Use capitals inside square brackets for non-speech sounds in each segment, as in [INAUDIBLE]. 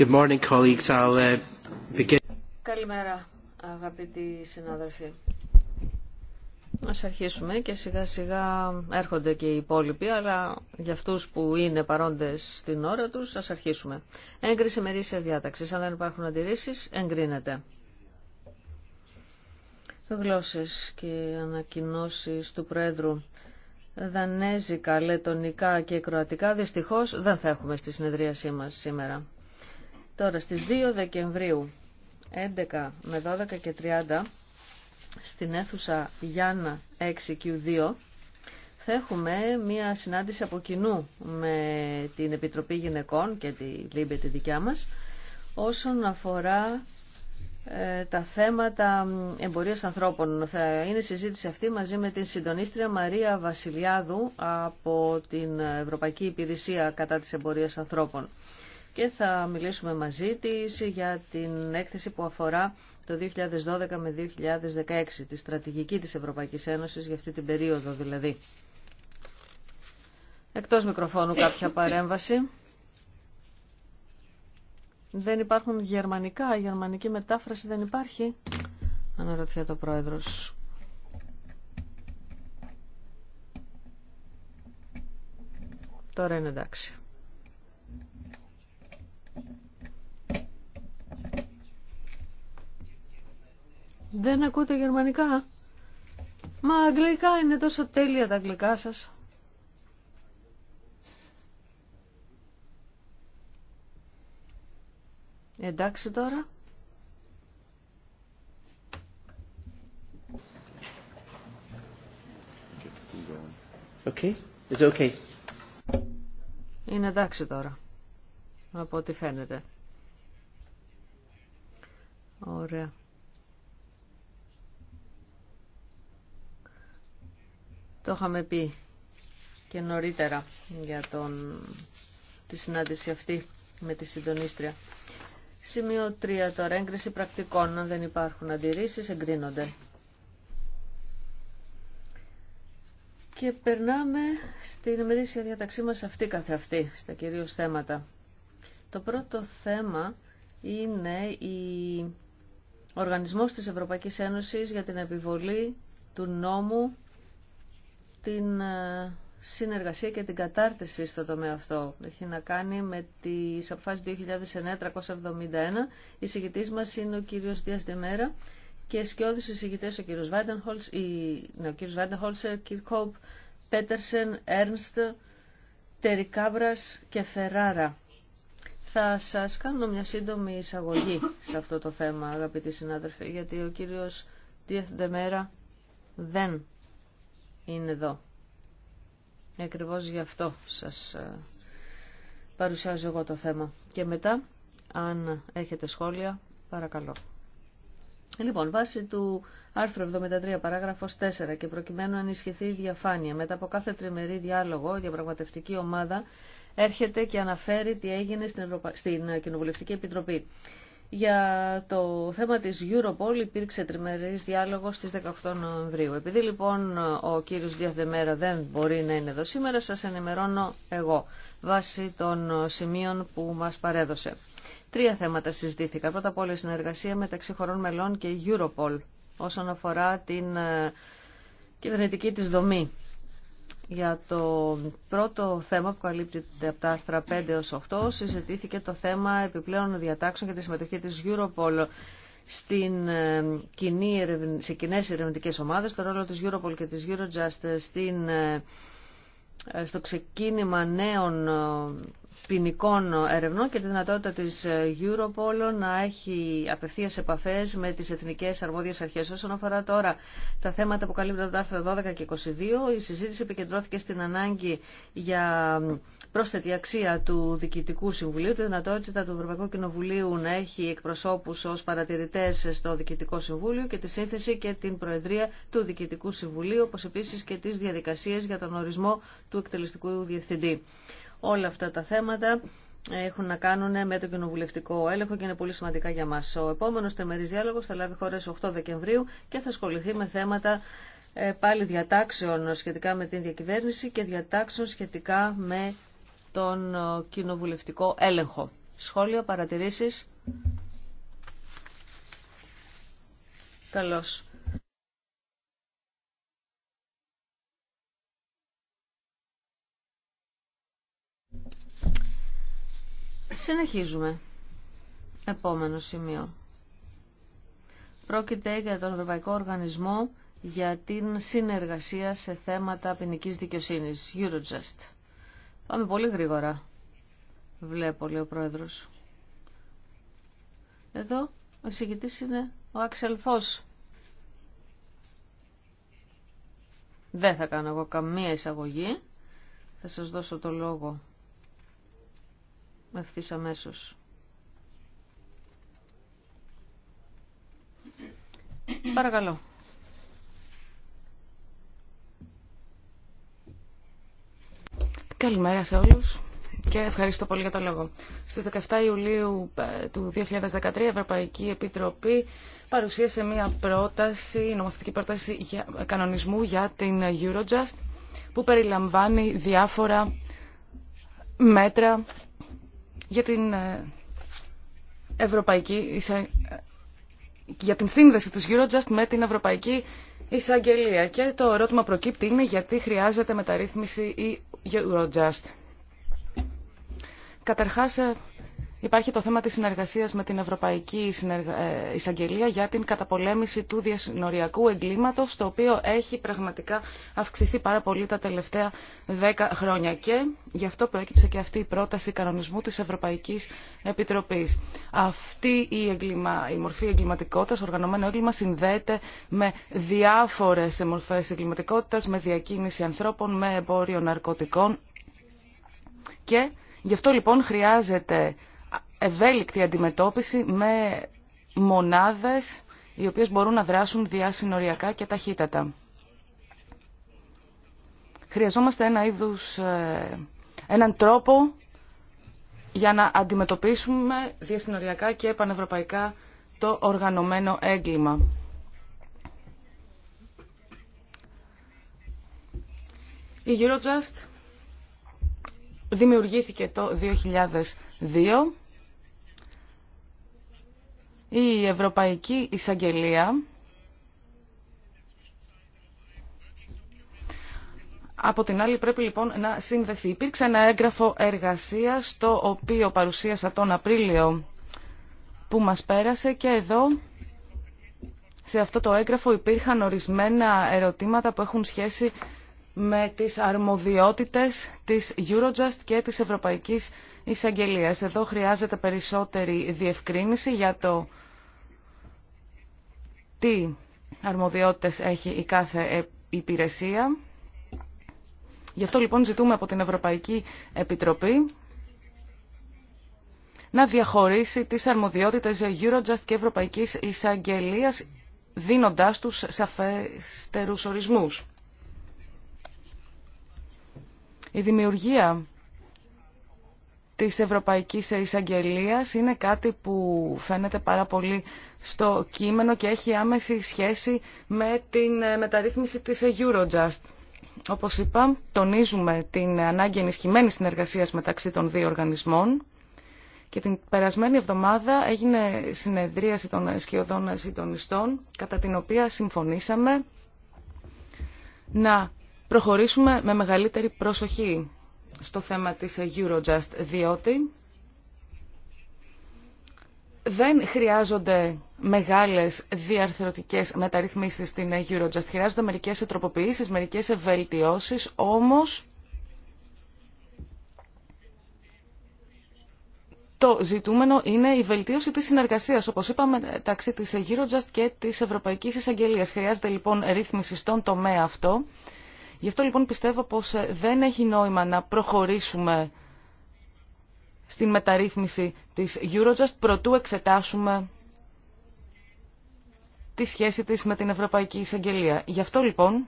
Uh, Καλημέρα, αγαπητοί συνάδελφοι. Ας αρχίσουμε και σιγά σιγά έρχονται και οι υπόλοιποι, αλλά για αυτού που είναι παρόντες στην ώρα τους, ας αρχίσουμε. Έγκριση μερίσια διάταξη. Αν δεν υπάρχουν αντιρρήσει, εγκρίνεται. γλώσσε και ανακοινώσει του Πρόεδρου. Δανέζικα, λετονικά και κροατικά δυστυχώς δεν θα έχουμε στη συνεδρίασή μα σήμερα. Τώρα στις 2 Δεκεμβρίου 11 με 12 και 30 στην αίθουσα Γιάννα 6Q2 θα έχουμε μία συνάντηση από κοινού με την Επιτροπή Γυναικών και τη Λίμπε τη δικιά μας όσον αφορά ε, τα θέματα εμπορίας ανθρώπων. Θα είναι συζήτηση αυτή μαζί με την συντονίστρια Μαρία Βασιλιάδου από την Ευρωπαϊκή Υπηρεσία κατά της εμπορίας ανθρώπων και θα μιλήσουμε μαζί της για την έκθεση που αφορά το 2012 με 2016, τη στρατηγική της Ευρωπαϊκής Ένωσης για αυτή την περίοδο δηλαδή. Εκτός μικροφώνου κάποια παρέμβαση. Δεν υπάρχουν γερμανικά, η γερμανική μετάφραση δεν υπάρχει. Αναρωτιέται ο Πρόεδρος. Τώρα είναι εντάξει. Δεν ακούτε γερμανικά. Μα αγγλικά είναι τόσο τέλεια τα αγγλικά σας. Εντάξει τώρα. Okay. It's okay. Είναι εντάξει τώρα, από ό,τι φαίνεται. Ωραία. Το είχαμε πει και νωρίτερα για τον... τη συνάντηση αυτή με τη συντονίστρια. Σημείο 3 τώρα. Έγκριση πρακτικών. Αν δεν υπάρχουν αντιρρήσεις, εγκρίνονται. Και περνάμε στην ημερήσια διαταξή μας αυτή καθε αυτή, στα κυρίως θέματα. Το πρώτο θέμα είναι η Οργανισμός της Ευρωπαϊκής Ένωσης για την επιβολή του νόμου την ε, συνεργασία και την κατάρτιση στο τομέα αυτό. Έχει να κάνει με τι αποφάσει 2009 2009-371. Η συγκητής μας είναι ο κύριος Δία Δεμέρα και σκιώδης εισηγητές ο κύριος Βάιντενχολτς, ναι, ο κύριος Βάιντενχολτσερ, Κίρκοπ, Πέτερσεν, Έρνστ, Τερικάμπρα και Φεράρα. Θα σας κάνω μια σύντομη εισαγωγή σε αυτό το θέμα, αγαπητοί συνάδελφοι, γιατί ο κύριο Δία Δεμέρα δεν είναι εδώ. Ε, Ακριβώ γι' αυτό σας ε, παρουσιάζω εγώ το θέμα. Και μετά, αν έχετε σχόλια, παρακαλώ. Λοιπόν, βάσει του άρθρου 73 παράγραφος 4 και προκειμένου να ενισχυθεί η διαφάνεια, μετά από κάθε τριμερή διάλογο η διαπραγματευτική ομάδα έρχεται και αναφέρει τι έγινε στην, στην Κοινοβουλευτική Επιτροπή. Για το θέμα της Europol υπήρξε τριμερής διάλογος στις 18 Νοεμβρίου. Επειδή λοιπόν ο κύριος Διαθεμέρα δεν μπορεί να είναι εδώ σήμερα, σας ενημερώνω εγώ βάσει των σημείων που μας παρέδωσε. Τρία θέματα συζητήθηκαν. Πρώτα απ' όλα η συνεργασία μεταξύ χωρών μελών και Europol όσον αφορά την ε, κυβερνητική της δομή για το πρώτο θέμα που καλύπτεται από τα άρθρα 5 έως 8 συζητήθηκε το θέμα επιπλέον διατάξεων για τη συμμετοχή της Europol στην ε, κοινή, σε κοινέ ερευνητικές ομάδες, το ρόλο της Europol και της Eurojust στην, ε, ε, στο ξεκίνημα νέων ποινικών ερευνών και τη δυνατότητα της Europol να έχει απευθείας επαφές με τις εθνικές αρμόδιες αρχές. Όσον αφορά τώρα τα θέματα που καλύπτουν τα άρθρα 12 και 22, η συζήτηση επικεντρώθηκε στην ανάγκη για πρόσθετη αξία του Διοικητικού Συμβουλίου, τη δυνατότητα του Ευρωπαϊκού Κοινοβουλίου να έχει εκπροσώπους ως παρατηρητές στο Διοικητικό Συμβούλιο και τη σύνθεση και την Προεδρία του Διοικητικού Συμβουλίου, όπως επίση και τι διαδικασίε για τον ορισμό του εκτελεστικού διευθυντή. Όλα αυτά τα θέματα ε, έχουν να κάνουν με τον κοινοβουλευτικό έλεγχο και είναι πολύ σημαντικά για μα. Ο επόμενος τεμερή διάλογος θα λάβει χώρα 8 Δεκεμβρίου και θα ασχοληθεί με θέματα ε, πάλι διατάξεων σχετικά με την διακυβέρνηση και διατάξεων σχετικά με τον ε, κοινοβουλευτικό έλεγχο. Σχόλιο, παρατηρήσεις. Καλώς. Συνεχίζουμε. Επόμενο σημείο. Πρόκειται για τον Ευρωπαϊκό Οργανισμό για την συνεργασία σε θέματα ποινική δικαιοσύνη. Eurojust. Πάμε πολύ γρήγορα, βλέπω, λέει ο πρόεδρο. Εδώ ο εισηγητή είναι ο Άξελ Φως. Δεν θα κάνω εγώ καμία εισαγωγή. Θα σας δώσω το λόγο ευθύ αμέσω. Παρακαλώ. Καλημέρα σε όλους και ευχαριστώ πολύ για το λόγο. Στις 17 Ιουλίου ε, του 2013 η Ευρωπαϊκή Επιτροπή παρουσίασε μια πρόταση, νομοθετική πρόταση κανονισμού για την Eurojust που περιλαμβάνει διάφορα μέτρα για την ε, Ευρωπαϊκή για την σύνδεση της Eurojust με την Ευρωπαϊκή Εισαγγελία. Και το ερώτημα προκύπτει είναι γιατί χρειάζεται μεταρρύθμιση η Eurojust. Καταρχάς, ε, Υπάρχει το θέμα της συνεργασίας με την Ευρωπαϊκή ε, Εισαγγελία για την καταπολέμηση του διασυνοριακού εγκλήματος, το οποίο έχει πραγματικά αυξηθεί πάρα πολύ τα τελευταία δέκα χρόνια και γι' αυτό προέκυψε και αυτή η πρόταση κανονισμού της Ευρωπαϊκής Επιτροπής. Αυτή η, εγκλημα, η μορφή εγκληματικότητας, οργανωμένο έγκλημα, συνδέεται με διάφορες μορφές εγκληματικότητας, με διακίνηση ανθρώπων, με εμπόριο ναρκωτικών και... Γι' αυτό λοιπόν χρειάζεται ευέλικτη αντιμετώπιση με μονάδες οι οποίες μπορούν να δράσουν διασυνοριακά και ταχύτατα. Χρειαζόμαστε ένα είδους, ε, έναν τρόπο για να αντιμετωπίσουμε διασυνοριακά και πανευρωπαϊκά το οργανωμένο έγκλημα. Η Eurojust δημιουργήθηκε το 2002 η Ευρωπαϊκή Εισαγγελία Από την άλλη πρέπει λοιπόν να συνδεθεί. Υπήρξε ένα έγγραφο εργασίας το οποίο παρουσίασα τον Απρίλιο που μας πέρασε και εδώ σε αυτό το έγγραφο υπήρχαν ορισμένα ερωτήματα που έχουν σχέση με τις αρμοδιότητες της Eurojust και της Ευρωπαϊκής Εισαγγελίας. Εδώ χρειάζεται περισσότερη διευκρίνηση για το τι αρμοδιότητες έχει η κάθε ε, υπηρεσία. Γι' αυτό λοιπόν ζητούμε από την Ευρωπαϊκή Επιτροπή να διαχωρίσει τις αρμοδιότητες Eurojust και Ευρωπαϊκής Εισαγγελίας δίνοντάς τους σαφέστερους ορισμούς. Η δημιουργία της Ευρωπαϊκής εισαγγελία είναι κάτι που φαίνεται πάρα πολύ στο κείμενο και έχει άμεση σχέση με την ε, μεταρρύθμιση της Eurojust. Όπως είπα, τονίζουμε την ανάγκη ενισχυμένης συνεργασίας μεταξύ των δύο οργανισμών και την περασμένη εβδομάδα έγινε συνεδρίαση των σκιωδών συντονιστών κατά την οποία συμφωνήσαμε να προχωρήσουμε με μεγαλύτερη προσοχή στο θέμα της Eurojust, διότι δεν χρειάζονται μεγάλες διαρθρωτικές μεταρρυθμίσεις στην Eurojust. Χρειάζονται μερικές τροποποιήσεις, μερικές ευελτιώσεις, όμως το ζητούμενο είναι η βελτίωση της συνεργασίας, όπως είπαμε, μεταξύ της Eurojust και της Ευρωπαϊκής Εισαγγελίας. Χρειάζεται λοιπόν ρύθμιση στον τομέα αυτό Γι' αυτό λοιπόν πιστεύω πως ε, δεν έχει νόημα να προχωρήσουμε στην μεταρρύθμιση της Eurojust προτού εξετάσουμε τη σχέση της με την Ευρωπαϊκή Εισαγγελία. Γι' αυτό λοιπόν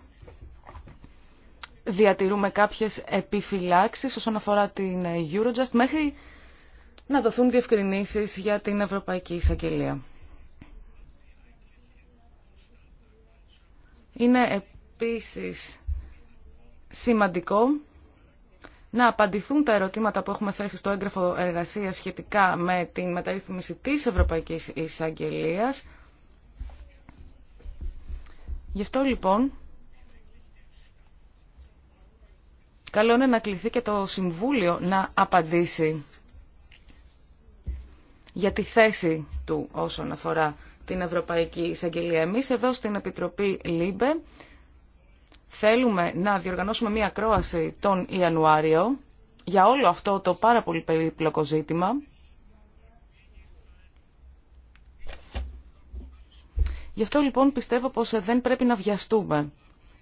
διατηρούμε κάποιες επιφυλάξεις όσον αφορά την ε, Eurojust μέχρι να δοθούν διευκρινήσεις για την Ευρωπαϊκή Εισαγγελία. Είναι επίσης σημαντικό να απαντηθούν τα ερωτήματα που έχουμε θέσει στο έγγραφο εργασία σχετικά με την μεταρρύθμιση της Ευρωπαϊκής εισαγγελία. Γι' αυτό λοιπόν, καλό είναι να κληθεί και το Συμβούλιο να απαντήσει για τη θέση του όσον αφορά την Ευρωπαϊκή Εισαγγελία. Εμείς εδώ στην Επιτροπή ΛΥΜΠΕ θέλουμε να διοργανώσουμε μία ακρόαση τον Ιανουάριο για όλο αυτό το πάρα πολύ περίπλοκο ζήτημα. Γι' αυτό λοιπόν πιστεύω πως δεν πρέπει να βιαστούμε,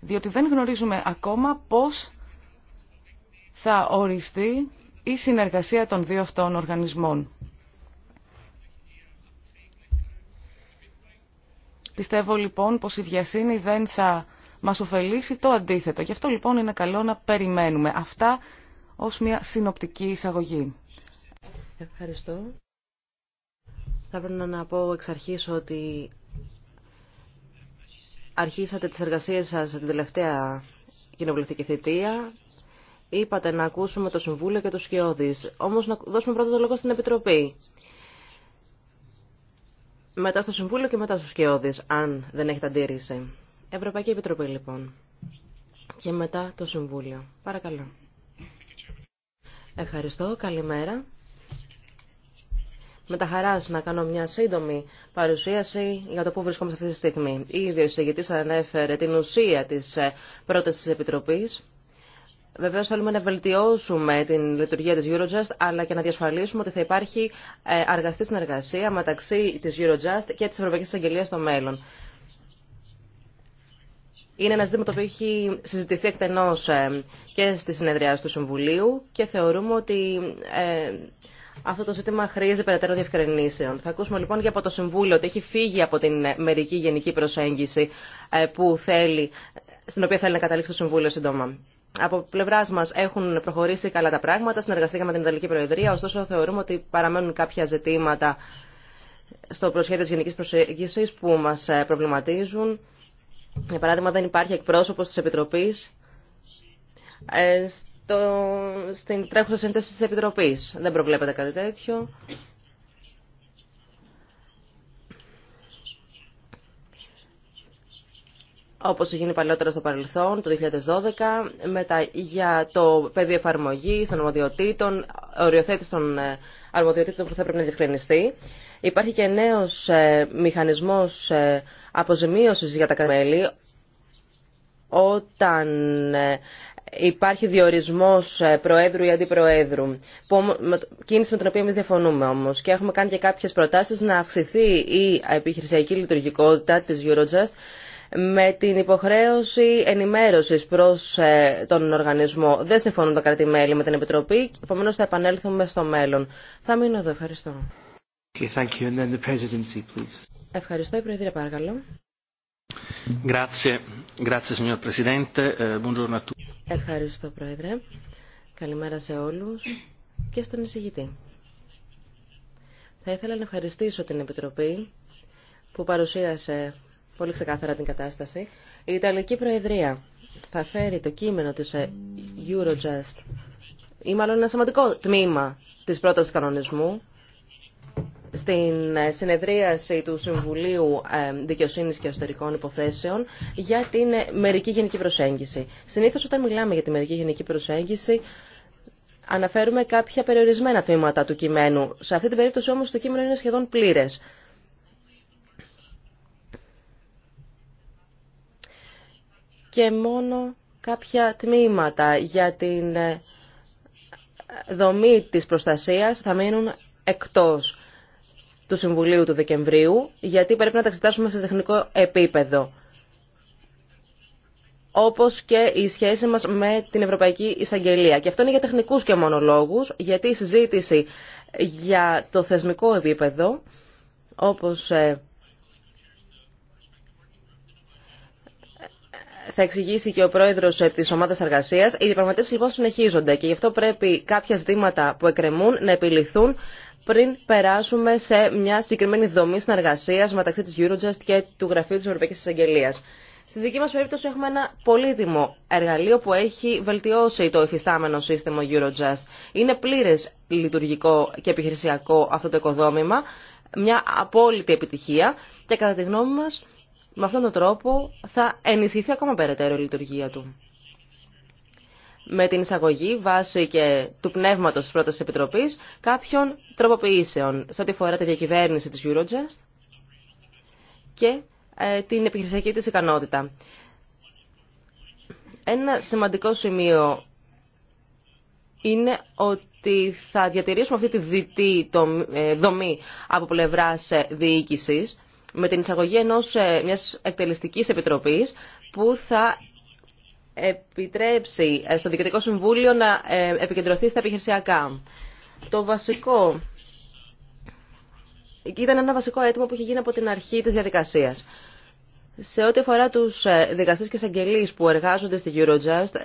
διότι δεν γνωρίζουμε ακόμα πώς θα οριστεί η συνεργασία των δύο αυτών οργανισμών. Πιστεύω λοιπόν πως η βιασύνη δεν θα μας ωφελήσει το αντίθετο. Γι' αυτό λοιπόν είναι καλό να περιμένουμε. Αυτά ως μια συνοπτική εισαγωγή. Ευχαριστώ. Θα πρέπει να πω εξ αρχής ότι αρχίσατε τις εργασίες σας την τελευταία κοινοβουλευτική θητεία. Είπατε να ακούσουμε το Συμβούλιο και το Σκιώδης. Όμως να δώσουμε πρώτα το λόγο στην Επιτροπή. Μετά στο Συμβούλιο και μετά στο Σκιώδης, αν δεν έχετε αντίρρηση. Ευρωπαϊκή Επιτροπή λοιπόν και μετά το Συμβούλιο. Παρακαλώ. Ευχαριστώ. Καλημέρα. Με τα χαρά να κάνω μια σύντομη παρουσίαση για το που βρισκόμαστε αυτή τη στιγμή. Ήδη ο εισηγητή ανέφερε την ουσία τη ε, πρόταση τη Επιτροπής. Βεβαίω, θέλουμε να βελτιώσουμε την λειτουργία τη Eurojust, αλλά και να διασφαλίσουμε ότι θα υπάρχει ε, αργαστή συνεργασία μεταξύ τη Eurojust και τη Ευρωπαϊκή Αγγελίας στο μέλλον. Είναι ένα ζήτημα το οποίο έχει συζητηθεί εκτενώ ε, και στη συνεδριά του Συμβουλίου και θεωρούμε ότι ε, αυτό το ζήτημα χρειάζεται περαιτέρω διευκρινήσεων. Θα ακούσουμε λοιπόν και από το Συμβούλιο ότι έχει φύγει από την μερική γενική προσέγγιση ε, που θέλει, στην οποία θέλει να καταλήξει το Συμβούλιο σύντομα. Από πλευρά μα έχουν προχωρήσει καλά τα πράγματα, συνεργαστήκαμε με την Ιταλική Προεδρία, ωστόσο θεωρούμε ότι παραμένουν κάποια ζητήματα στο προσχέδιο τη γενική προσέγγιση που μα προβληματίζουν για παράδειγμα, δεν υπάρχει εκπρόσωπο τη Επιτροπή ε, στην τρέχουσα σύνθεση τη Επιτροπή. Δεν προβλέπεται κάτι τέτοιο. όπως γίνει παλαιότερα στο παρελθόν, το 2012, μετά για το πεδίο εφαρμογή των αρμοδιοτήτων, οριοθέτηση των ε, αρμοδιοτήτων που θα πρέπει να διευκρινιστεί. Υπάρχει και νέος ε, μηχανισμός ε, αποζημίωσης για τα κατάμελη, όταν υπάρχει διορισμός προέδρου ή αντιπροέδρου. Που, κίνηση με την οποία εμείς διαφωνούμε όμως και έχουμε κάνει και κάποιες προτάσεις να αυξηθεί η επιχειρησιακή λειτουργικότητα της Eurojust με την υποχρέωση ενημέρωσης προς ε, τον οργανισμό. Δεν συμφωνούν τα κράτη-μέλη με την Επιτροπή, επομένως θα επανέλθουμε στο μέλλον. Θα μείνω εδώ. Ευχαριστώ. thank you. And then the presidency, please. Ευχαριστώ, η Πρόεδρε, παρακαλώ. Grazie. Grazie, signor Presidente. Ε, buongiorno a tutti. Ευχαριστώ, Πρόεδρε. Καλημέρα σε όλους και στον εισηγητή. Θα ήθελα να ευχαριστήσω την Επιτροπή που παρουσίασε πολύ ξεκάθαρα την κατάσταση. Η Ιταλική Προεδρία θα φέρει το κείμενο της ε, Eurojust ή μάλλον ένα σημαντικό τμήμα της πρότασης κανονισμού στην ε, συνεδρίαση του Συμβουλίου ε, Δικαιοσύνης και Αστερικών Υποθέσεων για την μερική γενική προσέγγιση. Συνήθως όταν μιλάμε για τη μερική γενική προσέγγιση αναφέρουμε κάποια περιορισμένα τμήματα του κειμένου. Σε αυτή την περίπτωση όμως το κείμενο είναι σχεδόν πλήρες. και μόνο κάποια τμήματα για την ε, δομή της προστασίας θα μείνουν εκτός του Συμβουλίου του Δεκεμβρίου, γιατί πρέπει να τα εξετάσουμε σε τεχνικό επίπεδο. Όπως και η σχέση μας με την Ευρωπαϊκή Εισαγγελία. Και αυτό είναι για τεχνικούς και μόνο λόγους, γιατί η συζήτηση για το θεσμικό επίπεδο, όπως ε, θα εξηγήσει και ο πρόεδρο ε, τη ομάδα εργασία. Οι διαπραγματεύσει λοιπόν συνεχίζονται και γι' αυτό πρέπει κάποια ζητήματα που εκκρεμούν να επιληθούν πριν περάσουμε σε μια συγκεκριμένη δομή συνεργασία μεταξύ τη Eurojust και του Γραφείου τη Ευρωπαϊκή Εισαγγελία. Στη δική μα περίπτωση έχουμε ένα πολύτιμο εργαλείο που έχει βελτιώσει το εφιστάμενο σύστημα Eurojust. Είναι πλήρε λειτουργικό και επιχειρησιακό αυτό το οικοδόμημα, μια απόλυτη επιτυχία και κατά τη γνώμη μας με αυτόν τον τρόπο θα ενισχυθεί ακόμα περαιτέρω η λειτουργία του. Με την εισαγωγή βάσει και του πνεύματος της πρώτης επιτροπής κάποιων τροποποιήσεων σε ό,τι αφορά τη διακυβέρνηση της Eurojust και ε, την επιχειρησιακή της ικανότητα. Ένα σημαντικό σημείο είναι ότι θα διατηρήσουμε αυτή τη διτή ε, δομή από πλευράς ε, διοίκησης με την εισαγωγή ενός, ε, μιας εκτελεστικής επιτροπής που θα επιτρέψει ε, στο Διοικητικό Συμβούλιο να ε, επικεντρωθεί στα επιχειρησιακά. Το βασικό ήταν ένα βασικό αίτημα που είχε γίνει από την αρχή της διαδικασίας. Σε ό,τι αφορά τους δικαστές και εισαγγελείς που εργάζονται στη Eurojust,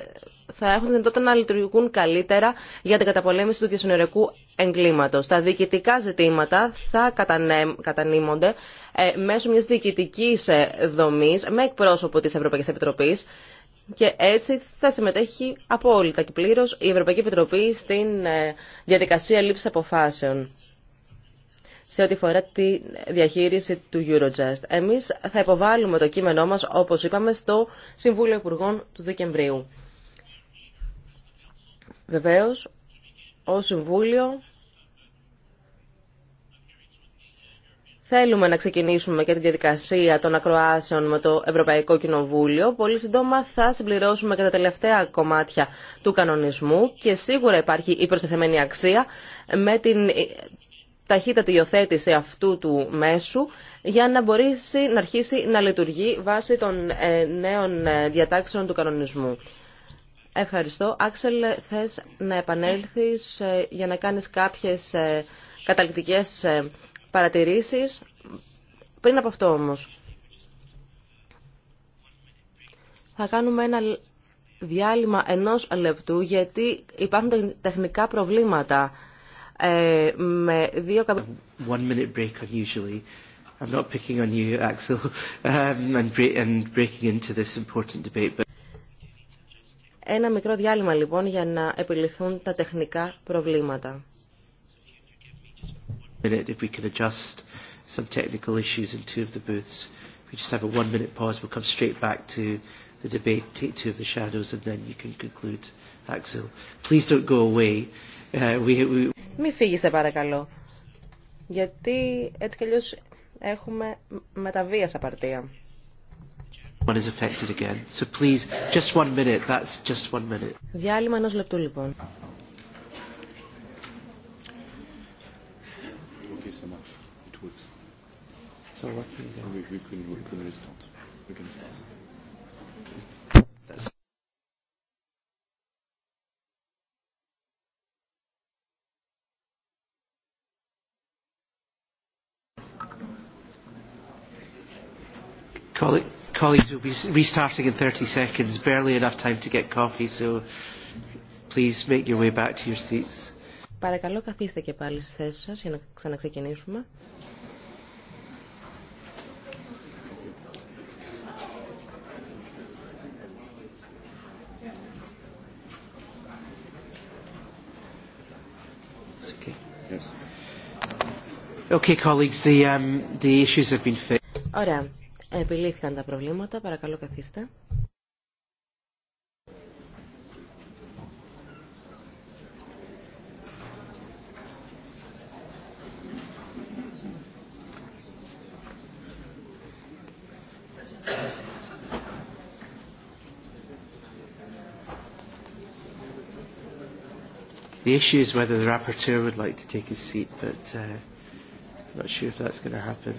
θα έχουν δυνατότητα να λειτουργούν καλύτερα για την καταπολέμηση του διασυνοριακού εγκλήματος. Τα διοικητικά ζητήματα θα κατανείμονται ε, μέσω μιας διοικητικής ε, δομής με εκπρόσωπο της Ευρωπαϊκής Επιτροπής και έτσι θα συμμετέχει απόλυτα και πλήρω η Ευρωπαϊκή Επιτροπή στην ε, διαδικασία λήψης αποφάσεων σε ό,τι φορά τη διαχείριση του Eurojust. Εμείς θα υποβάλουμε το κείμενό μας, όπως είπαμε, στο Συμβούλιο Υπουργών του Δεκεμβρίου. Βεβαίως, ως Συμβούλιο θέλουμε να ξεκινήσουμε και τη διαδικασία των ακροάσεων με το Ευρωπαϊκό Κοινοβούλιο. Πολύ σύντομα θα συμπληρώσουμε και τα τελευταία κομμάτια του κανονισμού και σίγουρα υπάρχει η προστεθεμένη αξία με την ταχύτατη υιοθέτηση αυτού του μέσου για να μπορέσει να αρχίσει να λειτουργεί βάσει των ε, νέων ε, διατάξεων του κανονισμού. Ευχαριστώ. Άξελ, θες να επανέλθεις ε, για να κάνεις κάποιες ε, καταληκτικές ε, παρατηρήσεις. Πριν από αυτό όμως, θα κάνουμε ένα διάλειμμα ενός λεπτού γιατί υπάρχουν τεχνικά προβλήματα με δύο not picking on you, Axel, [LAUGHS] um, breaking into this important ένα μικρό διάλειμμα λοιπόν για να επιληθούν τα τεχνικά προβλήματα. If we can adjust some technical issues in two of the booths, if we just have a one minute pause, we'll come straight back to the debate, take two of the shadows, and then you can conclude, Axel. Please don't go away. Uh, we, we... Μη φύγεις, παρακαλώ. Γιατί έτσι κι αλλιώς έχουμε μεταβίας απαρτία again Διάλειμμα ενός λεπτού λοιπόν. Colleague, colleagues will be restarting in 30 seconds, barely enough time to get coffee, so please make your way back to your seats. Παρακαλώ καθίστε και πάλι στις θέσεις σας για να ξαναξεκινήσουμε. Okay, colleagues, the, um, the issues have been fixed. Ωραία. Επιλύθηκαν τα προβλήματα. Παρακαλώ καθίστε. The issue is whether the rapporteur would like to take his seat, but uh, I'm not sure if that's going to happen.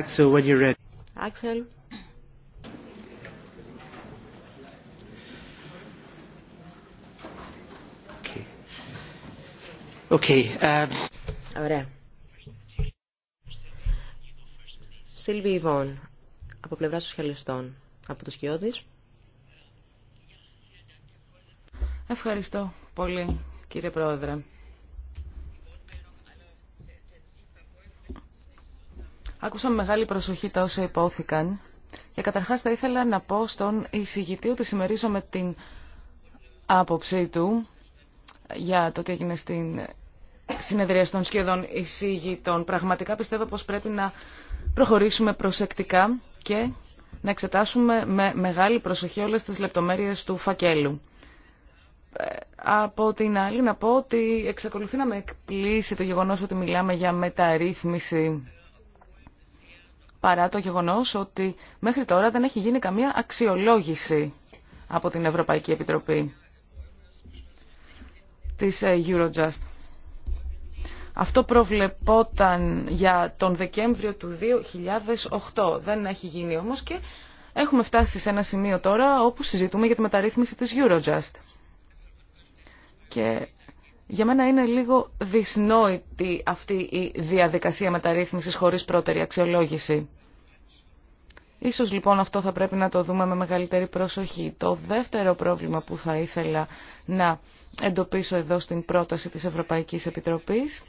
Axel, when you're ready. Axel. Okay. Okay, um... Ωραία. Σίλβι Ιβόν, από πλευρά σοσιαλιστών, από τους Κιώδης. Ευχαριστώ πολύ, κύριε Πρόεδρε. Άκουσα μεγάλη προσοχή τα όσα υπόθηκαν και καταρχάς θα ήθελα να πω στον εισηγητή ότι συμμερίζω με την άποψή του για το τι έγινε στην συνεδρία των σχεδόν εισηγητών. Πραγματικά πιστεύω πως πρέπει να προχωρήσουμε προσεκτικά και να εξετάσουμε με μεγάλη προσοχή όλες τις λεπτομέρειες του φακέλου. Ε, από την άλλη να πω ότι εξακολουθεί να με εκπλήσει το γεγονός ότι μιλάμε για μεταρρύθμιση παρά το γεγονός ότι μέχρι τώρα δεν έχει γίνει καμία αξιολόγηση από την Ευρωπαϊκή Επιτροπή της ε, Eurojust. Αυτό προβλεπόταν για τον Δεκέμβριο του 2008. Δεν έχει γίνει όμως και έχουμε φτάσει σε ένα σημείο τώρα όπου συζητούμε για τη μεταρρύθμιση της Eurojust. Και για μένα είναι λίγο δυσνόητη αυτή η διαδικασία μεταρρύθμισης χωρίς πρώτερη αξιολόγηση. Ίσως λοιπόν αυτό θα πρέπει να το δούμε με μεγαλύτερη προσοχή. Το δεύτερο πρόβλημα που θα ήθελα να εντοπίσω εδώ στην πρόταση της Ευρωπαϊκής Επιτροπής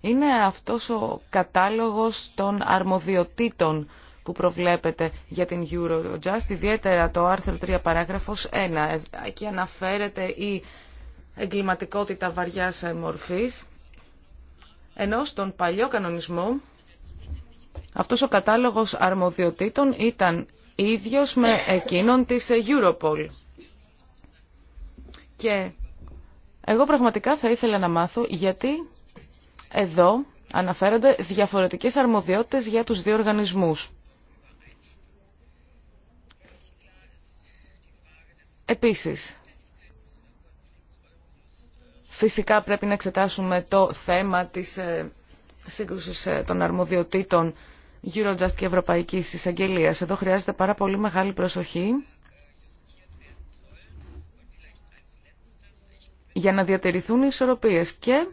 είναι αυτός ο κατάλογος των αρμοδιοτήτων που προβλέπεται για την Eurojust, ιδιαίτερα το άρθρο 3 παράγραφος 1. Ε, εκεί αναφέρεται η εγκληματικότητα βαριάς μορφής, ενώ στον παλιό κανονισμό αυτός ο κατάλογος αρμοδιοτήτων ήταν ίδιος με εκείνον της Europol. Και εγώ πραγματικά θα ήθελα να μάθω γιατί εδώ αναφέρονται διαφορετικές αρμοδιότητες για τους δύο οργανισμούς. Επίσης, Φυσικά πρέπει να εξετάσουμε το θέμα της ε, σύγκρουσης ε, των αρμοδιοτήτων Eurojust και Ευρωπαϊκής Εισαγγελίας. Εδώ χρειάζεται πάρα πολύ μεγάλη προσοχή για να διατηρηθούν οι ισορροπίες. Και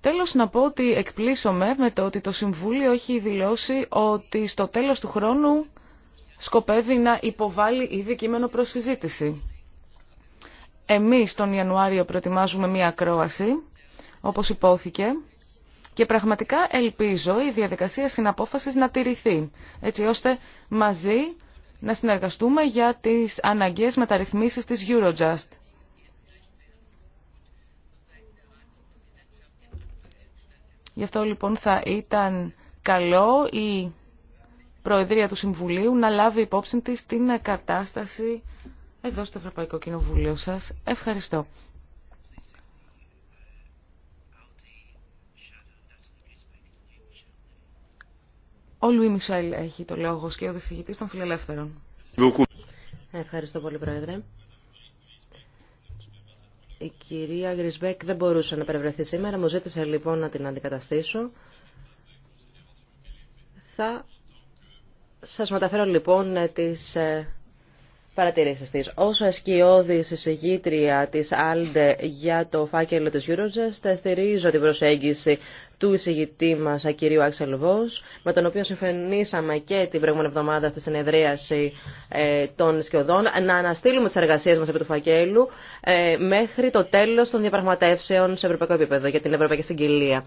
τέλος να πω ότι εκπλήσωμαι με το ότι το Συμβούλιο έχει δηλώσει ότι στο τέλος του χρόνου σκοπεύει να υποβάλει ήδη κείμενο προς εμείς τον Ιανουάριο προετοιμάζουμε μία ακρόαση, όπως υπόθηκε, και πραγματικά ελπίζω η διαδικασία συναπόφασης να τηρηθεί, έτσι ώστε μαζί να συνεργαστούμε για τις αναγκαίες μεταρρυθμίσεις της Eurojust. Γι' αυτό λοιπόν θα ήταν καλό η Προεδρία του Συμβουλίου να λάβει υπόψη της την κατάσταση εδώ στο Ευρωπαϊκό Κοινοβούλιο σας. Ευχαριστώ. Ο Λουί Μισελ έχει το λόγο και ο δισηγητής των φιλελεύθερων. Ευχαριστώ πολύ, Πρόεδρε. Η κυρία Γκρισμπέκ δεν μπορούσε να περιβρεθεί σήμερα. Μου ζήτησε λοιπόν να την αντικαταστήσω. Θα σας μεταφέρω λοιπόν τις ε, παρατηρήσεις της. Όσο ασκιώδη εισηγήτρια της Άλντε για το φάκελο της Eurojust, θα στηρίζω την προσέγγιση του εισηγητή μα, κυρίου Άξελ Βος, με τον οποίο συμφωνήσαμε και την προηγούμενη εβδομάδα στη συνεδρίαση ε, των σκιωδών, να αναστείλουμε τις εργασίες μας επί του φακέλου ε, μέχρι το τέλος των διαπραγματεύσεων σε ευρωπαϊκό επίπεδο για την Ευρωπαϊκή Συγκυλία.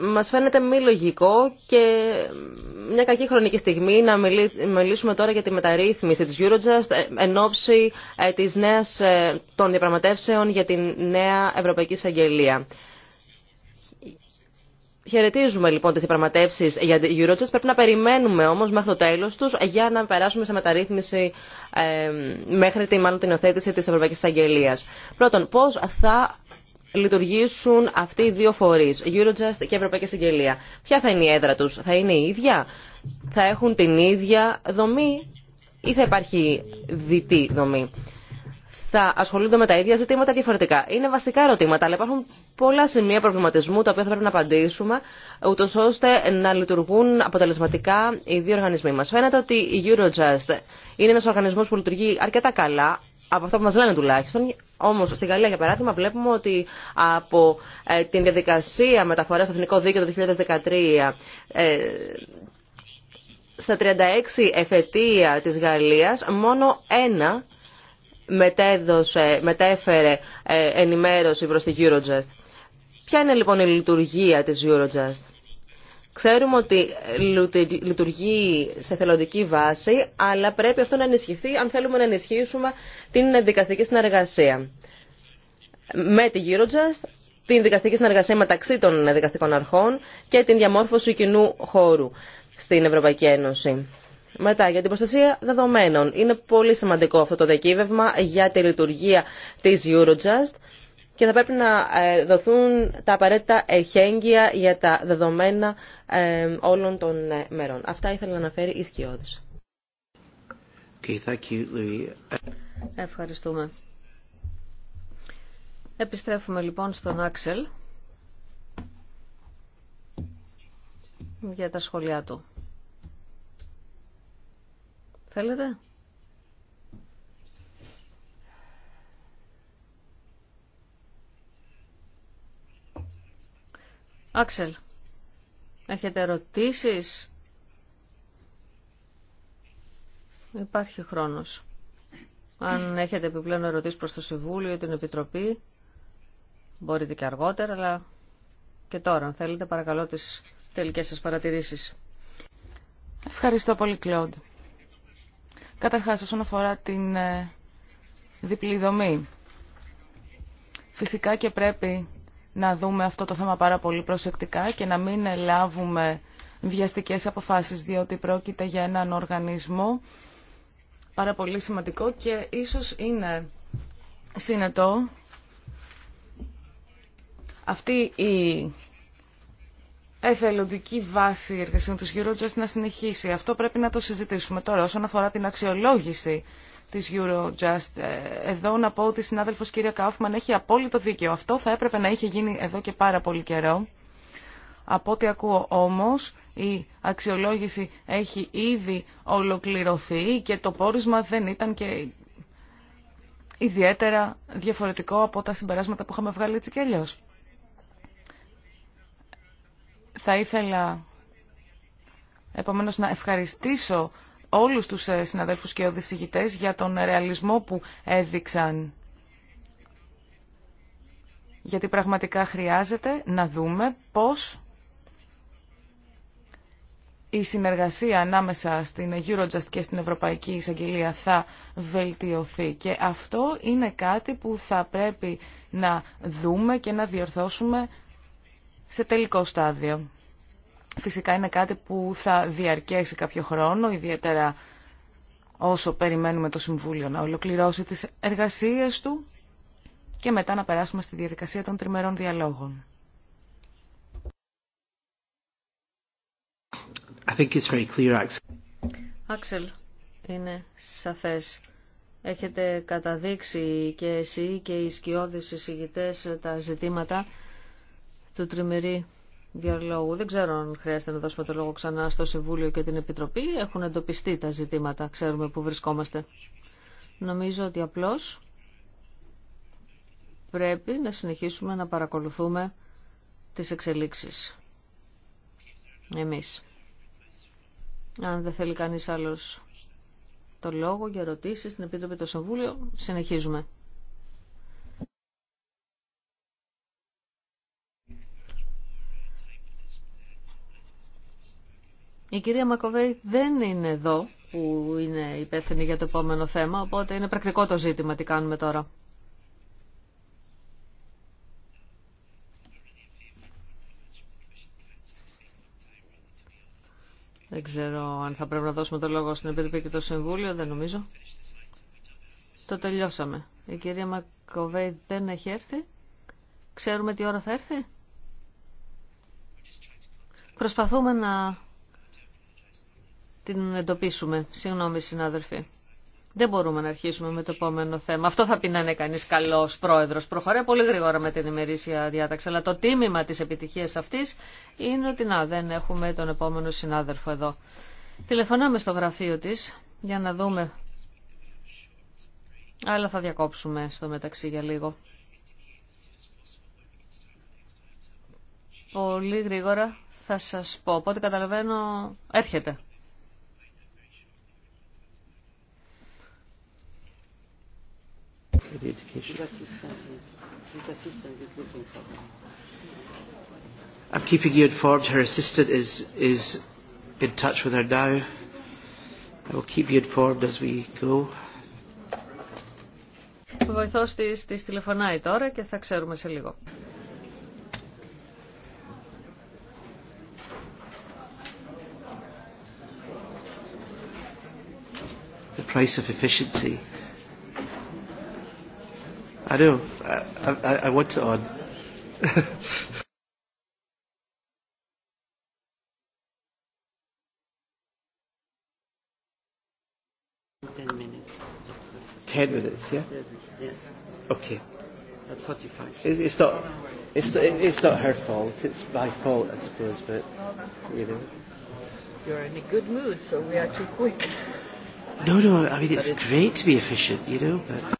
μας φαίνεται μη λογικό και μια κακή χρονική στιγμή να μιλήσουμε τώρα για τη μεταρρύθμιση της Eurojust ε, εν ώψη ε, της νέας, ε, των διαπραγματεύσεων για τη νέα Ευρωπαϊκή Εισαγγελία. Χαιρετίζουμε λοιπόν τις διαπραγματεύσει για την Eurojust. Πρέπει να περιμένουμε όμως μέχρι το τέλος τους για να περάσουμε σε μεταρρύθμιση μέχρι τη, μάλλον, την οθέτηση της Ευρωπαϊκής Εισαγγελία. Πρώτον, πώς θα λειτουργήσουν αυτοί οι δύο φορεί, Eurojust και Ευρωπαϊκή Συγγελία. Ποια θα είναι η έδρα του, θα είναι η ίδια, θα έχουν την ίδια δομή ή θα υπάρχει διτή δομή. Θα ασχολούνται με τα ίδια ζητήματα διαφορετικά. Είναι βασικά ερωτήματα, αλλά υπάρχουν πολλά σημεία προβληματισμού τα οποία θα πρέπει να απαντήσουμε, ούτω ώστε να λειτουργούν αποτελεσματικά οι δύο οργανισμοί μα. Φαίνεται ότι η Eurojust είναι ένα οργανισμό που λειτουργεί αρκετά καλά, από αυτό που μα λένε τουλάχιστον, Όμω, στη Γαλλία, για παράδειγμα, βλέπουμε ότι από ε, την διαδικασία μεταφορά στο Εθνικό Δίκαιο το 2013 ε, στα 36 εφετία της Γαλλίας, μόνο ένα μετέφερε ε, ενημέρωση προς τη Eurojust. Ποια είναι λοιπόν η λειτουργία της Eurojust. Ξέρουμε ότι λειτουργεί σε θελοντική βάση, αλλά πρέπει αυτό να ενισχυθεί αν θέλουμε να ενισχύσουμε την δικαστική συνεργασία. Με τη Eurojust, την δικαστική συνεργασία μεταξύ των δικαστικών αρχών και την διαμόρφωση κοινού χώρου στην Ευρωπαϊκή Ένωση. Μετά, για την προστασία δεδομένων. Είναι πολύ σημαντικό αυτό το διακύβευμα για τη λειτουργία της Eurojust και θα πρέπει να ε, δοθούν τα απαραίτητα εχέγγυα για τα δεδομένα ε, όλων των ε, μερών. Αυτά ήθελα να αναφέρει η Σκιώδης. Ευχαριστούμε. Επιστρέφουμε λοιπόν στον Άξελ για τα σχόλιά του. Θέλετε? Άξελ, έχετε ερωτήσεις? Υπάρχει χρόνος. Αν έχετε επιπλέον ερωτήσεις προς το Συμβούλιο ή την Επιτροπή, μπορείτε και αργότερα, αλλά και τώρα, αν θέλετε, παρακαλώ τις τελικές σας παρατηρήσεις. Ευχαριστώ πολύ, Κλόντ. Καταρχάς, όσον αφορά την ε, διπλή δομή, φυσικά και πρέπει να δούμε αυτό το θέμα πάρα πολύ προσεκτικά και να μην λάβουμε βιαστικές αποφάσεις, διότι πρόκειται για έναν οργανισμό πάρα πολύ σημαντικό και ίσως είναι συνετό αυτή η εθελοντική βάση εργασίων του Eurojust να συνεχίσει. Αυτό πρέπει να το συζητήσουμε τώρα όσον αφορά την αξιολόγηση της Eurojust. Ε, εδώ να πω ότι η συνάδελφος κυρία Κάουφμαν έχει απόλυτο δίκαιο. Αυτό θα έπρεπε να είχε γίνει εδώ και πάρα πολύ καιρό. Από ό,τι ακούω όμως, η αξιολόγηση έχει ήδη ολοκληρωθεί και το πόρισμα δεν ήταν και ιδιαίτερα διαφορετικό από τα συμπεράσματα που είχαμε βγάλει έτσι και αλλιώς. Θα ήθελα επομένως να ευχαριστήσω όλους τους ε, συναδέλφους και οδησηγητές για τον ρεαλισμό που έδειξαν. Γιατί πραγματικά χρειάζεται να δούμε πώς η συνεργασία ανάμεσα στην Eurojust και στην Ευρωπαϊκή Εισαγγελία θα βελτιωθεί. Και αυτό είναι κάτι που θα πρέπει να δούμε και να διορθώσουμε σε τελικό στάδιο. Φυσικά είναι κάτι που θα διαρκέσει κάποιο χρόνο, ιδιαίτερα όσο περιμένουμε το Συμβούλιο να ολοκληρώσει τις εργασίες του και μετά να περάσουμε στη διαδικασία των τριμερών διαλόγων. Άξελ, είναι σαφές. Έχετε καταδείξει και εσύ και οι σκιώδεις εισηγητές τα ζητήματα του τριμερή Διαλόγου. Δεν ξέρω αν χρειάζεται να δώσουμε το λόγο ξανά στο Συμβούλιο και την Επιτροπή. Έχουν εντοπιστεί τα ζητήματα, ξέρουμε που βρισκόμαστε. Νομίζω ότι απλώς πρέπει να συνεχίσουμε να παρακολουθούμε τις εξελίξεις. Εμείς. Αν δεν θέλει κανείς άλλος το λόγο για ερωτήσεις στην Επίτροπη το Συμβούλιο, συνεχίζουμε. Η κυρία Μακοβέη δεν είναι εδώ που είναι υπεύθυνη για το επόμενο θέμα, οπότε είναι πρακτικό το ζήτημα τι κάνουμε τώρα. Δεν ξέρω αν θα πρέπει να δώσουμε το λόγο στην Επιτροπή και το Συμβούλιο, δεν νομίζω. Το τελειώσαμε. Η κυρία Μακοβέη δεν έχει έρθει. Ξέρουμε τι ώρα θα έρθει. Προσπαθούμε να την εντοπίσουμε. Συγγνώμη συνάδελφοι. Δεν μπορούμε να αρχίσουμε με το επόμενο θέμα. Αυτό θα πει να είναι κανεί καλός πρόεδρος. Προχωράει πολύ γρήγορα με την ημερήσια διάταξη. Αλλά το τίμημα τη επιτυχία αυτή είναι ότι να δεν έχουμε τον επόμενο συνάδελφο εδώ. Τηλεφωνάμε στο γραφείο της για να δούμε. Αλλά θα διακόψουμε στο μεταξύ για λίγο. Πολύ γρήγορα θα σας πω. Όποτε καταλαβαίνω έρχεται. for the education. His assistant is, his assistant is looking for him. I'm keeping you informed. Her assistant is, is in touch with her now. I will keep you informed as we go. Ο βοηθός της, της τηλεφωνάει τώρα και θα ξέρουμε σε λίγο. The price of efficiency. I do. I, I, I want to on. Ten minutes. Ten minutes, yeah? Okay. At 45. it's not... It's not, it's not her fault. It's my fault, I suppose, but, you know. You're in a good mood, so we are too quick. No, no, I mean, it's great to be efficient, you know, but...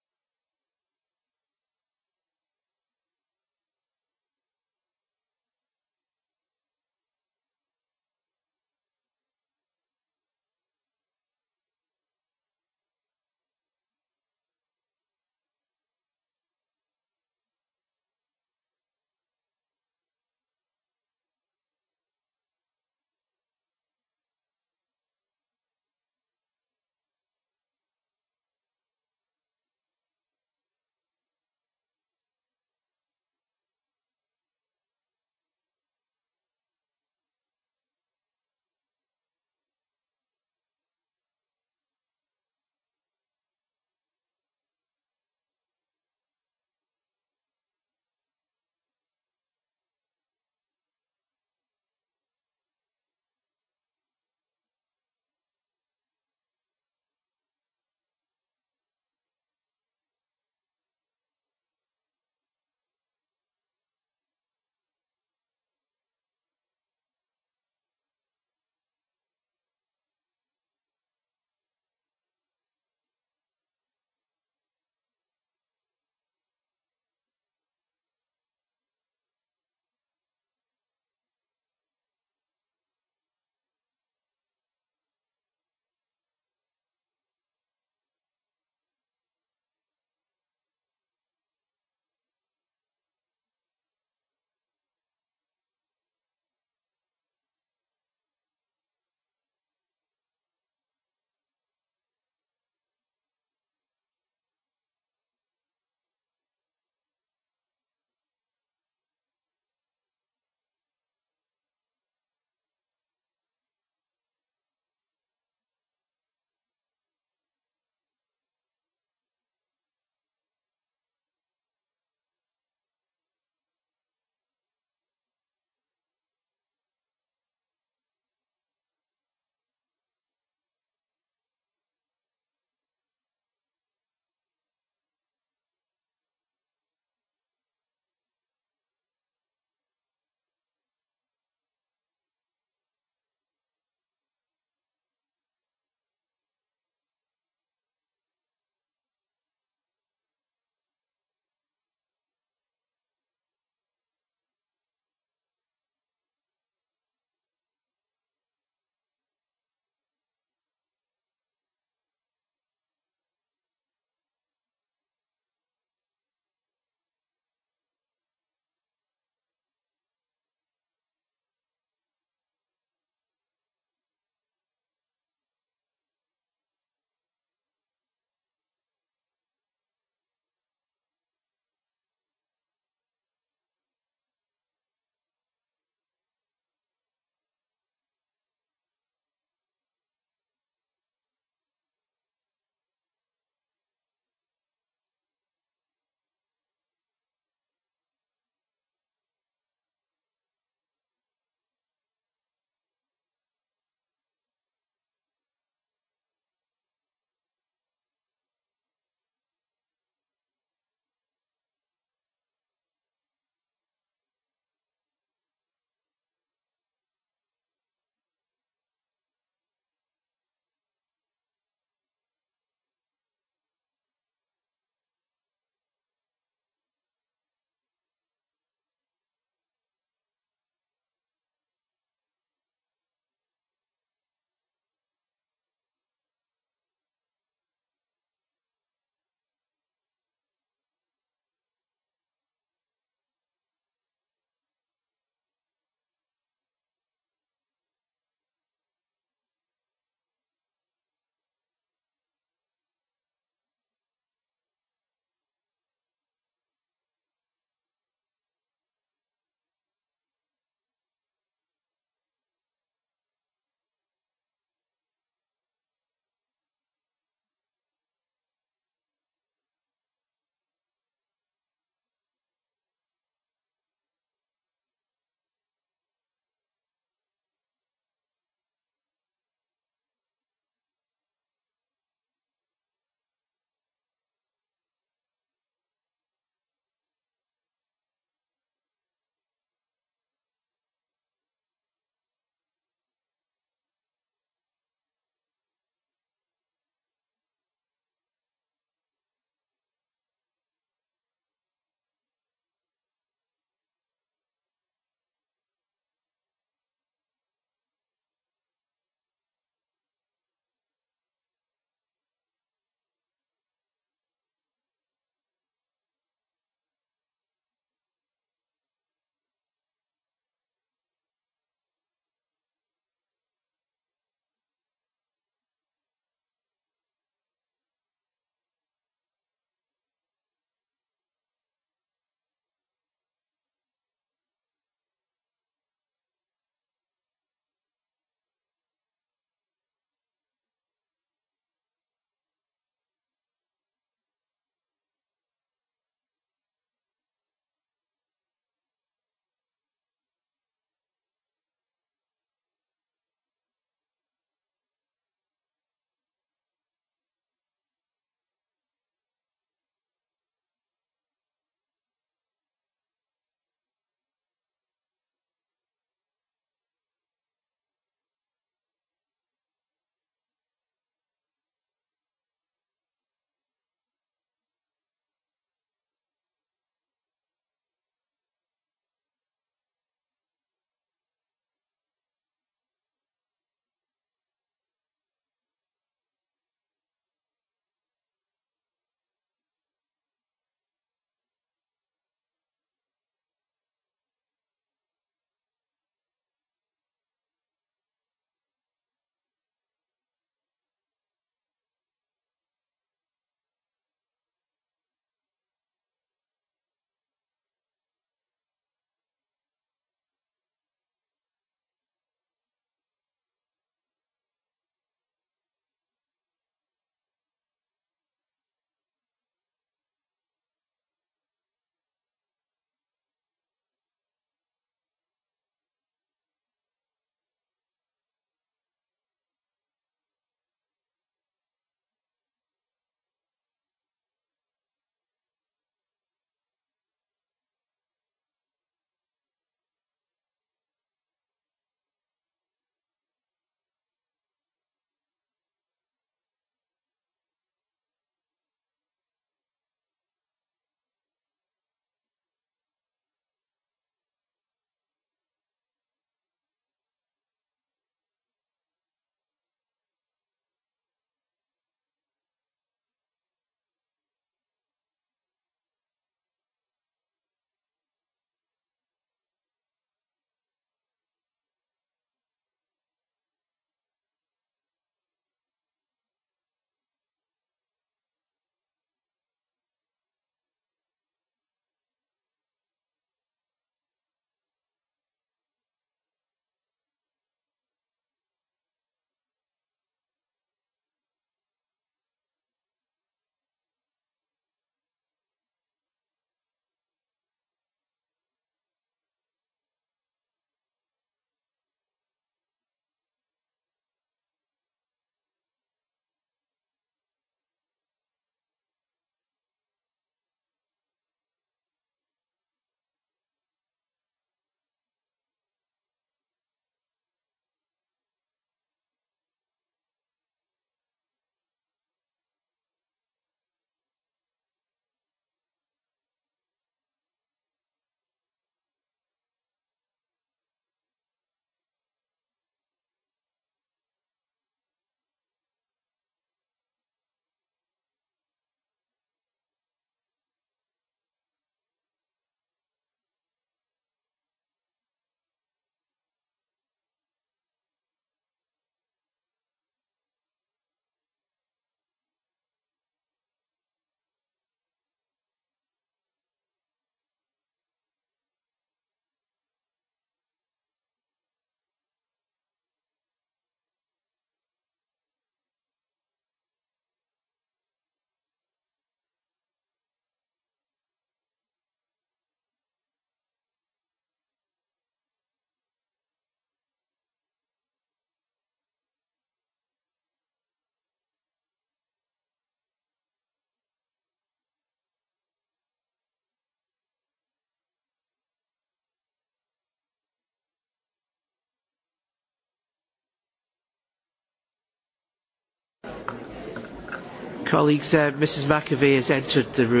Colleagues, uh, Mrs. McAvey has entered the room.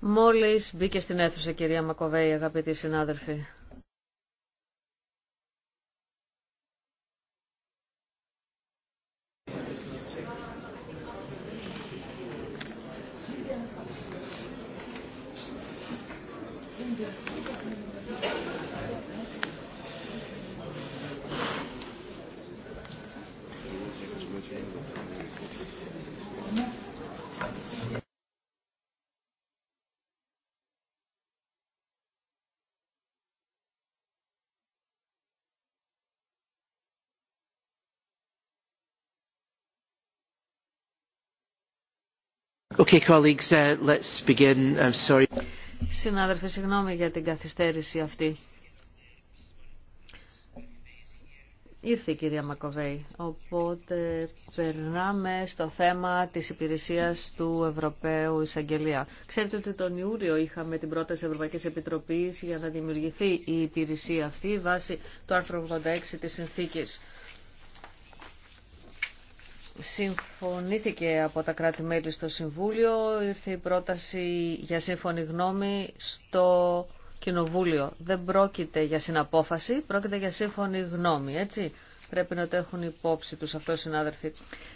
Μόλις μπήκε στην αίθουσα κυρία Μακοβέη, αγαπητοί συνάδελφοι. Okay, uh, Συνάδελφοι, συγγνώμη για την καθυστέρηση αυτή. Ήρθε η κυρία Μακοβέη, οπότε περνάμε στο θέμα της υπηρεσίας του Ευρωπαίου Εισαγγελία. Ξέρετε ότι τον Ιούλιο είχαμε την πρόταση Ευρωπαϊκής Επιτροπής για να δημιουργηθεί η υπηρεσία αυτή βάσει του άρθρου 86 της Συνθήκης συμφωνήθηκε από τα κράτη-μέλη στο Συμβούλιο, ήρθε η πρόταση για σύμφωνη γνώμη στο Κοινοβούλιο. Δεν πρόκειται για συναπόφαση, πρόκειται για σύμφωνη γνώμη, έτσι. Πρέπει να το έχουν υπόψη τους αυτό συνάδελφοι.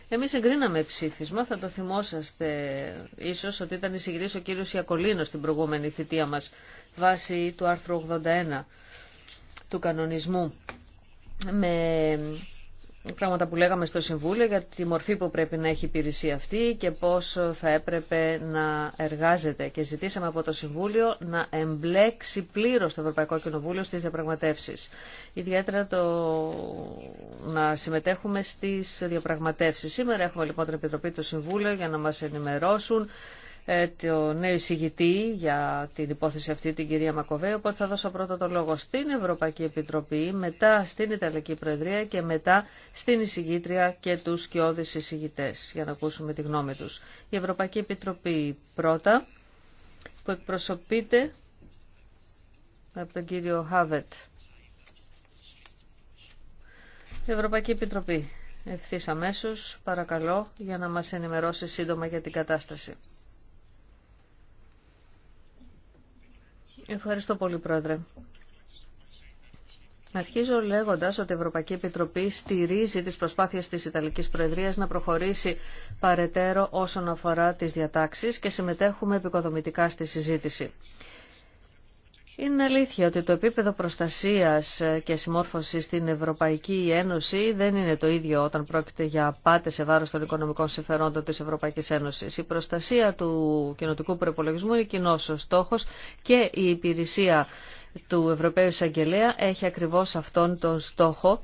Εμείς εγκρίναμε ψήφισμα, θα το θυμόσαστε ίσως ότι ήταν εισηγητής ο κύριος Ιακολίνος στην προηγούμενη θητεία μας βάσει του άρθρου 81 του κανονισμού με πράγματα που λέγαμε στο Συμβούλιο για τη μορφή που πρέπει να έχει η υπηρεσία αυτή και πώς θα έπρεπε να εργάζεται. Και ζητήσαμε από το Συμβούλιο να εμπλέξει πλήρως το Ευρωπαϊκό Κοινοβούλιο στις διαπραγματεύσεις. Ιδιαίτερα το να συμμετέχουμε στις διαπραγματεύσεις. Σήμερα έχουμε λοιπόν την Επιτροπή του Συμβούλιο για να μας ενημερώσουν ε, το νέο εισηγητή για την υπόθεση αυτή, την κυρία Μακοβέ, οπότε θα δώσω πρώτα το λόγο στην Ευρωπαϊκή Επιτροπή, μετά στην Ιταλική Προεδρία και μετά στην εισηγήτρια και τους σκιώδεις εισηγητές, για να ακούσουμε τη γνώμη τους. Η Ευρωπαϊκή Επιτροπή πρώτα, που εκπροσωπείται από τον κύριο Χάβετ. Η Ευρωπαϊκή Επιτροπή, ευθύ αμέσω, παρακαλώ, για να μας ενημερώσει σύντομα για την κατάσταση. Ευχαριστώ πολύ, Πρόεδρε. Αρχίζω λέγοντα ότι η Ευρωπαϊκή Επιτροπή στηρίζει τι προσπάθειε τη Ιταλική Προεδρία να προχωρήσει παρετέρω όσον αφορά τι διατάξει και συμμετέχουμε επικοδομητικά στη συζήτηση. Είναι αλήθεια ότι το επίπεδο προστασίας και συμμόρφωσης στην Ευρωπαϊκή Ένωση δεν είναι το ίδιο όταν πρόκειται για πάτε σε βάρος των οικονομικών συμφερόντων της Ευρωπαϊκής Ένωσης. Η προστασία του κοινοτικού προπολογισμού είναι κοινό ο στόχος και η υπηρεσία του Ευρωπαίου Εισαγγελέα έχει ακριβώς αυτόν τον στόχο,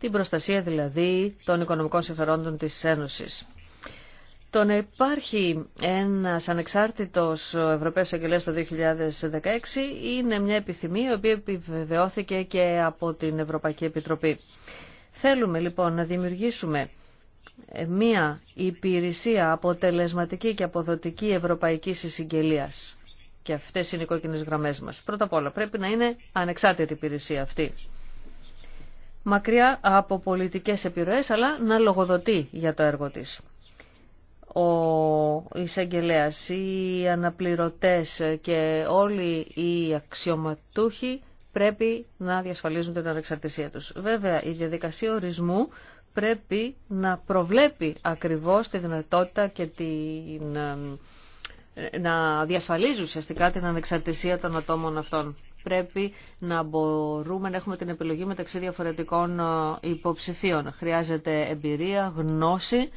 την προστασία δηλαδή των οικονομικών συμφερόντων της Ένωσης. Το να υπάρχει ένας ανεξάρτητος Ευρωπαίος Αγγελέας το 2016 είναι μια επιθυμία η οποία επιβεβαιώθηκε και από την Ευρωπαϊκή Επιτροπή. Θέλουμε λοιπόν να δημιουργήσουμε μια υπηρεσία αποτελεσματική και αποδοτική ευρωπαϊκή συγγελία. Και αυτέ είναι οι κόκκινε γραμμέ μα. Πρώτα απ' όλα πρέπει να είναι ανεξάρτητη υπηρεσία αυτή. Μακριά από πολιτικέ επιρροέ, αλλά να λογοδοτεί για το έργο τη ο εισαγγελέα, οι αναπληρωτές και όλοι οι αξιωματούχοι πρέπει να διασφαλίζουν την ανεξαρτησία τους. Βέβαια, η διαδικασία ορισμού πρέπει να προβλέπει ακριβώς τη δυνατότητα και την, ε, να διασφαλίζει ουσιαστικά την ανεξαρτησία των ατόμων αυτών. Πρέπει να μπορούμε να έχουμε την επιλογή μεταξύ διαφορετικών ε, υποψηφίων. Χρειάζεται εμπειρία, γνώση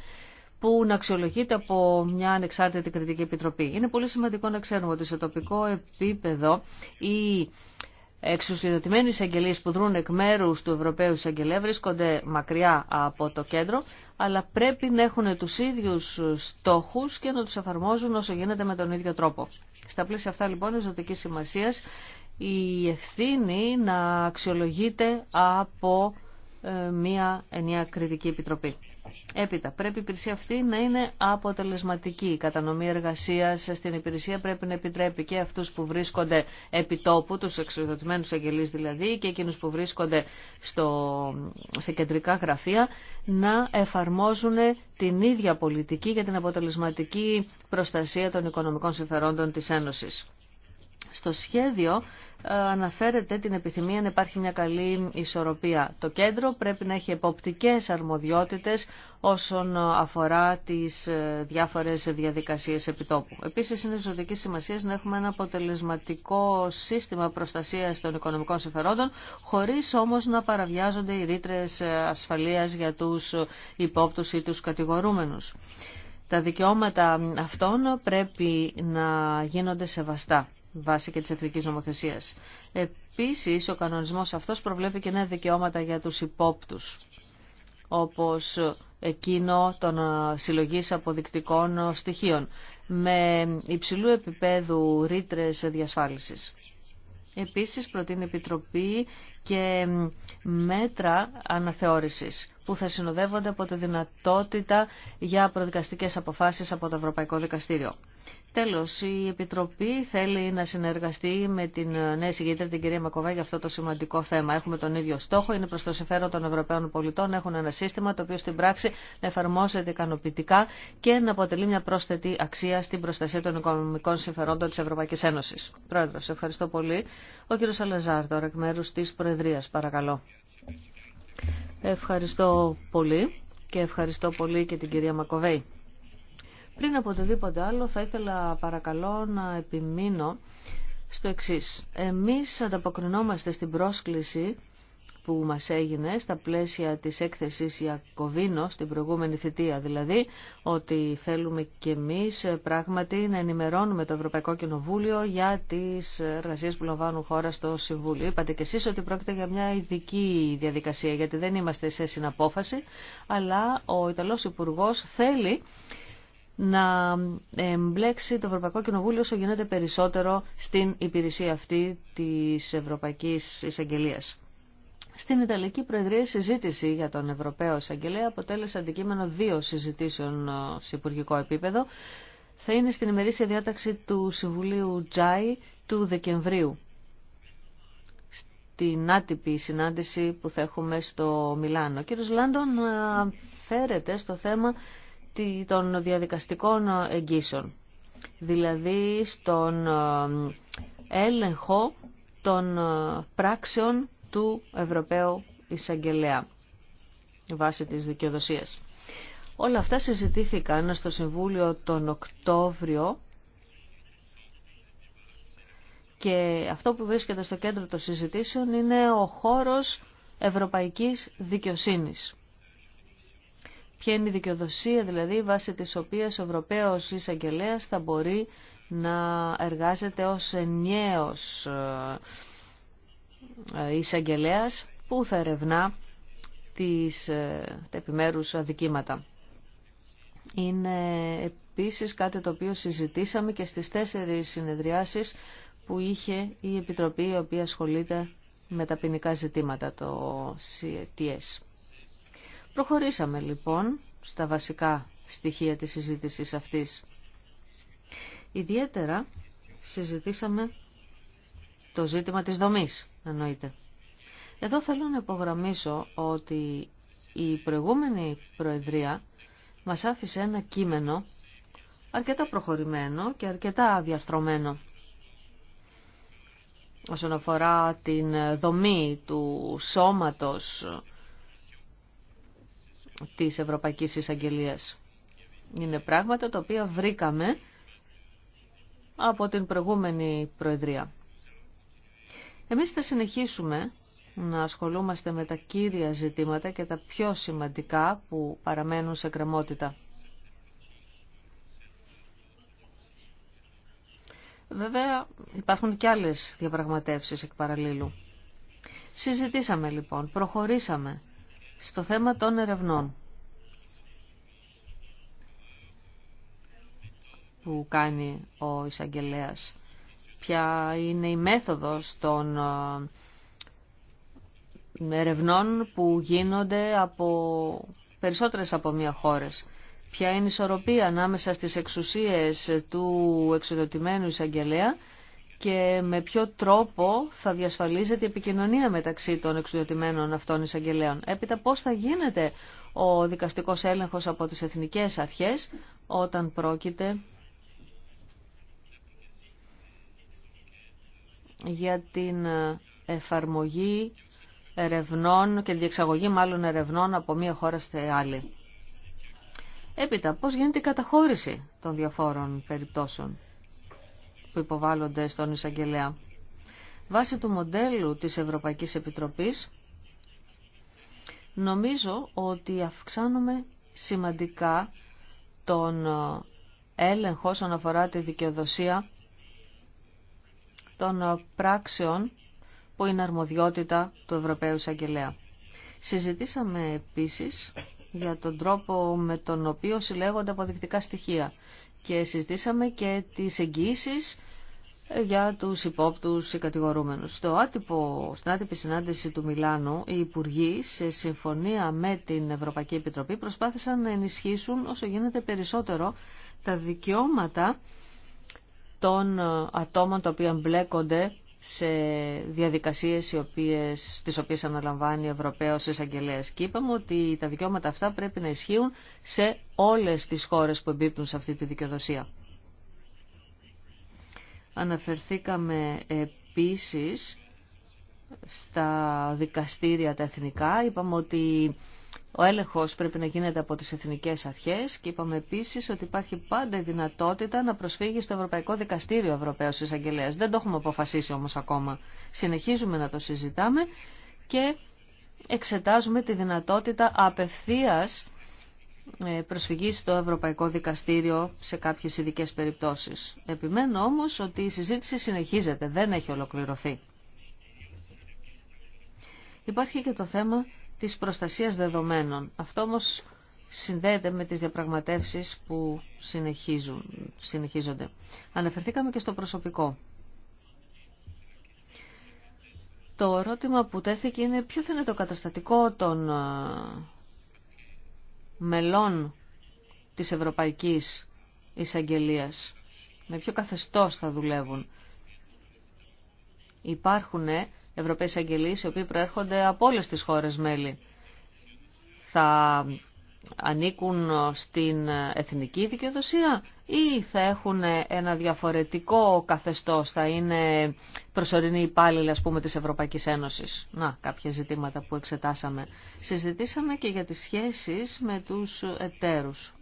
που να αξιολογείται από μια ανεξάρτητη κριτική επιτροπή. Είναι πολύ σημαντικό να ξέρουμε ότι σε τοπικό επίπεδο οι εξουσιοδοτημένοι εισαγγελίε που δρούν εκ μέρου του Ευρωπαίου Εισαγγελέα βρίσκονται μακριά από το κέντρο, αλλά πρέπει να έχουν του ίδιου στόχου και να του εφαρμόζουν όσο γίνεται με τον ίδιο τρόπο. Στα πλαίσια αυτά λοιπόν είναι ζωτική σημασία η ευθύνη να αξιολογείται από ε, μια ενιαία κριτική επιτροπή. Έπειτα, πρέπει η υπηρεσία αυτή να είναι αποτελεσματική. Η κατανομή εργασία στην υπηρεσία πρέπει να επιτρέπει και αυτού που βρίσκονται επί τόπου, του εξοδοτημένου αγγελεί δηλαδή, και εκείνου που βρίσκονται στο, σε κεντρικά γραφεία, να εφαρμόζουν την ίδια πολιτική για την αποτελεσματική προστασία των οικονομικών συμφερόντων τη Ένωση. Στο σχέδιο ε, αναφέρεται την επιθυμία να υπάρχει μια καλή ισορροπία. Το κέντρο πρέπει να έχει εποπτικές αρμοδιότητες όσον αφορά τις ε, διάφορες διαδικασίες επιτόπου. Επίσης είναι ζωτική σημασία να έχουμε ένα αποτελεσματικό σύστημα προστασίας των οικονομικών συμφερόντων, χωρίς όμως να παραβιάζονται οι ρήτρε ε, ασφαλείας για τους υπόπτους ή τους κατηγορούμενους. Τα δικαιώματα αυτών πρέπει να γίνονται σεβαστά βάσει και της εθνικής νομοθεσίας. Επίσης, ο κανονισμός αυτός προβλέπει και νέα δικαιώματα για τους υπόπτους, όπως εκείνο των ε, συλλογής αποδεικτικών ε, στοιχείων, με υψηλού επίπεδου ρήτρες διασφάλισης. Επίσης, προτείνει Επιτροπή και μέτρα αναθεώρησης που θα συνοδεύονται από τη δυνατότητα για προδικαστικές αποφάσεις από το Ευρωπαϊκό Δικαστήριο. Τέλος, η Επιτροπή θέλει να συνεργαστεί με την νέα συγκεκριτή, την κυρία Μακοβά για αυτό το σημαντικό θέμα. Έχουμε τον ίδιο στόχο, είναι προς το συμφέρον των Ευρωπαίων πολιτών, έχουν ένα σύστημα το οποίο στην πράξη να εφαρμόζεται ικανοποιητικά και να αποτελεί μια πρόσθετη αξία στην προστασία των οικονομικών συμφερόντων της Ευρωπαϊκής Ένωσης. Πρόεδρος, ευχαριστώ πολύ. Ο κύριος Αλαζάρ, τώρα εκ μέρους της Προεδρίας, παρακαλώ. Ευχαριστώ πολύ και ευχαριστώ πολύ και την κυρία Μακοβέη. Πριν από οτιδήποτε άλλο θα ήθελα παρακαλώ να επιμείνω στο εξή. Εμείς ανταποκρινόμαστε στην πρόσκληση που μας έγινε στα πλαίσια της έκθεσης Ιακωβίνο στην προηγούμενη θητεία. Δηλαδή ότι θέλουμε και εμείς πράγματι να ενημερώνουμε το Ευρωπαϊκό Κοινοβούλιο για τις εργασίες που λαμβάνουν χώρα στο Συμβούλιο. Είπατε και εσείς ότι πρόκειται για μια ειδική διαδικασία γιατί δεν είμαστε σε συναπόφαση αλλά ο Ιταλός Υπουργός θέλει να εμπλέξει το Ευρωπαϊκό Κοινοβούλιο όσο γίνεται περισσότερο στην υπηρεσία αυτή της Ευρωπαϊκής εισαγγελία. Στην Ιταλική Προεδρία η συζήτηση για τον Ευρωπαίο Εισαγγελέα αποτέλεσε αντικείμενο δύο συζητήσεων ε, σε υπουργικό επίπεδο. Θα είναι στην ημερήσια διάταξη του Συμβουλίου Τζάι του Δεκεμβρίου στην άτυπη συνάντηση που θα έχουμε στο Μιλάνο. Ο κύριος Λάντον ε, στο θέμα των διαδικαστικών εγγύσεων. Δηλαδή στον ε, έλεγχο των ε, πράξεων του Ευρωπαίου Εισαγγελέα βάσει της δικαιοδοσίας. Όλα αυτά συζητήθηκαν στο Συμβούλιο τον Οκτώβριο και αυτό που βρίσκεται στο κέντρο των συζητήσεων είναι ο χώρος ευρωπαϊκής δικαιοσύνης. Ποια είναι η δικαιοδοσία δηλαδή βάσει της οποίας ο Ευρωπαίος εισαγγελέα θα μπορεί να εργάζεται ως ενιαίος ε, εισαγγελέα που θα ερευνά τις, ε, τα επιμέρους αδικήματα. Είναι επίσης κάτι το οποίο συζητήσαμε και στις τέσσερις συνεδριάσεις που είχε η Επιτροπή η οποία ασχολείται με τα ποινικά ζητήματα, το CTS. Προχωρήσαμε λοιπόν στα βασικά στοιχεία της συζήτησης αυτής. Ιδιαίτερα συζητήσαμε το ζήτημα της δομής, εννοείται. Εδώ θέλω να υπογραμμίσω ότι η προηγούμενη Προεδρία μας άφησε ένα κείμενο αρκετά προχωρημένο και αρκετά διαρθρωμένο όσον αφορά την δομή του σώματος της Ευρωπαϊκής Εισαγγελίας. Είναι πράγματα τα οποία βρήκαμε από την προηγούμενη Προεδρία. Εμείς θα συνεχίσουμε να ασχολούμαστε με τα κύρια ζητήματα και τα πιο σημαντικά που παραμένουν σε κρεμότητα. Βέβαια υπάρχουν και άλλες διαπραγματεύσεις εκ παραλλήλου. Συζητήσαμε λοιπόν, προχωρήσαμε στο θέμα των ερευνών που κάνει ο εισαγγελέα. Ποια είναι η μέθοδος των ερευνών που γίνονται από περισσότερες από μία χώρες. Ποια είναι η ισορροπία ανάμεσα στις εξουσίες του εξοδοτημένου εισαγγελέα και με ποιο τρόπο θα διασφαλίζεται η επικοινωνία μεταξύ των εξουδετημένων αυτών εισαγγελέων. Έπειτα πώς θα γίνεται ο δικαστικός έλεγχος από τις εθνικές αρχές όταν πρόκειται για την εφαρμογή ερευνών και διεξαγωγή μάλλον ερευνών από μία χώρα στη άλλη. Έπειτα, πώς γίνεται η καταχώρηση των διαφόρων περιπτώσεων που υποβάλλονται στον εισαγγελέα. Βάσει του μοντέλου της Ευρωπαϊκής Επιτροπής, νομίζω ότι αυξάνουμε σημαντικά τον ε, έλεγχο όσον αφορά τη δικαιοδοσία των ε, πράξεων που είναι αρμοδιότητα του Ευρωπαίου Εισαγγελέα. Συζητήσαμε επίσης για τον τρόπο με τον οποίο συλλέγονται αποδεικτικά στοιχεία και συζητήσαμε και τις εγγύησεις για τους υπόπτους κατηγορούμενους. Στο άτυπο, στην άτυπη συνάντηση του Μιλάνου, οι Υπουργοί, σε συμφωνία με την Ευρωπαϊκή Επιτροπή, προσπάθησαν να ενισχύσουν όσο γίνεται περισσότερο τα δικαιώματα των ατόμων τα οποία μπλέκονται σε διαδικασίες οι οποίες, τις οποίες αναλαμβάνει ο Ευρωπαίος Εισαγγελέας. Και είπαμε ότι τα δικαιώματα αυτά πρέπει να ισχύουν σε όλες τις χώρες που εμπίπτουν σε αυτή τη δικαιοδοσία. Αναφερθήκαμε επίσης στα δικαστήρια τα εθνικά. Είπαμε ότι ο έλεγχος πρέπει να γίνεται από τις εθνικές αρχές και είπαμε επίσης ότι υπάρχει πάντα η δυνατότητα να προσφύγει στο Ευρωπαϊκό Δικαστήριο Ευρωπαίος Εισαγγελέας. Δεν το έχουμε αποφασίσει όμως ακόμα. Συνεχίζουμε να το συζητάμε και εξετάζουμε τη δυνατότητα απευθείας ε, προσφυγή στο Ευρωπαϊκό Δικαστήριο σε κάποιες ειδικέ περιπτώσεις. Επιμένω όμως ότι η συζήτηση συνεχίζεται, δεν έχει ολοκληρωθεί. Υπάρχει και το θέμα της προστασίας δεδομένων. Αυτό όμως συνδέεται με τις διαπραγματεύσεις που συνεχίζουν, συνεχίζονται. Αναφερθήκαμε και στο προσωπικό. Το ερώτημα που τέθηκε είναι ποιο θα είναι το καταστατικό των μελών της Ευρωπαϊκής εισαγγελία. Με ποιο καθεστώς θα δουλεύουν. Υπάρχουν Ευρωπαίες Αγγελίες, οι οποίοι προέρχονται από όλες τις χώρες μέλη. Θα ανήκουν στην εθνική δικαιοδοσία ή θα έχουν ένα διαφορετικό καθεστώς, θα είναι προσωρινή υπάλληλοι, ας πούμε της Ευρωπαϊκής Ένωσης. Να, κάποια ζητήματα που εξετάσαμε. Συζητήσαμε και για τις σχέσεις με τους εταίρους,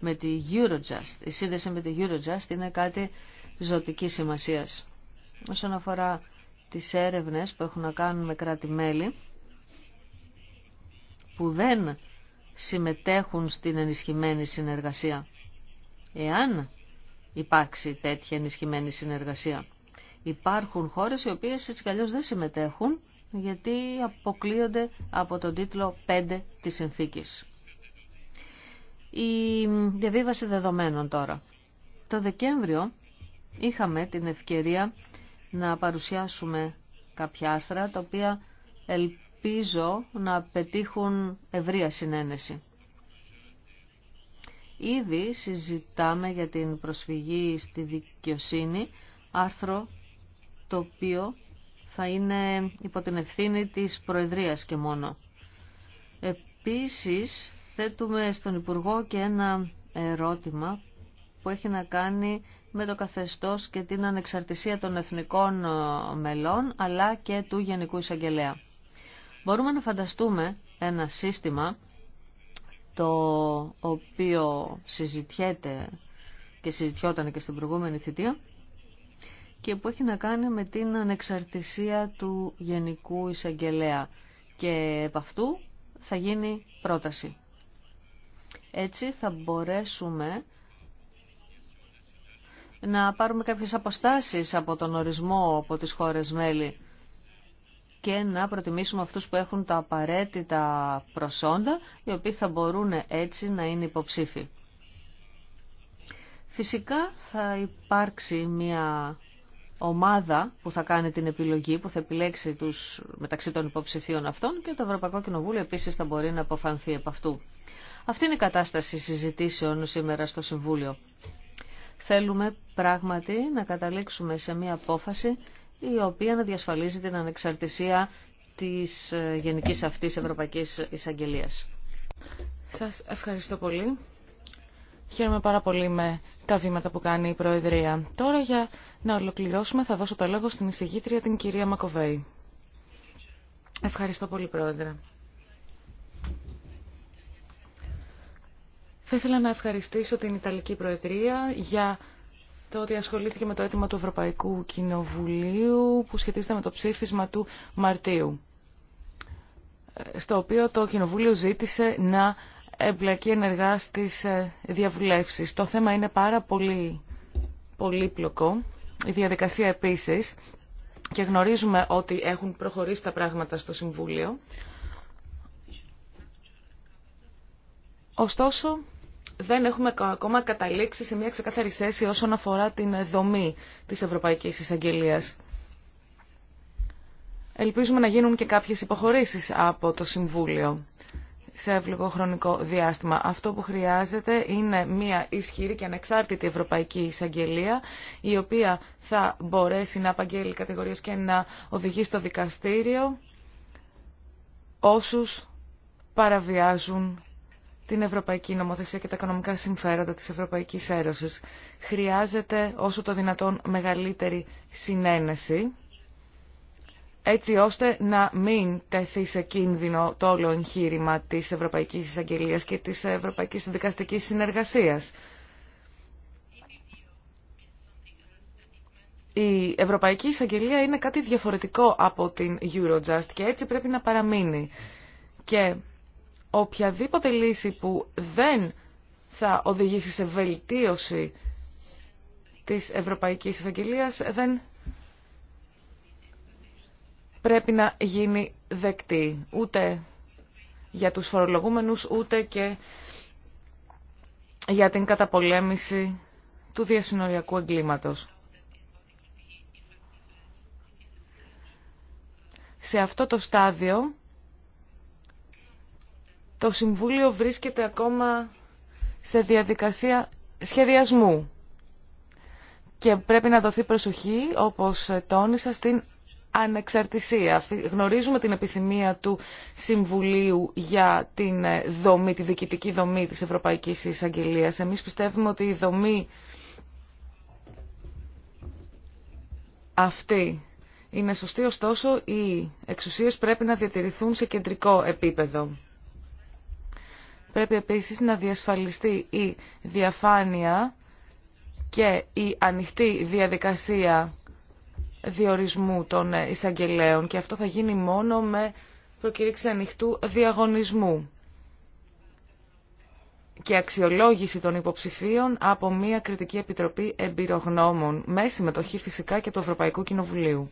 με τη Eurojust. Η σύνδεση με τη Eurojust είναι κάτι ζωτική σημασίας. Όσον αφορά τις έρευνες που έχουν να κάνουν με κράτη-μέλη που δεν συμμετέχουν στην ενισχυμένη συνεργασία. Εάν υπάρξει τέτοια ενισχυμένη συνεργασία. Υπάρχουν χώρες οι οποίες έτσι καλώς δεν συμμετέχουν γιατί αποκλείονται από τον τίτλο 5 της συνθήκης. Η διαβίβαση δεδομένων τώρα. Το Δεκέμβριο είχαμε την ευκαιρία να παρουσιάσουμε κάποια άρθρα τα οποία ελπίζω να πετύχουν ευρεία συνένεση. Ήδη συζητάμε για την προσφυγή στη δικαιοσύνη, άρθρο το οποίο θα είναι υπό την ευθύνη της Προεδρίας και μόνο. Επίσης, θέτουμε στον Υπουργό και ένα ερώτημα που έχει να κάνει με το καθεστώς και την ανεξαρτησία των εθνικών ε, μελών αλλά και του Γενικού Εισαγγελέα. Μπορούμε να φανταστούμε ένα σύστημα το οποίο συζητιέται και συζητιόταν και στην προηγούμενη θητεία και που έχει να κάνει με την ανεξαρτησία του Γενικού Εισαγγελέα και επ' αυτού θα γίνει πρόταση. Έτσι θα μπορέσουμε να πάρουμε κάποιες αποστάσεις από τον ορισμό από τις χώρες μέλη και να προτιμήσουμε αυτούς που έχουν τα απαραίτητα προσόντα, οι οποίοι θα μπορούν έτσι να είναι υποψήφοι. Φυσικά θα υπάρξει μια ομάδα που θα κάνει την επιλογή, που θα επιλέξει τους μεταξύ των υποψηφίων αυτών και το Ευρωπαϊκό Κοινοβούλιο επίσης θα μπορεί να αποφανθεί από αυτού. Αυτή είναι η κατάσταση συζητήσεων σήμερα στο Συμβούλιο. Θέλουμε πράγματι να καταλήξουμε σε μία απόφαση η οποία να διασφαλίζει την ανεξαρτησία της ε, Γενικής Αυτής Ευρωπαϊκής εισαγγελία. Σας ευχαριστώ πολύ. Χαίρομαι πάρα πολύ με τα βήματα που κάνει η Προεδρία. Τώρα για να ολοκληρώσουμε θα δώσω το λόγο στην εισηγήτρια την κυρία Μακοβέη. Ευχαριστώ πολύ Πρόεδρε. Θα ήθελα να ευχαριστήσω την Ιταλική Προεδρία για το ότι ασχολήθηκε με το αίτημα του Ευρωπαϊκού Κοινοβουλίου που σχετίζεται με το ψήφισμα του Μαρτίου, στο οποίο το Κοινοβούλιο ζήτησε να εμπλακεί ενεργά στις ε, διαβουλεύσεις. Το θέμα είναι πάρα πολύ πολύπλοκο, η διαδικασία επίσης, και γνωρίζουμε ότι έχουν προχωρήσει τα πράγματα στο Συμβούλιο. Ωστόσο, δεν έχουμε ακόμα καταλήξει σε μια ξεκάθαρη θέση όσον αφορά την δομή της Ευρωπαϊκής Εισαγγελίας. Ελπίζουμε να γίνουν και κάποιες υποχωρήσεις από το Συμβούλιο σε εύλογο χρονικό διάστημα. Αυτό που χρειάζεται είναι μια ισχυρή και ανεξάρτητη Ευρωπαϊκή Εισαγγελία, η οποία θα μπορέσει να απαγγέλει κατηγορίες και να οδηγεί στο δικαστήριο όσους παραβιάζουν την Ευρωπαϊκή Νομοθεσία και τα οικονομικά συμφέροντα της Ευρωπαϊκής Ένωσης. Χρειάζεται όσο το δυνατόν μεγαλύτερη συνένεση, έτσι ώστε να μην τεθεί σε κίνδυνο το όλο εγχείρημα της Ευρωπαϊκής Εισαγγελίας και της Ευρωπαϊκής Δικαστικής Συνεργασίας. Η Ευρωπαϊκή Εισαγγελία είναι κάτι διαφορετικό από την Eurojust και έτσι πρέπει να παραμείνει. Και οποιαδήποτε λύση που δεν θα οδηγήσει σε βελτίωση της Ευρωπαϊκής ευαγγελίας δεν πρέπει να γίνει δεκτή ούτε για τους φορολογούμενους ούτε και για την καταπολέμηση του διασυνοριακού εγκλήματος. Σε αυτό το στάδιο το Συμβούλιο βρίσκεται ακόμα σε διαδικασία σχεδιασμού και πρέπει να δοθεί προσοχή, όπως τόνισα, στην ανεξαρτησία. Γνωρίζουμε την επιθυμία του Συμβουλίου για την ε, δομή, τη διοικητική δομή της Ευρωπαϊκής Εισαγγελίας. Εμείς πιστεύουμε ότι η δομή αυτή είναι σωστή, ωστόσο οι εξουσίες πρέπει να διατηρηθούν σε κεντρικό επίπεδο. Πρέπει επίσης να διασφαλιστεί η διαφάνεια και η ανοιχτή διαδικασία διορισμού των εισαγγελέων και αυτό θα γίνει μόνο με προκήρυξη ανοιχτού διαγωνισμού και αξιολόγηση των υποψηφίων από μια κριτική επιτροπή εμπειρογνώμων με συμμετοχή φυσικά και του Ευρωπαϊκού Κοινοβουλίου.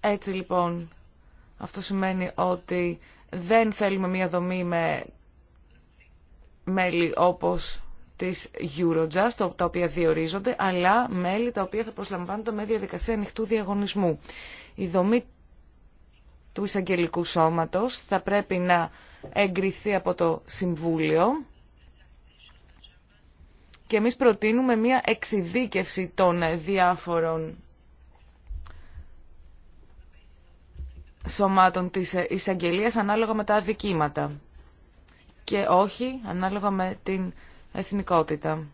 Έτσι λοιπόν αυτό σημαίνει ότι δεν θέλουμε μία δομή με μέλη όπως της Eurojust, τα οποία διορίζονται, αλλά μέλη τα οποία θα προσλαμβάνονται με διαδικασία ανοιχτού διαγωνισμού. Η δομή του εισαγγελικού σώματος θα πρέπει να εγκριθεί από το Συμβούλιο και εμείς προτείνουμε μία εξειδίκευση των διάφορων σωμάτων της εισαγγελία ανάλογα με τα αδικήματα και όχι ανάλογα με την εθνικότητα.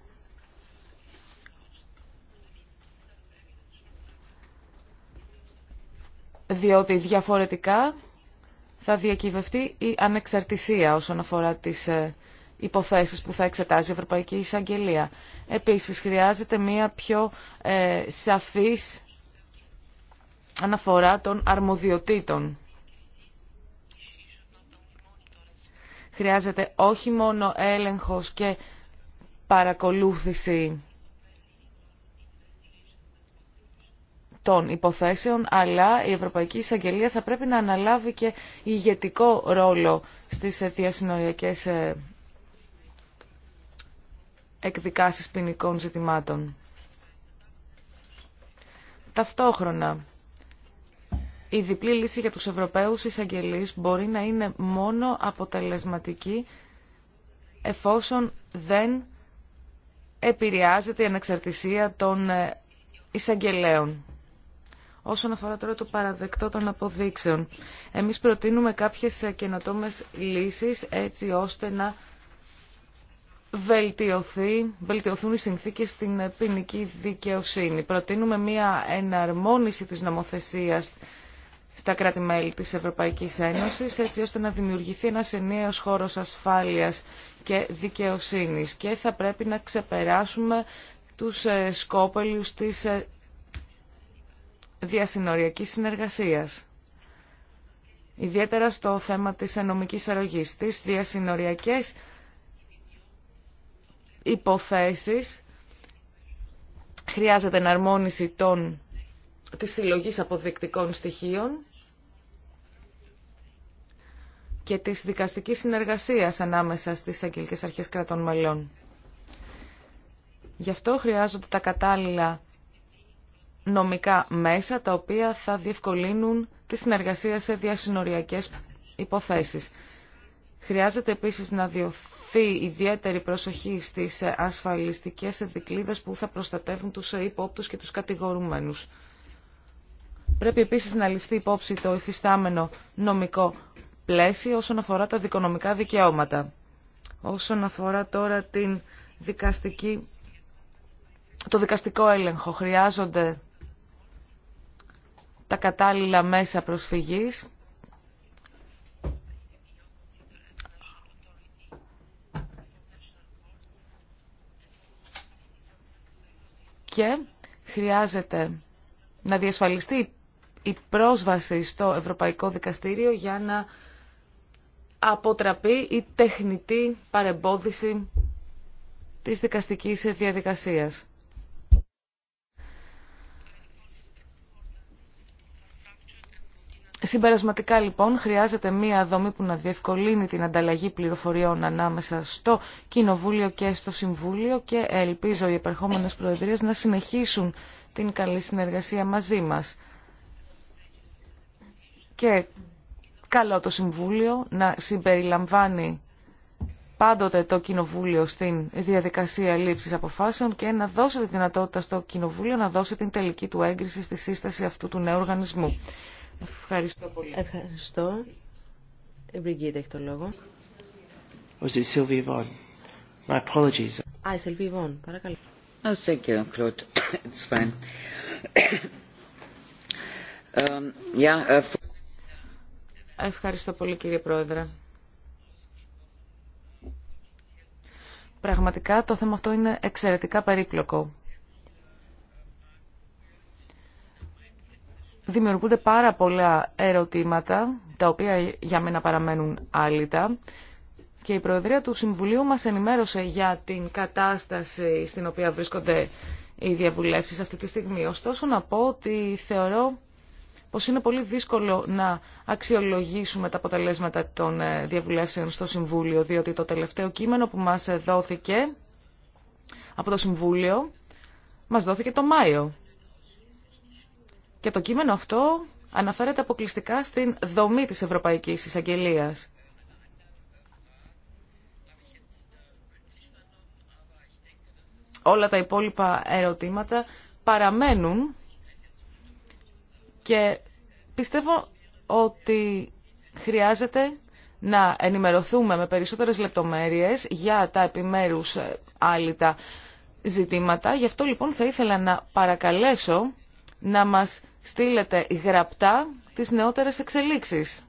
Διότι διαφορετικά θα διακυβευτεί η ανεξαρτησία όσον αφορά τις ε, υποθέσεις που θα εξετάζει η Ευρωπαϊκή Εισαγγελία. Επίσης, χρειάζεται μία πιο ε, σαφής αναφορά των αρμοδιοτήτων. Χρειάζεται όχι μόνο έλεγχος και παρακολούθηση των υποθέσεων, αλλά η Ευρωπαϊκή Εισαγγελία θα πρέπει να αναλάβει και ηγετικό ρόλο στις διασυνοριακές ε, εκδικάσεις ποινικών ζητημάτων. Ταυτόχρονα, η διπλή λύση για τους Ευρωπαίους εισαγγελείς μπορεί να είναι μόνο αποτελεσματική εφόσον δεν επηρεάζεται η ανεξαρτησία των ε, εισαγγελέων. Όσον αφορά τώρα το παραδεκτό των αποδείξεων, εμείς προτείνουμε κάποιες ε, καινοτόμες λύσεις έτσι ώστε να βελτιωθεί, βελτιωθούν οι συνθήκες στην ε, ποινική δικαιοσύνη. Προτείνουμε μία εναρμόνιση της νομοθεσίας στα κράτη-μέλη της Ευρωπαϊκής Ένωσης, έτσι ώστε να δημιουργηθεί ένας ενιαίος χώρος ασφάλειας και δικαιοσύνης. Και θα πρέπει να ξεπεράσουμε τους ε, σκόπελους της ε, διασυνοριακής συνεργασίας. Ιδιαίτερα στο θέμα της ενομικής αρρωγής, τις διασυνοριακές υποθέσεις, χρειάζεται εναρμόνιση των, της συλλογής αποδεικτικών στοιχείων και της δικαστικής συνεργασίας ανάμεσα στις αγγελικές αρχές κρατών μελών. Γι' αυτό χρειάζονται τα κατάλληλα νομικά μέσα τα οποία θα διευκολύνουν τη συνεργασία σε διασυνοριακές υποθέσεις. Χρειάζεται επίσης να διωθεί ιδιαίτερη προσοχή στις ασφαλιστικές δικλίδες που θα προστατεύουν τους υπόπτους και τους κατηγορουμένους. Πρέπει επίσης να ληφθεί υπόψη το υφιστάμενο νομικό πλαίσιο όσον αφορά τα δικονομικά δικαιώματα. Όσον αφορά τώρα την δικαστική, το δικαστικό έλεγχο, χρειάζονται τα κατάλληλα μέσα προσφυγής. Και χρειάζεται να διασφαλιστεί η πρόσβαση στο Ευρωπαϊκό Δικαστήριο για να αποτραπεί η τεχνητή παρεμπόδιση της δικαστικής διαδικασίας. Συμπερασματικά λοιπόν χρειάζεται μία δομή που να διευκολύνει την ανταλλαγή πληροφοριών ανάμεσα στο Κοινοβούλιο και στο Συμβούλιο και ελπίζω οι επερχόμενες προεδρίες να συνεχίσουν την καλή συνεργασία μαζί μας. Και καλό το Συμβούλιο να συμπεριλαμβάνει πάντοτε το Κοινοβούλιο στην διαδικασία λήψης αποφάσεων και να δώσει τη δυνατότητα στο Κοινοβούλιο να δώσει την τελική του έγκριση στη σύσταση αυτού του νέου οργανισμού. Ευχαριστώ πολύ. Ευχαριστώ. Η ε, Μπριγκίτα έχει το λόγο. My apologies. Α, παρακαλώ. Ευχαριστώ πολύ κύριε Πρόεδρε. Πραγματικά το θέμα αυτό είναι εξαιρετικά περίπλοκο. Δημιουργούνται πάρα πολλά ερωτήματα, τα οποία για μένα παραμένουν άλυτα. Και η Προεδρία του Συμβουλίου μας ενημέρωσε για την κατάσταση στην οποία βρίσκονται οι διαβουλεύσεις αυτή τη στιγμή. Ωστόσο να πω ότι θεωρώ πως είναι πολύ δύσκολο να αξιολογήσουμε τα αποτελέσματα των ε, διαβουλεύσεων στο Συμβούλιο, διότι το τελευταίο κείμενο που μας ε, δόθηκε από το Συμβούλιο μας δόθηκε το Μάιο. Και το κείμενο αυτό αναφέρεται αποκλειστικά στην δομή της Ευρωπαϊκής εισαγγελία. Όλα τα υπόλοιπα ερωτήματα παραμένουν και πιστεύω ότι χρειάζεται να ενημερωθούμε με περισσότερες λεπτομέρειες για τα επιμέρους ε, άλυτα ζητήματα. Γι' αυτό λοιπόν θα ήθελα να παρακαλέσω να μας στείλετε γραπτά τις νεότερες εξελίξεις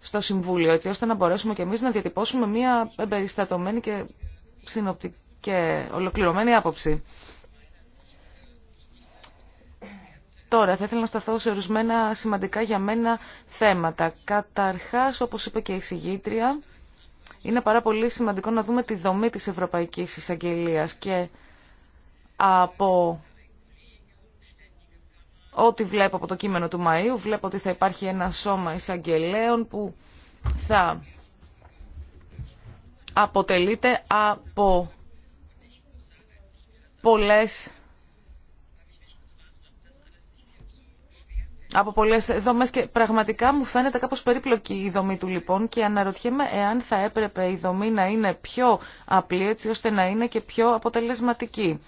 στο Συμβούλιο, έτσι ώστε να μπορέσουμε και εμείς να διατυπώσουμε μια εμπεριστατωμένη και συνοπτική και ολοκληρωμένη άποψη. Τώρα θα ήθελα να σταθώ σε ορισμένα σημαντικά για μένα θέματα. Καταρχάς, όπως είπε και η συγγήτρια, είναι πάρα πολύ σημαντικό να δούμε τη δομή της Ευρωπαϊκής Εισαγγελίας και από ό,τι βλέπω από το κείμενο του Μαΐου, βλέπω ότι θα υπάρχει ένα σώμα εισαγγελέων που θα αποτελείται από πολλές από πολλέ δομές και πραγματικά μου φαίνεται κάπως περίπλοκη η δομή του λοιπόν και αναρωτιέμαι εάν θα έπρεπε η δομή να είναι πιο απλή έτσι ώστε να είναι και πιο αποτελεσματική.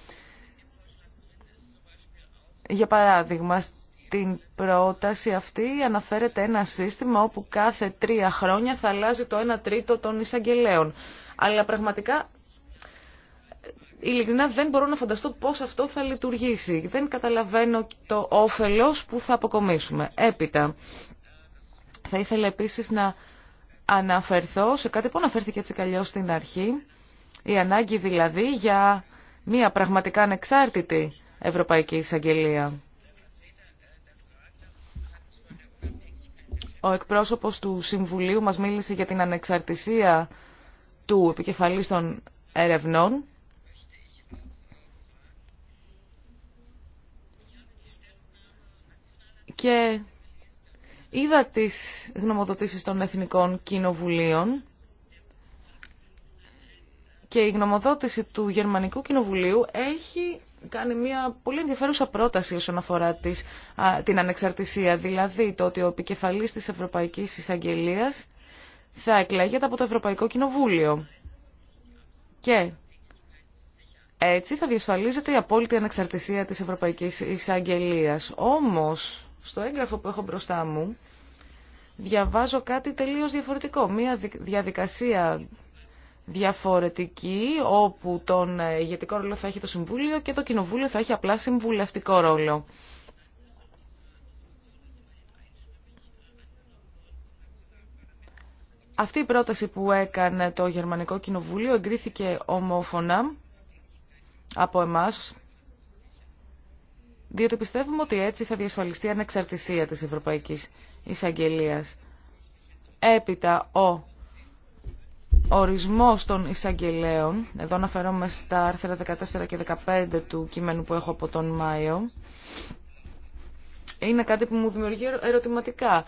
Για παράδειγμα, στην πρόταση αυτή αναφέρεται ένα σύστημα όπου κάθε τρία χρόνια θα αλλάζει το 1 τρίτο των εισαγγελέων. Αλλά πραγματικά ειλικρινά δεν μπορώ να φανταστώ πώς αυτό θα λειτουργήσει. Δεν καταλαβαίνω το όφελος που θα αποκομίσουμε. Έπειτα, θα ήθελα επίσης να αναφερθώ σε κάτι που αναφέρθηκε έτσι καλλιώς στην αρχή, η ανάγκη δηλαδή για μια πραγματικά ανεξάρτητη Ευρωπαϊκή Εισαγγελία. Ο εκπρόσωπος του Συμβουλίου μας μίλησε για την ανεξαρτησία του επικεφαλής των ερευνών και είδα τις γνωμοδοτήσεις των Εθνικών Κοινοβουλίων και η γνωμοδότηση του Γερμανικού Κοινοβουλίου έχει κάνει μια πολύ ενδιαφέρουσα πρόταση όσον αφορά της, την ανεξαρτησία, δηλαδή το ότι ο επικεφαλής της Ευρωπαϊκής εισαγγελία θα εκλέγεται από το Ευρωπαϊκό Κοινοβούλιο. Και έτσι θα διασφαλίζεται η απόλυτη ανεξαρτησία της Ευρωπαϊκής εισαγγελία. Όμως, στο έγγραφο που έχω μπροστά μου διαβάζω κάτι τελείως διαφορετικό. Μία διαδικασία διαφορετική όπου τον ηγετικό ρόλο θα έχει το Συμβούλιο και το Κοινοβούλιο θα έχει απλά συμβουλευτικό ρόλο. Αυτή η πρόταση που έκανε το Γερμανικό Κοινοβούλιο εγκρίθηκε ομόφωνα από εμάς, διότι πιστεύουμε ότι έτσι θα διασφαλιστεί ανεξαρτησία της Ευρωπαϊκής Εισαγγελίας. Έπειτα, ο ορισμός των εισαγγελέων, εδώ αναφέρομαι στα άρθρα 14 και 15 του κειμένου που έχω από τον Μάιο, είναι κάτι που μου δημιουργεί ερωτηματικά.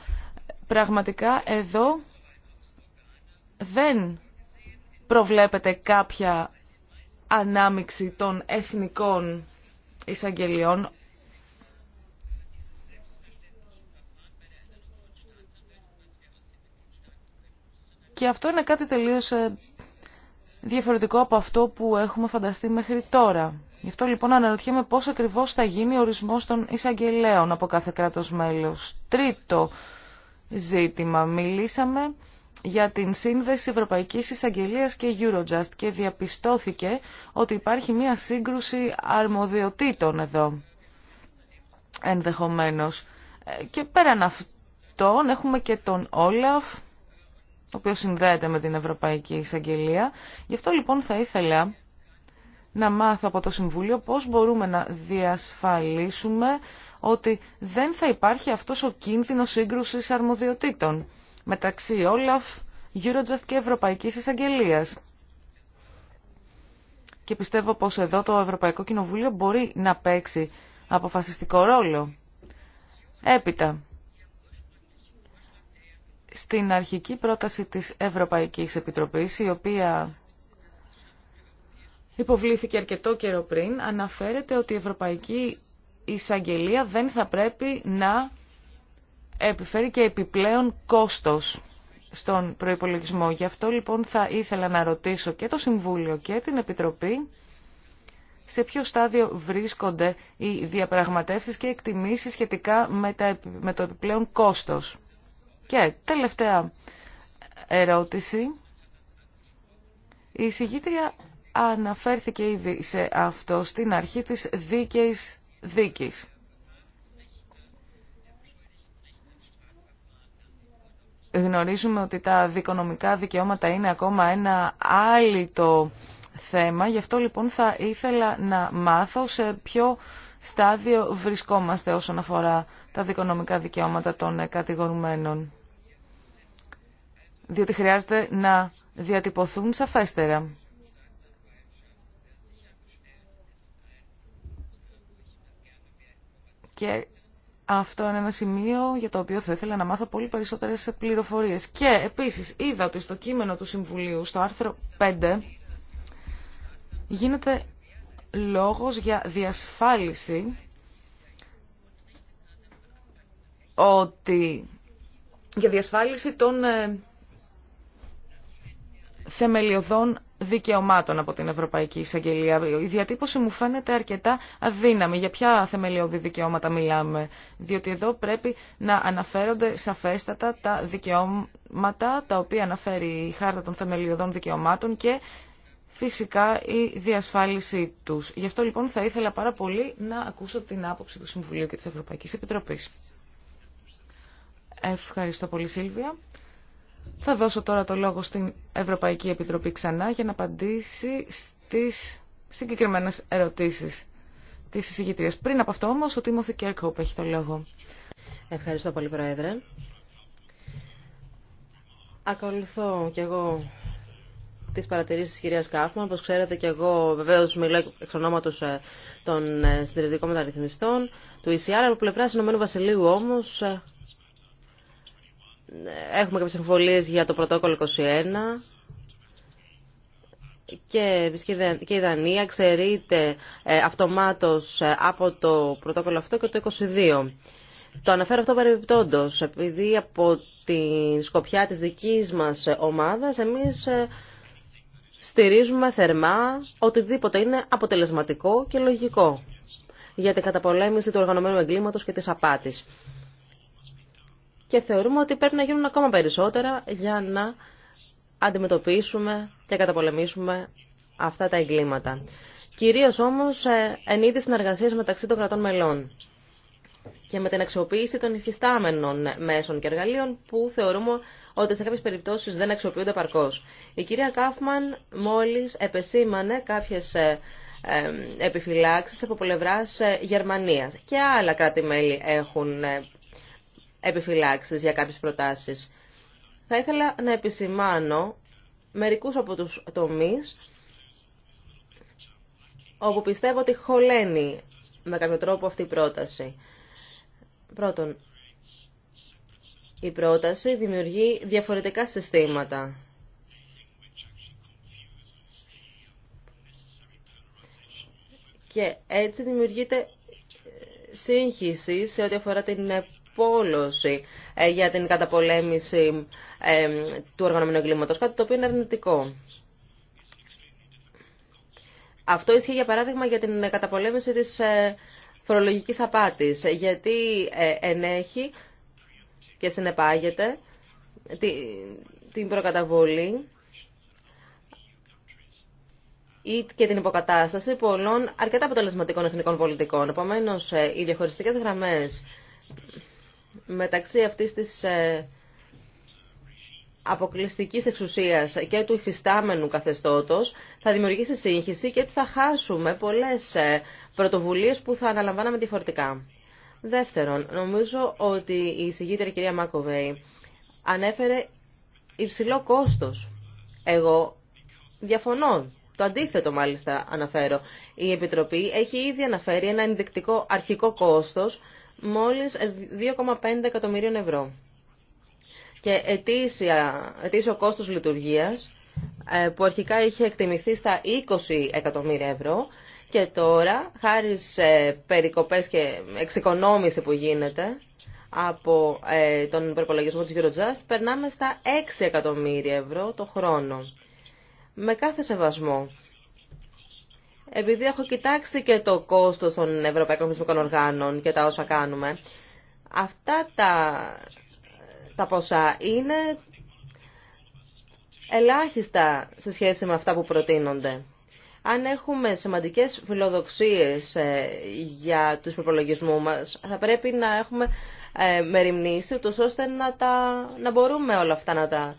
Πραγματικά εδώ δεν προβλέπεται κάποια ανάμιξη των εθνικών εισαγγελιών. Και αυτό είναι κάτι τελείως ε, διαφορετικό από αυτό που έχουμε φανταστεί μέχρι τώρα. Γι' αυτό λοιπόν αναρωτιέμαι πώς ακριβώς θα γίνει ο ορισμός των εισαγγελέων από κάθε κράτος μέλος. Τρίτο ζήτημα. Μιλήσαμε για την σύνδεση Ευρωπαϊκής Εισαγγελίας και Eurojust και διαπιστώθηκε ότι υπάρχει μία σύγκρουση αρμοδιοτήτων εδώ ενδεχομένως. Ε, και πέραν αυτών έχουμε και τον Όλαφ ο οποίος συνδέεται με την Ευρωπαϊκή Εισαγγελία. Γι' αυτό λοιπόν θα ήθελα να μάθω από το Συμβούλιο πώς μπορούμε να διασφαλίσουμε ότι δεν θα υπάρχει αυτός ο κίνδυνος σύγκρουσης αρμοδιοτήτων μεταξύ Όλαφ, Eurojust και Ευρωπαϊκής Εισαγγελίας. Και πιστεύω πως εδώ το Ευρωπαϊκό Κοινοβούλιο μπορεί να παίξει αποφασιστικό ρόλο. Έπειτα, στην αρχική πρόταση της Ευρωπαϊκής Επιτροπής, η οποία υποβλήθηκε αρκετό καιρό πριν, αναφέρεται ότι η Ευρωπαϊκή Εισαγγελία δεν θα πρέπει να επιφέρει και επιπλέον κόστος στον προϋπολογισμό. Γι' αυτό λοιπόν θα ήθελα να ρωτήσω και το Συμβούλιο και την Επιτροπή σε ποιο στάδιο βρίσκονται οι διαπραγματεύσεις και εκτιμήσεις σχετικά με το επιπλέον κόστος. Και τελευταία ερώτηση. Η εισηγήτρια αναφέρθηκε ήδη σε αυτό στην αρχή της δίκαιης δίκης. Γνωρίζουμε ότι τα δικονομικά δικαιώματα είναι ακόμα ένα άλυτο θέμα, γι' αυτό λοιπόν θα ήθελα να μάθω σε ποιο στάδιο βρισκόμαστε όσον αφορά τα δικονομικά δικαιώματα των κατηγορουμένων διότι χρειάζεται να διατυπωθούν σαφέστερα. Και αυτό είναι ένα σημείο για το οποίο θα ήθελα να μάθω πολύ περισσότερες πληροφορίες. Και επίσης είδα ότι στο κείμενο του Συμβουλίου, στο άρθρο 5, γίνεται λόγος για διασφάλιση ότι για διασφάλιση των ε, θεμελιωδών δικαιωμάτων από την Ευρωπαϊκή Εισαγγελία. Η διατύπωση μου φαίνεται αρκετά αδύναμη. Για ποια θεμελιώδη δικαιώματα μιλάμε. Διότι εδώ πρέπει να αναφέρονται σαφέστατα τα δικαιώματα τα οποία αναφέρει η Χάρτα των Θεμελιωδών Δικαιωμάτων και φυσικά η διασφάλιση τους. Γι' αυτό λοιπόν θα ήθελα πάρα πολύ να ακούσω την άποψη του Συμβουλίου και της Ευρωπαϊκής Επιτροπής. Ευχαριστώ πολύ Σίλβια. Θα δώσω τώρα το λόγο στην Ευρωπαϊκή Επιτροπή ξανά για να απαντήσει στις συγκεκριμένες ερωτήσεις της εισηγητρίας. Πριν από αυτό όμως ο Τίμωθη Κέρκοπ έχει το λόγο. Ευχαριστώ πολύ Πρόεδρε. Ακολουθώ κι εγώ τις παρατηρήσεις της κυρίας Κάφμαν. Όπως ξέρετε και εγώ βεβαίως μιλώ εξ ονόματος ε, των ε, συντηρητικών μεταρρυθμιστών του ECR. Από πλευρά Ηνωμένου Βασιλείου όμως ε, έχουμε κάποιες εμφωλίες για το πρωτόκολλο 21 και, και η Δανία εξαιρείται ε, αυτομάτως ε, από το πρωτόκολλο αυτό και το 22. Το αναφέρω αυτό παρεμπιπτόντως, επειδή από τη σκοπιά της δικής μας ομάδας εμείς ε, στηρίζουμε θερμά οτιδήποτε είναι αποτελεσματικό και λογικό για την καταπολέμηση του οργανωμένου εγκλήματος και της απάτης και θεωρούμε ότι πρέπει να γίνουν ακόμα περισσότερα για να αντιμετωπίσουμε και καταπολεμήσουμε αυτά τα εγκλήματα. Κυρίως όμως ε, εν είδη συνεργασίας μεταξύ των κρατών μελών και με την αξιοποίηση των υφιστάμενων μέσων και εργαλείων που θεωρούμε ότι σε κάποιες περιπτώσεις δεν αξιοποιούνται παρκώς. Η κυρία Κάφμαν μόλις επεσήμανε κάποιες ε, ε, επιφυλάξεις από πλευρά Γερμανίας και άλλα κράτη-μέλη έχουν Επιφυλάξει για κάποιες προτάσεις. Θα ήθελα να επισημάνω μερικούς από τους τομείς όπου πιστεύω ότι χωλαίνει με κάποιο τρόπο αυτή η πρόταση. Πρώτον, η πρόταση δημιουργεί διαφορετικά συστήματα. Και έτσι δημιουργείται σύγχυση σε ό,τι αφορά την πόλωση ε, για την καταπολέμηση ε, του οργανωμένου εγκλήματος, κάτι το οποίο είναι αρνητικό. Αυτό ισχύει για παράδειγμα για την καταπολέμηση της ε, φορολογικής απάτης, γιατί ενέχει και συνεπάγεται την προκαταβολή ή και την υποκατάσταση πολλών αρκετά αποτελεσματικών εθνικών πολιτικών. Επομένω, οι διαχωριστικέ γραμμέ μεταξύ αυτής της ε, αποκλειστικής εξουσίας και του υφιστάμενου καθεστώτος θα δημιουργήσει σύγχυση και έτσι θα χάσουμε πολλές ε, πρωτοβουλίες που θα αναλαμβάναμε διαφορετικά. Δεύτερον, νομίζω ότι η εισηγήτρια κυρία Μάκοβέη ανέφερε υψηλό κόστος. Εγώ διαφωνώ. Το αντίθετο μάλιστα αναφέρω. Η Επιτροπή έχει ήδη αναφέρει ένα ενδεικτικό αρχικό κόστος μόλις 2,5 εκατομμυρίων ευρώ. Και ετήσια, ετήσιο κόστος λειτουργίας ε, που αρχικά είχε εκτιμηθεί στα 20 εκατομμύρια ευρώ και τώρα, χάρη σε περικοπές και εξοικονόμηση που γίνεται από ε, τον προπολογισμό της Eurojust, περνάμε στα 6 εκατομμύρια ευρώ το χρόνο. Με κάθε σεβασμό επειδή έχω κοιτάξει και το κόστος των Ευρωπαϊκών Θεσμικών Οργάνων και τα όσα κάνουμε, αυτά τα, τα ποσά είναι ελάχιστα σε σχέση με αυτά που προτείνονται. Αν έχουμε σημαντικές φιλοδοξίες ε, για τους προπολογισμού μας, θα πρέπει να έχουμε ε, μεριμνήσει, ώστε να, τα, να μπορούμε όλα αυτά να τα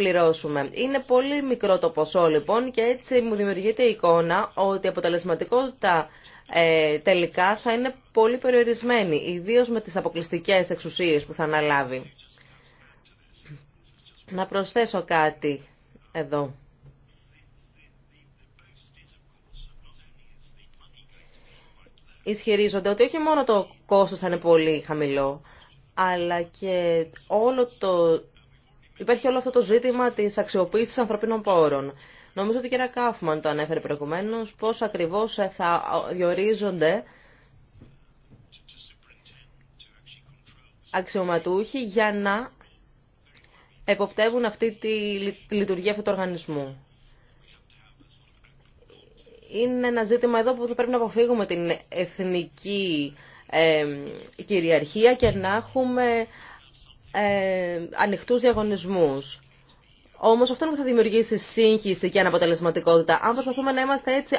πληρώσουμε. Είναι πολύ μικρό το ποσό λοιπόν και έτσι μου δημιουργείται η εικόνα ότι η αποτελεσματικότητα ε, τελικά θα είναι πολύ περιορισμένη, ιδίως με τις αποκλειστικές εξουσίες που θα αναλάβει. Να προσθέσω κάτι εδώ. Ισχυρίζονται ότι όχι μόνο το κόστος θα είναι πολύ χαμηλό, αλλά και όλο το υπάρχει όλο αυτό το ζήτημα της αξιοποίησης ανθρωπίνων πόρων. Νομίζω ότι η κυρία Κάφμαν το ανέφερε προηγουμένως, πώ ακριβώς ε, θα διορίζονται αξιωματούχοι για να εποπτεύουν αυτή τη λειτουργία αυτού του οργανισμού. Είναι ένα ζήτημα εδώ που πρέπει να αποφύγουμε την εθνική ε, κυριαρχία και να έχουμε ε, ανοιχτούς διαγωνισμούς. Όμως αυτό είναι που θα δημιουργήσει σύγχυση και αναποτελεσματικότητα. Αν προσπαθούμε να είμαστε έτσι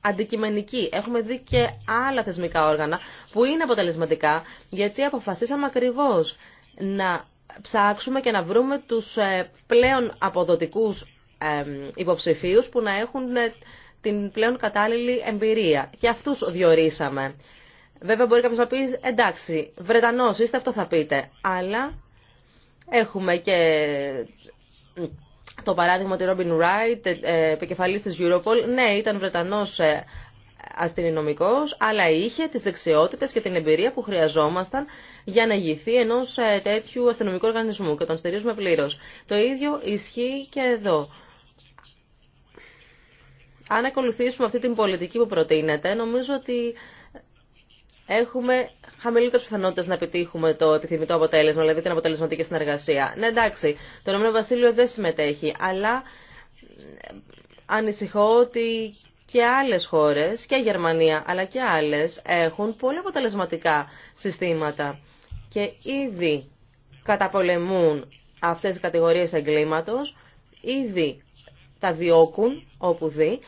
αντικειμενικοί, έχουμε δει και άλλα θεσμικά όργανα που είναι αποτελεσματικά, γιατί αποφασίσαμε ακριβώς να ψάξουμε και να βρούμε τους ε, πλέον αποδοτικούς ε, υποψηφίους που να έχουν ε, την πλέον κατάλληλη εμπειρία. Και αυτούς διορίσαμε. Βέβαια μπορεί κάποιος να πει, εντάξει, Βρετανός είστε, αυτό θα πείτε. Αλλά Έχουμε και το παράδειγμα του Ρόμπιν Wright, ε, επικεφαλής της Europol. Ναι, ήταν Βρετανός ε, αστυνομικό, αλλά είχε τις δεξιότητες και την εμπειρία που χρειαζόμασταν για να ηγηθεί ενό ε, τέτοιου αστυνομικού οργανισμού και τον στηρίζουμε πλήρω. Το ίδιο ισχύει και εδώ. Αν ακολουθήσουμε αυτή την πολιτική που προτείνεται, νομίζω ότι έχουμε χαμηλότερε πιθανότητε να επιτύχουμε το επιθυμητό αποτέλεσμα, δηλαδή την αποτελεσματική συνεργασία. Ναι, εντάξει, το Ηνωμένο Βασίλειο δεν συμμετέχει, αλλά ανησυχώ ότι και άλλες χώρες, και η Γερμανία, αλλά και άλλες έχουν πολύ αποτελεσματικά συστήματα και ήδη καταπολεμούν αυτές οι κατηγορίες εγκλήματος, ήδη τα διώκουν όπου δει.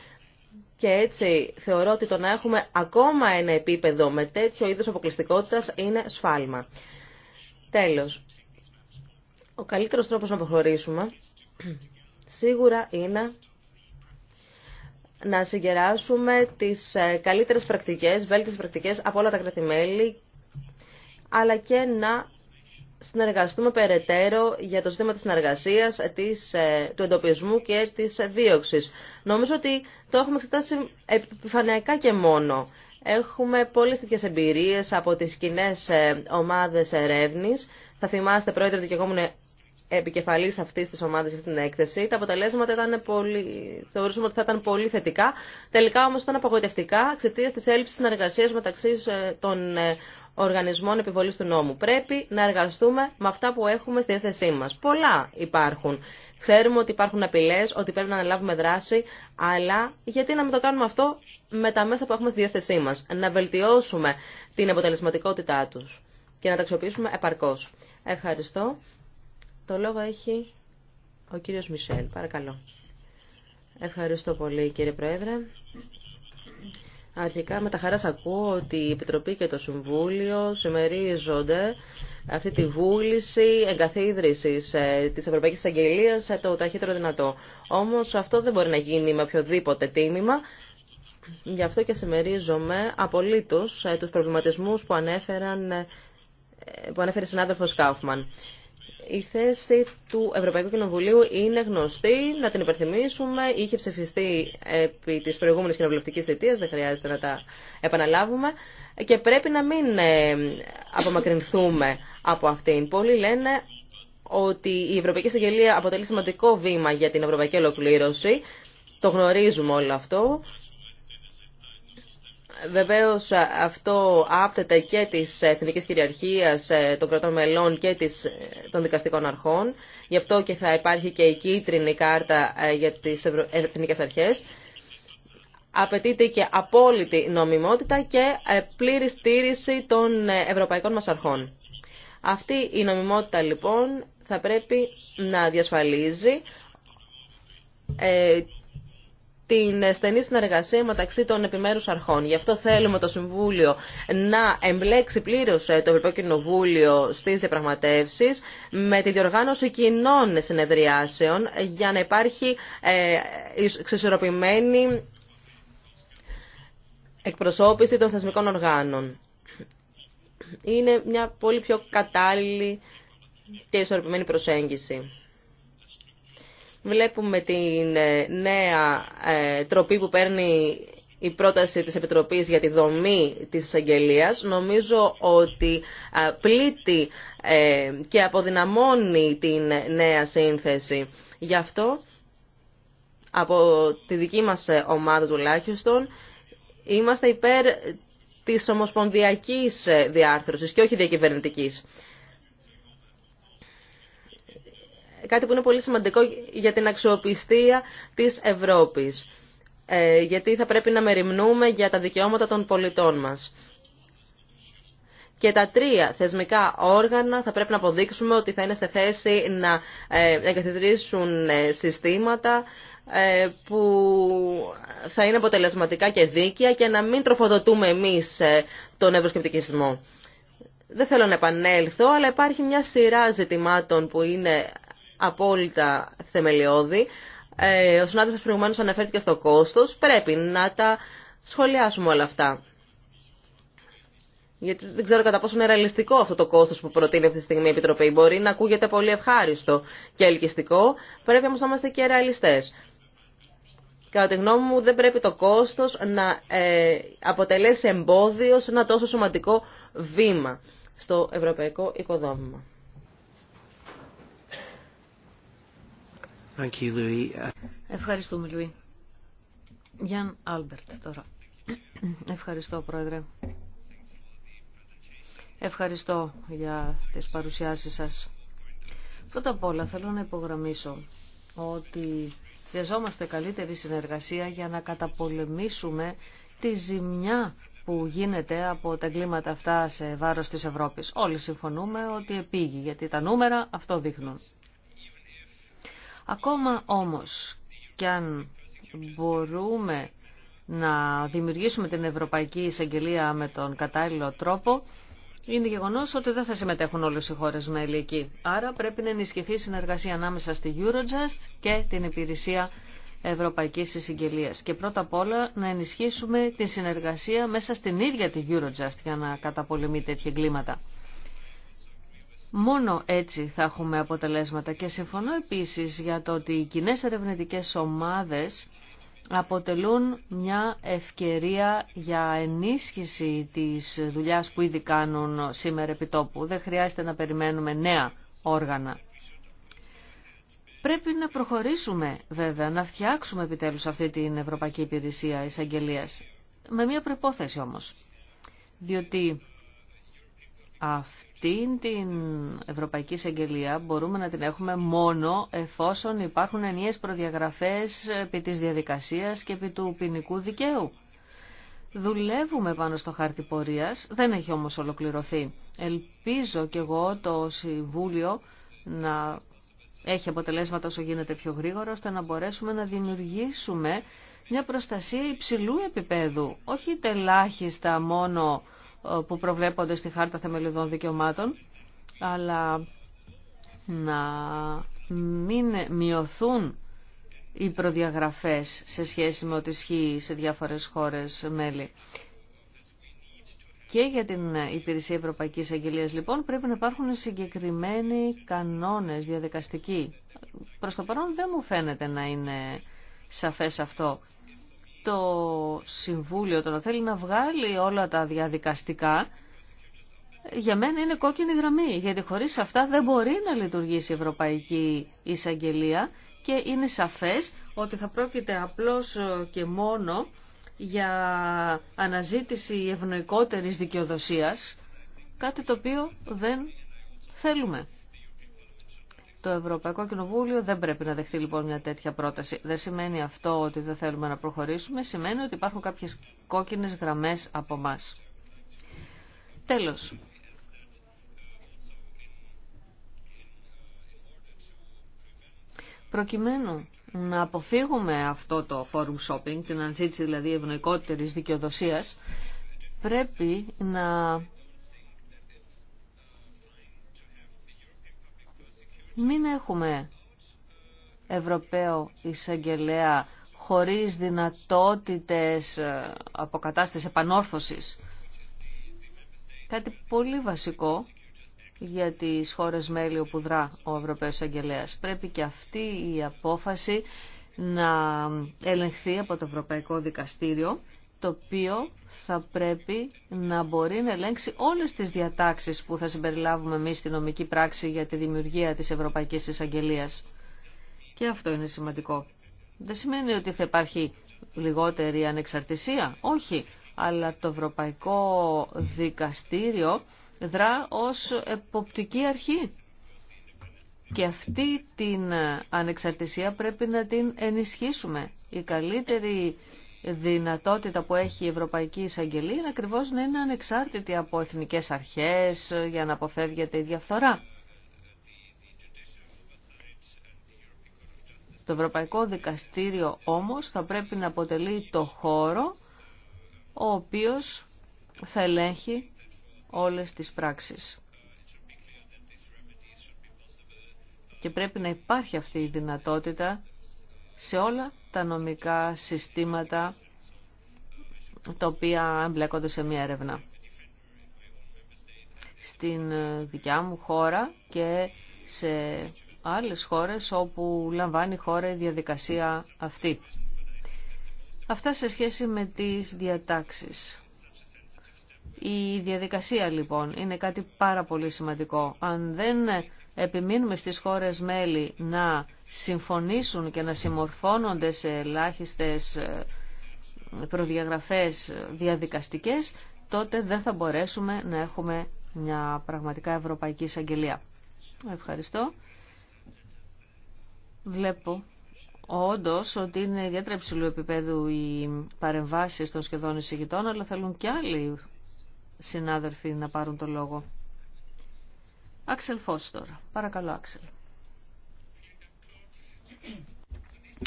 Και έτσι θεωρώ ότι το να έχουμε ακόμα ένα επίπεδο με τέτοιο είδος αποκλειστικότητας είναι σφάλμα. Τέλος, ο καλύτερος τρόπος να προχωρήσουμε σίγουρα είναι να συγκεράσουμε τις ε, καλύτερες πρακτικές, βέλτιστες πρακτικές από όλα τα κρατημέλη, αλλά και να συνεργαστούμε περαιτέρω για το ζήτημα της συνεργασίας, της, ε, του εντοπισμού και της δίωξης. Νομίζω ότι το έχουμε εξετάσει επιφανειακά και μόνο. Έχουμε πολλές τέτοιες εμπειρίες από τις κοινέ ε, ομάδες ερεύνης. Θα θυμάστε, πρόεδρε, ότι και εγώ ήμουν επικεφαλής αυτής της ομάδας για την έκθεση. Τα αποτελέσματα ήταν πολύ... θεωρούσαμε ότι θα ήταν πολύ θετικά. Τελικά όμως ήταν απογοητευτικά εξαιτία της έλλειψης συνεργασίας μεταξύ ε, των οργανισμών επιβολής του νόμου. Πρέπει να εργαστούμε με αυτά που έχουμε στη διάθεσή μας. Πολλά υπάρχουν. Ξέρουμε ότι υπάρχουν απειλές, ότι πρέπει να αναλάβουμε δράση, αλλά γιατί να μην το κάνουμε αυτό με τα μέσα που έχουμε στη διάθεσή μας. Να βελτιώσουμε την αποτελεσματικότητά τους και να τα αξιοποιήσουμε επαρκώς. Ευχαριστώ. Το λόγο έχει ο κύριος Μισελ. Παρακαλώ. Ευχαριστώ πολύ κύριε Πρόεδρε. Αρχικά με τα χαράς ακούω ότι η Επιτροπή και το Συμβούλιο συμμερίζονται αυτή τη βούληση εγκαθίδρυσης ε, της Ευρωπαϊκής Αγγελίας το ταχύτερο δυνατό. Όμως αυτό δεν μπορεί να γίνει με οποιοδήποτε τίμημα. Γι' αυτό και συμμερίζομαι απολύτως ε, τους προβληματισμούς που ανέφεραν ε, που ανέφερε συνάδελφος Κάουφμαν η θέση του Ευρωπαϊκού Κοινοβουλίου είναι γνωστή, να την υπερθυμίσουμε. Είχε ψηφιστεί επί της προηγούμενης κοινοβουλευτικής θητείας, δεν χρειάζεται να τα επαναλάβουμε. Και πρέπει να μην ε, απομακρυνθούμε από αυτήν. Πολλοί λένε ότι η Ευρωπαϊκή Συγγελία αποτελεί σημαντικό βήμα για την ευρωπαϊκή ολοκλήρωση. Το γνωρίζουμε όλο αυτό. Βεβαίω αυτό άπτεται και τη εθνική κυριαρχία ε, των κρατών μελών και της, ε, των δικαστικών αρχών. Γι' αυτό και θα υπάρχει και η κίτρινη κάρτα ε, για τις εθνικές αρχές. Απαιτείται και απόλυτη νομιμότητα και πλήρη στήριση των ευρωπαϊκών μας αρχών. Αυτή η νομιμότητα λοιπόν θα πρέπει να διασφαλίζει την στενή συνεργασία μεταξύ των επιμέρους αρχών. Γι' αυτό θέλουμε το Συμβούλιο να εμπλέξει πλήρως ε, το Ευρωπαϊκό Κοινοβούλιο στις διαπραγματεύσεις με τη διοργάνωση κοινών συνεδριάσεων για να υπάρχει εξισορροπημένη εκπροσώπηση των θεσμικών οργάνων. Είναι μια πολύ πιο κατάλληλη και ισορροπημένη προσέγγιση. Βλέπουμε την ε, νέα ε, τροπή που παίρνει η πρόταση της Επιτροπής για τη δομή της εισαγγελία. Νομίζω ότι ε, πλήττει και αποδυναμώνει την νέα σύνθεση. Γι' αυτό, από τη δική μας ομάδα τουλάχιστον, είμαστε υπέρ της ομοσπονδιακής διάρθρωσης και όχι διακυβερνητικής. κάτι που είναι πολύ σημαντικό για την αξιοπιστία της Ευρώπης. Ε, γιατί θα πρέπει να μεριμνούμε για τα δικαιώματα των πολιτών μας. Και τα τρία θεσμικά όργανα θα πρέπει να αποδείξουμε ότι θα είναι σε θέση να ε, εγκαθιδρύσουν ε, συστήματα που θα είναι αποτελεσματικά και δίκαια και να μην τροφοδοτούμε εμείς τον ευρωσκεπτικισμό. Δεν θέλω να επανέλθω, αλλά υπάρχει μια σειρά ζητημάτων που είναι απόλυτα θεμελιώδη. Ε, ο συνάδελφος προηγουμένως αναφέρθηκε στο κόστος. Πρέπει να τα σχολιάσουμε όλα αυτά. Γιατί δεν ξέρω κατά πόσο είναι ρεαλιστικό αυτό το κόστος που προτείνει αυτή τη στιγμή η Επιτροπή. Μπορεί να ακούγεται πολύ ευχάριστο και ελκυστικό. Πρέπει όμως να είμαστε και ρεαλιστές. Κατά τη γνώμη μου δεν πρέπει το κόστος να ε, αποτελέσει εμπόδιο σε ένα τόσο σημαντικό βήμα στο ευρωπαϊκό οικοδόμημα. Ευχαριστούμε, Λουί. Γιάν Άλμπερτ τώρα. Ευχαριστώ, Πρόεδρε. Ευχαριστώ για τις παρουσιάσεις σας. Πρώτα απ' όλα θέλω να υπογραμμίσω ότι χρειαζόμαστε καλύτερη συνεργασία για να καταπολεμήσουμε τη ζημιά που γίνεται από τα εγκλήματα αυτά σε βάρος της Ευρώπης. Όλοι συμφωνούμε ότι επήγει, γιατί τα νούμερα αυτό δείχνουν. Ακόμα όμως, κι αν μπορούμε να δημιουργήσουμε την Ευρωπαϊκή Εισαγγελία με τον κατάλληλο τρόπο, είναι γεγονό ότι δεν θα συμμετέχουν όλε οι χώρε μέλη εκεί. Άρα πρέπει να ενισχυθεί η συνεργασία ανάμεσα στη Eurojust και την Υπηρεσία Ευρωπαϊκή Εισαγγελία. Και πρώτα απ' όλα να ενισχύσουμε τη συνεργασία μέσα στην ίδια τη Eurojust για να καταπολεμεί τέτοια εγκλήματα. Μόνο έτσι θα έχουμε αποτελέσματα και συμφωνώ επίσης για το ότι οι κοινέ ερευνητικέ ομάδες αποτελούν μια ευκαιρία για ενίσχυση της δουλειάς που ήδη κάνουν σήμερα επί τόπου. Δεν χρειάζεται να περιμένουμε νέα όργανα. Πρέπει να προχωρήσουμε βέβαια, να φτιάξουμε επιτέλους αυτή την Ευρωπαϊκή Υπηρεσία εισαγγελία. με μια προπόθεση όμως. Διότι αυτή την Ευρωπαϊκή Εισαγγελία μπορούμε να την έχουμε μόνο εφόσον υπάρχουν ενιαίες προδιαγραφές επί της διαδικασίας και επί του ποινικού δικαίου. Δουλεύουμε πάνω στο χάρτη πορείας, δεν έχει όμως ολοκληρωθεί. Ελπίζω και εγώ το Συμβούλιο να έχει αποτελέσματα όσο γίνεται πιο γρήγορα, ώστε να μπορέσουμε να δημιουργήσουμε μια προστασία υψηλού επίπεδου, όχι τελάχιστα μόνο που προβλέπονται στη Χάρτα Θεμελιωδών Δικαιωμάτων, αλλά να μην μειωθούν οι προδιαγραφές σε σχέση με ό,τι ισχύει σε διάφορες χώρες μέλη. Και για την Υπηρεσία Ευρωπαϊκής Αγγελίας λοιπόν πρέπει να υπάρχουν συγκεκριμένοι κανόνες διαδικαστικοί. Προς το παρόν δεν μου φαίνεται να είναι σαφές αυτό το Συμβούλιο να θέλει να βγάλει όλα τα διαδικαστικά, για μένα είναι κόκκινη γραμμή, γιατί χωρίς αυτά δεν μπορεί να λειτουργήσει η Ευρωπαϊκή Εισαγγελία και είναι σαφές ότι θα πρόκειται απλώς και μόνο για αναζήτηση ευνοϊκότερης δικαιοδοσίας, κάτι το οποίο δεν θέλουμε. Το Ευρωπαϊκό Κοινοβούλιο δεν πρέπει να δεχτεί λοιπόν μια τέτοια πρόταση. Δεν σημαίνει αυτό ότι δεν θέλουμε να προχωρήσουμε, σημαίνει ότι υπάρχουν κάποιες κόκκινες γραμμές από εμά. Τέλος. Προκειμένου να αποφύγουμε αυτό το forum shopping, την αναζήτηση δηλαδή ευνοϊκότερης δικαιοδοσίας, πρέπει να Μην έχουμε Ευρωπαίο εισαγγελέα χωρίς δυνατότητες ε, αποκατάστασης επανόρθωσης. Κάτι πολύ βασικό για τις χώρες μέλη όπου δρά ο Ευρωπαίος Αγγελέας. Πρέπει και αυτή η απόφαση να ελεγχθεί από το Ευρωπαϊκό Δικαστήριο το οποίο θα πρέπει να μπορεί να ελέγξει όλες τις διατάξεις που θα συμπεριλάβουμε εμείς στη νομική πράξη για τη δημιουργία της Ευρωπαϊκής εισαγγελία. Και αυτό είναι σημαντικό. Δεν σημαίνει ότι θα υπάρχει λιγότερη ανεξαρτησία. Όχι. Αλλά το Ευρωπαϊκό Δικαστήριο δρά ως εποπτική αρχή. Και αυτή την ανεξαρτησία πρέπει να την ενισχύσουμε. Η καλύτερη δυνατότητα που έχει η Ευρωπαϊκή Εισαγγελία είναι ακριβώς να είναι ανεξάρτητη από εθνικές αρχές ε, για να αποφεύγεται η διαφθορά. Το Ευρωπαϊκό Δικαστήριο όμως θα πρέπει να αποτελεί το χώρο ο οποίος θα ελέγχει όλες τις πράξεις. Και πρέπει να υπάρχει αυτή η δυνατότητα σε όλα τα νομικά συστήματα τα οποία εμπλέκονται σε μία έρευνα. Στην ε, δικιά μου χώρα και σε άλλες χώρες όπου λαμβάνει η χώρα η διαδικασία αυτή. Αυτά σε σχέση με τις διατάξεις. Η διαδικασία λοιπόν είναι κάτι πάρα πολύ σημαντικό. Αν δεν επιμείνουμε στις χώρες μέλη να συμφωνήσουν και να συμμορφώνονται σε ελάχιστες ε, προδιαγραφές ε, διαδικαστικές, τότε δεν θα μπορέσουμε να έχουμε μια πραγματικά ευρωπαϊκή εισαγγελία. Ευχαριστώ. Βλέπω όντω ότι είναι ιδιαίτερα υψηλού επίπεδου οι παρεμβάσει των σχεδόν εισηγητών, αλλά θέλουν και άλλοι συνάδελφοι να πάρουν το λόγο. Άξελ Φώστορ. Παρακαλώ, Άξελ.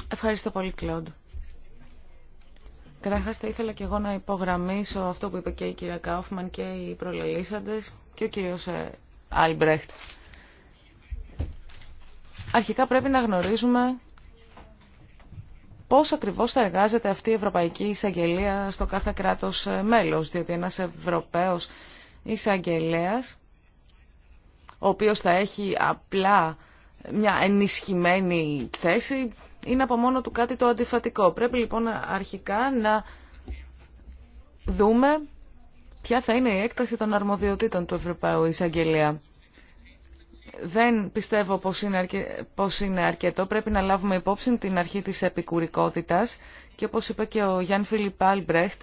Ευχαριστώ πολύ, Κλόντ. Καταρχάς θα ήθελα και εγώ να υπογραμμίσω αυτό που είπε και η κυρία Κάουφμαν και οι προλελήσαντες και ο κύριος ε, Άλμπρεχτ. Αρχικά πρέπει να γνωρίζουμε πώς ακριβώς θα εργάζεται αυτή η Ευρωπαϊκή Εισαγγελία στο κάθε κράτος ε, μέλος, διότι ένας Ευρωπαίος εισαγγελέας ο οποίος θα έχει απλά μια ενισχυμένη θέση, είναι από μόνο του κάτι το αντιφατικό. Πρέπει λοιπόν αρχικά να δούμε ποια θα είναι η έκταση των αρμοδιοτήτων του Ευρωπαίου Εισαγγελία. Δεν πιστεύω πως είναι, αρκε... αρκετό. Πρέπει να λάβουμε υπόψη την αρχή της επικουρικότητας και όπως είπε και ο Γιάνν Φιλιπ Άλμπρεχτ,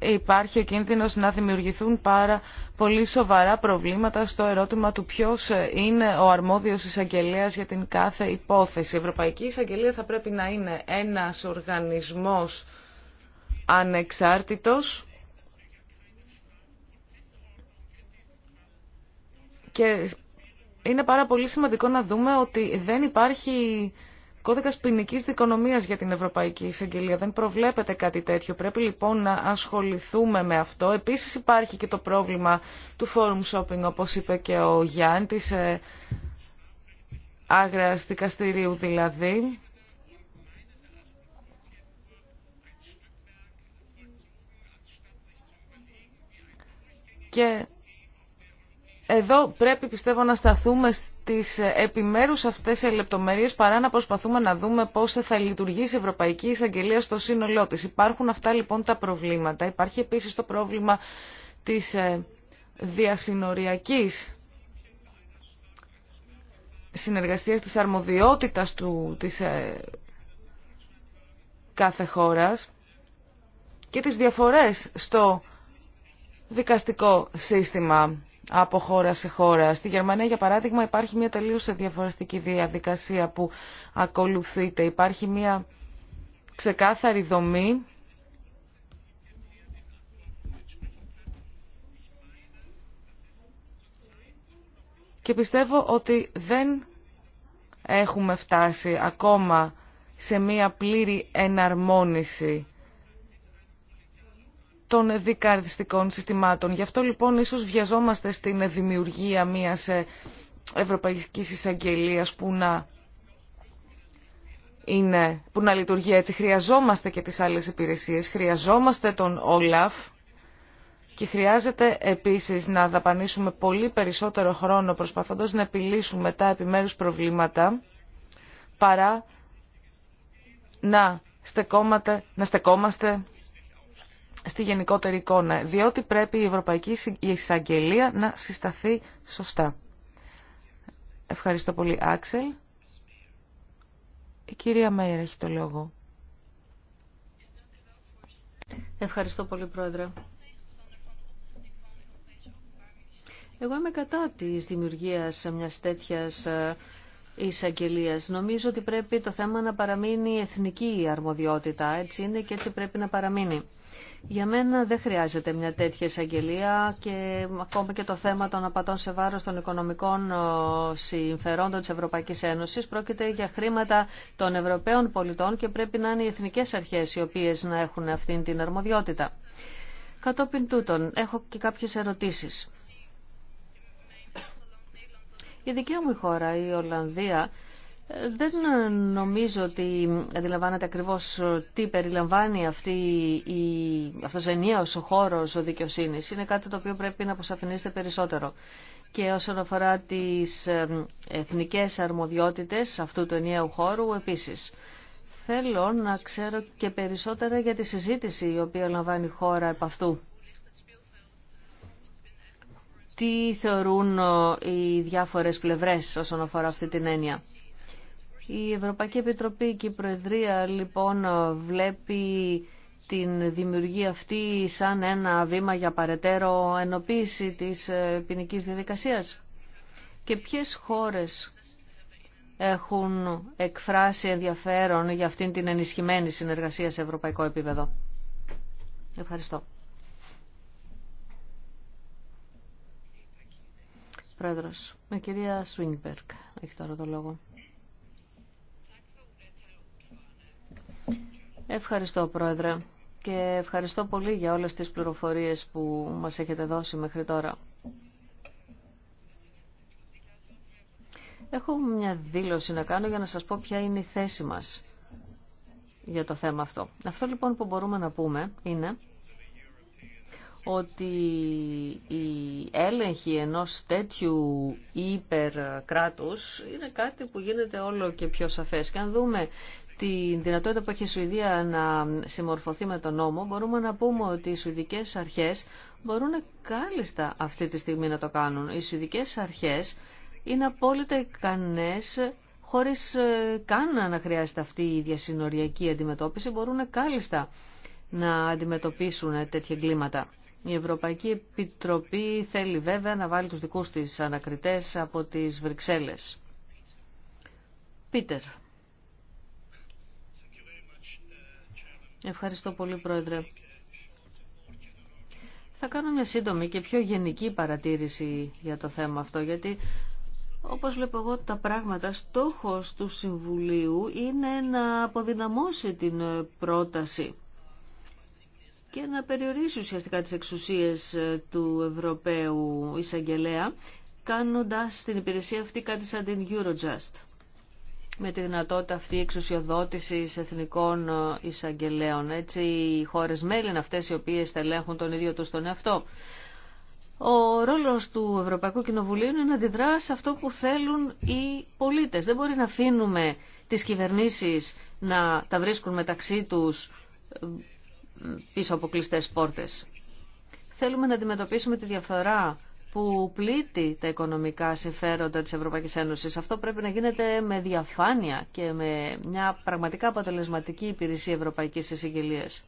υπάρχει ο κίνδυνος να δημιουργηθούν πάρα πολύ σοβαρά προβλήματα στο ερώτημα του ποιος είναι ο αρμόδιος εισαγγελέα για την κάθε υπόθεση. Η Ευρωπαϊκή Εισαγγελία θα πρέπει να είναι ένας οργανισμός ανεξάρτητος και είναι πάρα πολύ σημαντικό να δούμε ότι δεν υπάρχει κώδικας ποινική δικονομίας για την Ευρωπαϊκή Εισαγγελία. Δεν προβλέπεται κάτι τέτοιο. Πρέπει λοιπόν να ασχοληθούμε με αυτό. Επίσης υπάρχει και το πρόβλημα του forum shopping, όπως είπε και ο Γιάννη, τη ε, άγρας δικαστηρίου δηλαδή. Και εδώ πρέπει πιστεύω να σταθούμε στις επιμέρους αυτές οι λεπτομέρειες παρά να προσπαθούμε να δούμε πώς θα λειτουργήσει η Ευρωπαϊκή Εισαγγελία στο σύνολό της. Υπάρχουν αυτά λοιπόν τα προβλήματα. Υπάρχει επίσης το πρόβλημα της ε, διασυνοριακής συνεργασίας της αρμοδιότητας του, της ε, κάθε χώρας και τις διαφορές στο δικαστικό σύστημα από χώρα σε χώρα. Στη Γερμανία, για παράδειγμα, υπάρχει μια τελείως διαφορετική διαδικασία που ακολουθείται. Υπάρχει μια ξεκάθαρη δομή και πιστεύω ότι δεν έχουμε φτάσει ακόμα σε μια πλήρη εναρμόνιση των δικαρδιστικών συστημάτων. Γι' αυτό λοιπόν ίσως βιαζόμαστε στην δημιουργία μιας ε, Ευρωπαϊκής εισαγγελία που να είναι, που να λειτουργεί έτσι. Χρειαζόμαστε και τις άλλες υπηρεσίες, χρειαζόμαστε τον Όλαφ και χρειάζεται επίσης να δαπανίσουμε πολύ περισσότερο χρόνο προσπαθώντας να επιλύσουμε τα επιμέρους προβλήματα παρά να στεκόμαστε, να στεκόμαστε στη γενικότερη εικόνα, διότι πρέπει η Ευρωπαϊκή Εισαγγελία να συσταθεί σωστά. Ευχαριστώ πολύ, Άξελ. Η κυρία Μέιρ έχει το λόγο. Ευχαριστώ πολύ, Πρόεδρε. Εγώ είμαι κατά της δημιουργίας μιας τέτοιας ε, εισαγγελία. Νομίζω ότι πρέπει το θέμα να παραμείνει εθνική αρμοδιότητα. Έτσι είναι και έτσι πρέπει να παραμείνει. Για μένα δεν χρειάζεται μια τέτοια εισαγγελία και ακόμα και το θέμα των απατών σε βάρος των οικονομικών συμφερόντων της Ευρωπαϊκής Ένωσης πρόκειται για χρήματα των Ευρωπαίων πολιτών και πρέπει να είναι οι εθνικές αρχές οι οποίες να έχουν αυτήν την αρμοδιότητα. Κατόπιν τούτων, έχω και κάποιες ερωτήσεις. Η δικιά μου χώρα, η Ολλανδία, δεν νομίζω ότι αντιλαμβάνεται ακριβώς τι περιλαμβάνει αυτή η, αυτός ο ενιαίος ο χώρος ο δικαιοσύνης. Είναι κάτι το οποίο πρέπει να αποσαφηνίσετε περισσότερο. Και όσον αφορά τις ε, εθνικές αρμοδιότητες αυτού του ενιαίου χώρου επίσης. Θέλω να ξέρω και περισσότερα για τη συζήτηση η οποία λαμβάνει η χώρα επ' αυτού. Τι θεωρούν οι διάφορες πλευρές όσον αφορά αυτή την έννοια. Η Ευρωπαϊκή Επιτροπή και η Προεδρία λοιπόν βλέπει την δημιουργία αυτή σαν ένα βήμα για παρετέρω ενοποίηση της ε, ποινική διαδικασίας. Και ποιες χώρες έχουν εκφράσει ενδιαφέρον για αυτήν την ενισχυμένη συνεργασία σε ευρωπαϊκό επίπεδο. Ευχαριστώ. Πρόεδρος, η κυρία Σουίνιπερκ έχει τώρα το λόγο. Ευχαριστώ, Πρόεδρε. Και ευχαριστώ πολύ για όλες τις πληροφορίες που μας έχετε δώσει μέχρι τώρα. Έχω μια δήλωση να κάνω για να σας πω ποια είναι η θέση μας για το θέμα αυτό. Αυτό λοιπόν που μπορούμε να πούμε είναι ότι η έλεγχη ενός τέτοιου υπερκράτους είναι κάτι που γίνεται όλο και πιο σαφές. Και αν δούμε την δυνατότητα που έχει η Σουηδία να συμμορφωθεί με τον νόμο, μπορούμε να πούμε ότι οι Σουηδικές αρχές μπορούν κάλλιστα αυτή τη στιγμή να το κάνουν. Οι Σουηδικές αρχές είναι απόλυτα ικανές χωρίς ε, καν να χρειάζεται αυτή η διασυνοριακή αντιμετώπιση, μπορούν κάλλιστα να αντιμετωπίσουν τέτοια εγκλήματα. Η Ευρωπαϊκή Επιτροπή θέλει βέβαια να βάλει τους δικούς της ανακριτές από τις Βρυξέλλες. Πίτερ. Ευχαριστώ πολύ, Πρόεδρε. Θα κάνω μια σύντομη και πιο γενική παρατήρηση για το θέμα αυτό, γιατί όπως βλέπω εγώ τα πράγματα, στόχος του Συμβουλίου είναι να αποδυναμώσει την πρόταση και να περιορίσει ουσιαστικά τις εξουσίες ε, του Ευρωπαίου Ισαγγελέα, κάνοντας την υπηρεσία αυτή κάτι σαν την Eurojust με τη δυνατότητα αυτή εξουσιοδότηση εθνικών ε, εισαγγελέων. Έτσι οι χώρες μέλη είναι αυτές οι οποίες θα τον ίδιο τους τον εαυτό. Ο ρόλος του Ευρωπαϊκού Κοινοβουλίου είναι να αντιδρά σε αυτό που θέλουν οι πολίτες. Δεν μπορεί να αφήνουμε τις κυβερνήσεις να τα βρίσκουν μεταξύ τους ε, πίσω από κλειστές πόρτες. Θέλουμε να αντιμετωπίσουμε τη διαφθορά που πλήττει τα οικονομικά συμφέροντα της Ευρωπαϊκής Ένωσης. Αυτό πρέπει να γίνεται με διαφάνεια και με μια πραγματικά αποτελεσματική υπηρεσία Ευρωπαϊκής Εισηγηλίας.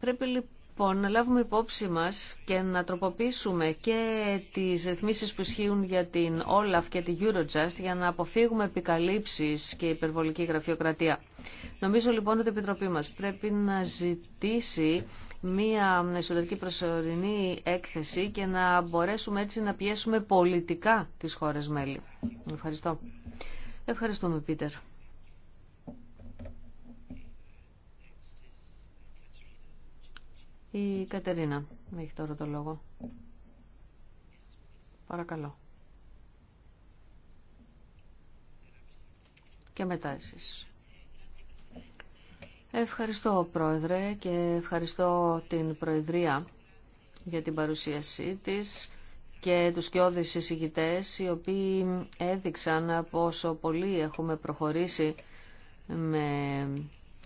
Πρέπει Λοιπόν, να λάβουμε υπόψη μας και να τροποποιήσουμε και τις ρυθμίσεις που ισχύουν για την Όλαφ και την Eurojust για να αποφύγουμε επικαλύψεις και υπερβολική γραφειοκρατία. Νομίζω λοιπόν ότι η Επιτροπή μας πρέπει να ζητήσει μία εσωτερική προσωρινή έκθεση και να μπορέσουμε έτσι να πιέσουμε πολιτικά τις χώρες μέλη. Ευχαριστώ. Ευχαριστούμε Πίτερ. Η Κατερίνα έχει τώρα το λόγο. Παρακαλώ. Και μετά εσείς. Ευχαριστώ Πρόεδρε και ευχαριστώ την Προεδρία για την παρουσίασή της και τους κοιόδης εισηγητές οι οποίοι έδειξαν πόσο πολύ έχουμε προχωρήσει με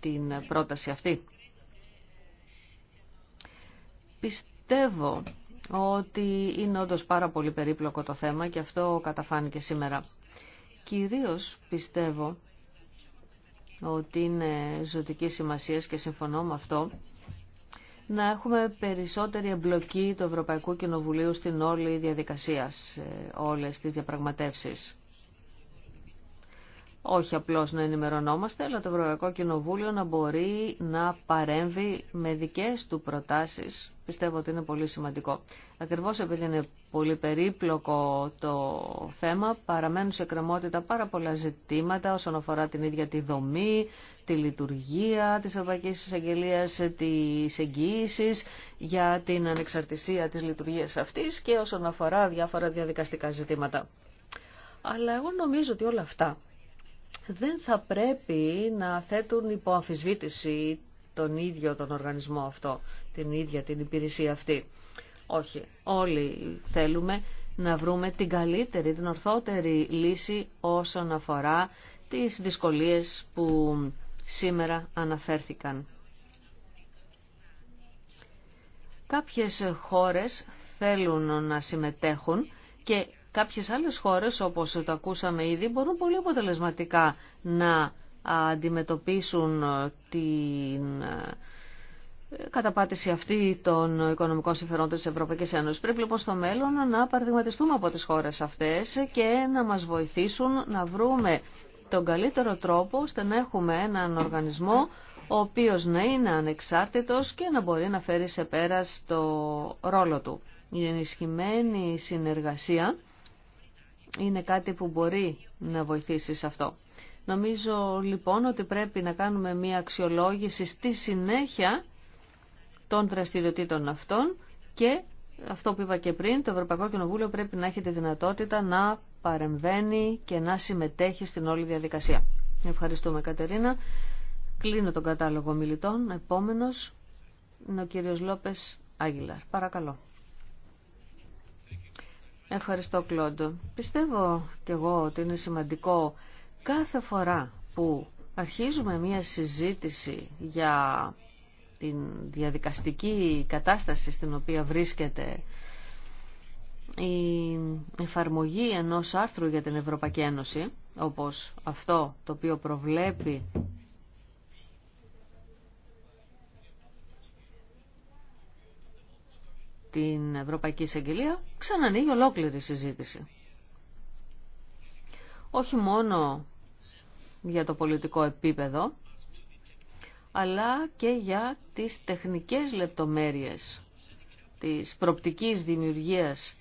την πρόταση αυτή. Πιστεύω ότι είναι όντως πάρα πολύ περίπλοκο το θέμα και αυτό καταφάνηκε σήμερα. Κυρίως πιστεύω ότι είναι ζωτική σημασία και συμφωνώ με αυτό να έχουμε περισσότερη εμπλοκή του Ευρωπαϊκού Κοινοβουλίου στην όλη διαδικασία, όλες τις διαπραγματεύσεις όχι απλώς να ενημερωνόμαστε, αλλά το Ευρωπαϊκό Κοινοβούλιο να μπορεί να παρέμβει με δικές του προτάσεις. Πιστεύω ότι είναι πολύ σημαντικό. Ακριβώς επειδή είναι πολύ περίπλοκο το θέμα, παραμένουν σε κρεμότητα πάρα πολλά ζητήματα όσον αφορά την ίδια τη δομή, τη λειτουργία της Ευρωπαϊκής Εισαγγελίας, τις εγγύησεις για την ανεξαρτησία της λειτουργίας αυτής και όσον αφορά διάφορα διαδικαστικά ζητήματα. Αλλά εγώ νομίζω ότι όλα αυτά δεν θα πρέπει να θέτουν υπό αμφισβήτηση τον ίδιο τον οργανισμό αυτό, την ίδια την υπηρεσία αυτή. Όχι, όλοι θέλουμε να βρούμε την καλύτερη, την ορθότερη λύση όσον αφορά τις δυσκολίες που σήμερα αναφέρθηκαν. Κάποιες χώρες θέλουν να συμμετέχουν και Κάποιες άλλες χώρες, όπως το ακούσαμε ήδη, μπορούν πολύ αποτελεσματικά να αντιμετωπίσουν ε, την ε, καταπάτηση αυτή των οικονομικών συμφερόντων της Ευρωπαϊκής Ένωσης. Πρέπει λοιπόν στο μέλλον να παραδειγματιστούμε από τις χώρες αυτές και να μας βοηθήσουν να βρούμε τον καλύτερο τρόπο ώστε να έχουμε έναν οργανισμό ο οποίος να είναι ανεξάρτητος και να μπορεί να φέρει σε πέρα το ρόλο του. Η ενισχυμένη συνεργασία είναι κάτι που μπορεί να βοηθήσει σε αυτό. Νομίζω λοιπόν ότι πρέπει να κάνουμε μια αξιολόγηση στη συνέχεια των δραστηριοτήτων αυτών και αυτό που είπα και πριν, το Ευρωπαϊκό Κοινοβούλιο πρέπει να έχει τη δυνατότητα να παρεμβαίνει και να συμμετέχει στην όλη διαδικασία. Ευχαριστούμε Κατερίνα. Κλείνω τον κατάλογο μιλητών. Επόμενος είναι ο κύριος Λόπες Άγγιλαρ. Παρακαλώ. Ευχαριστώ, Κλόντο. Πιστεύω κι εγώ ότι είναι σημαντικό κάθε φορά που αρχίζουμε μία συζήτηση για την διαδικαστική κατάσταση στην οποία βρίσκεται η εφαρμογή ενός άρθρου για την Ευρωπαϊκή Ένωση, όπως αυτό το οποίο προβλέπει την Ευρωπαϊκή Εισαγγελία, ξανανοίγει ολόκληρη συζήτηση. Όχι μόνο για το πολιτικό επίπεδο, αλλά και για τις τεχνικές λεπτομέρειες της προπτικής δημιουργίας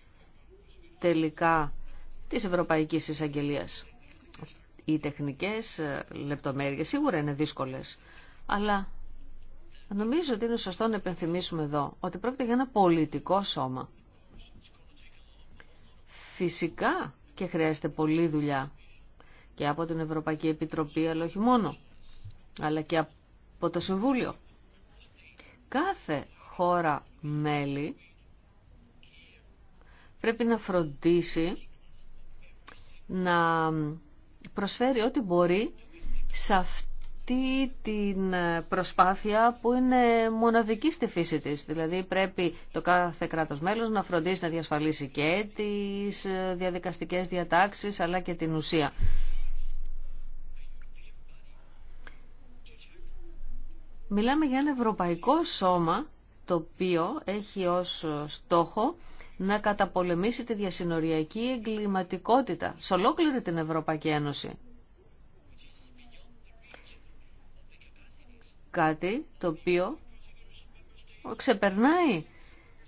τελικά της Ευρωπαϊκής εισαγγελία. Οι τεχνικές λεπτομέρειες σίγουρα είναι δύσκολες, αλλά Νομίζω ότι είναι σωστό να επενθυμίσουμε εδώ ότι πρόκειται για ένα πολιτικό σώμα. Φυσικά και χρειάζεται πολλή δουλειά και από την Ευρωπαϊκή Επιτροπή, αλλά όχι μόνο, αλλά και από το Συμβούλιο. Κάθε χώρα μέλη πρέπει να φροντίσει να προσφέρει ό,τι μπορεί σε αυτή αυτή την ε, προσπάθεια που είναι μοναδική στη φύση της. Δηλαδή πρέπει το κάθε κράτος μέλος να φροντίσει να διασφαλίσει και τις ε, διαδικαστικές διατάξεις αλλά και την ουσία. Μιλάμε για ένα ευρωπαϊκό σώμα το οποίο έχει ως στόχο να καταπολεμήσει τη διασυνοριακή εγκληματικότητα σε ολόκληρη την Ευρωπαϊκή Ένωση. κάτι το οποίο ξεπερνάει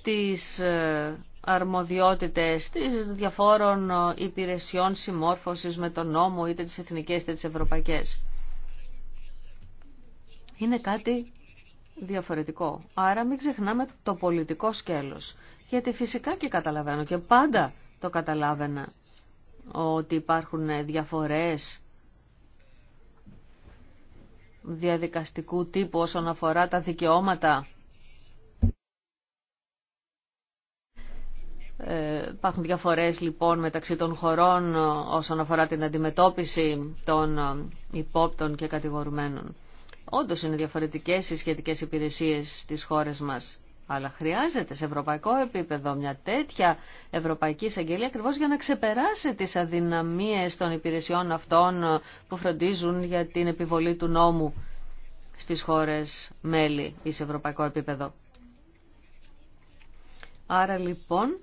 τις ε, αρμοδιότητες της διαφόρων ε, υπηρεσιών συμμόρφωσης με τον νόμο είτε τις εθνικές είτε τις ευρωπαϊκές. Είναι κάτι διαφορετικό. Άρα μην ξεχνάμε το πολιτικό σκέλος. Γιατί φυσικά και καταλαβαίνω και πάντα το καταλάβαινα ότι υπάρχουν διαφορές διαδικαστικού τύπου όσον αφορά τα δικαιώματα. Ε, υπάρχουν διαφορές λοιπόν μεταξύ των χωρών όσον αφορά την αντιμετώπιση των ε, υπόπτων και κατηγορουμένων. Όντως είναι διαφορετικές οι σχετικές υπηρεσίες στις χώρες μας. Αλλά χρειάζεται σε ευρωπαϊκό επίπεδο μια τέτοια ευρωπαϊκή εισαγγελία ακριβώ για να ξεπεράσει τι αδυναμίε των υπηρεσιών αυτών που φροντίζουν για την επιβολή του νόμου στις χώρες μέλη ή σε ευρωπαϊκό επίπεδο. Άρα λοιπόν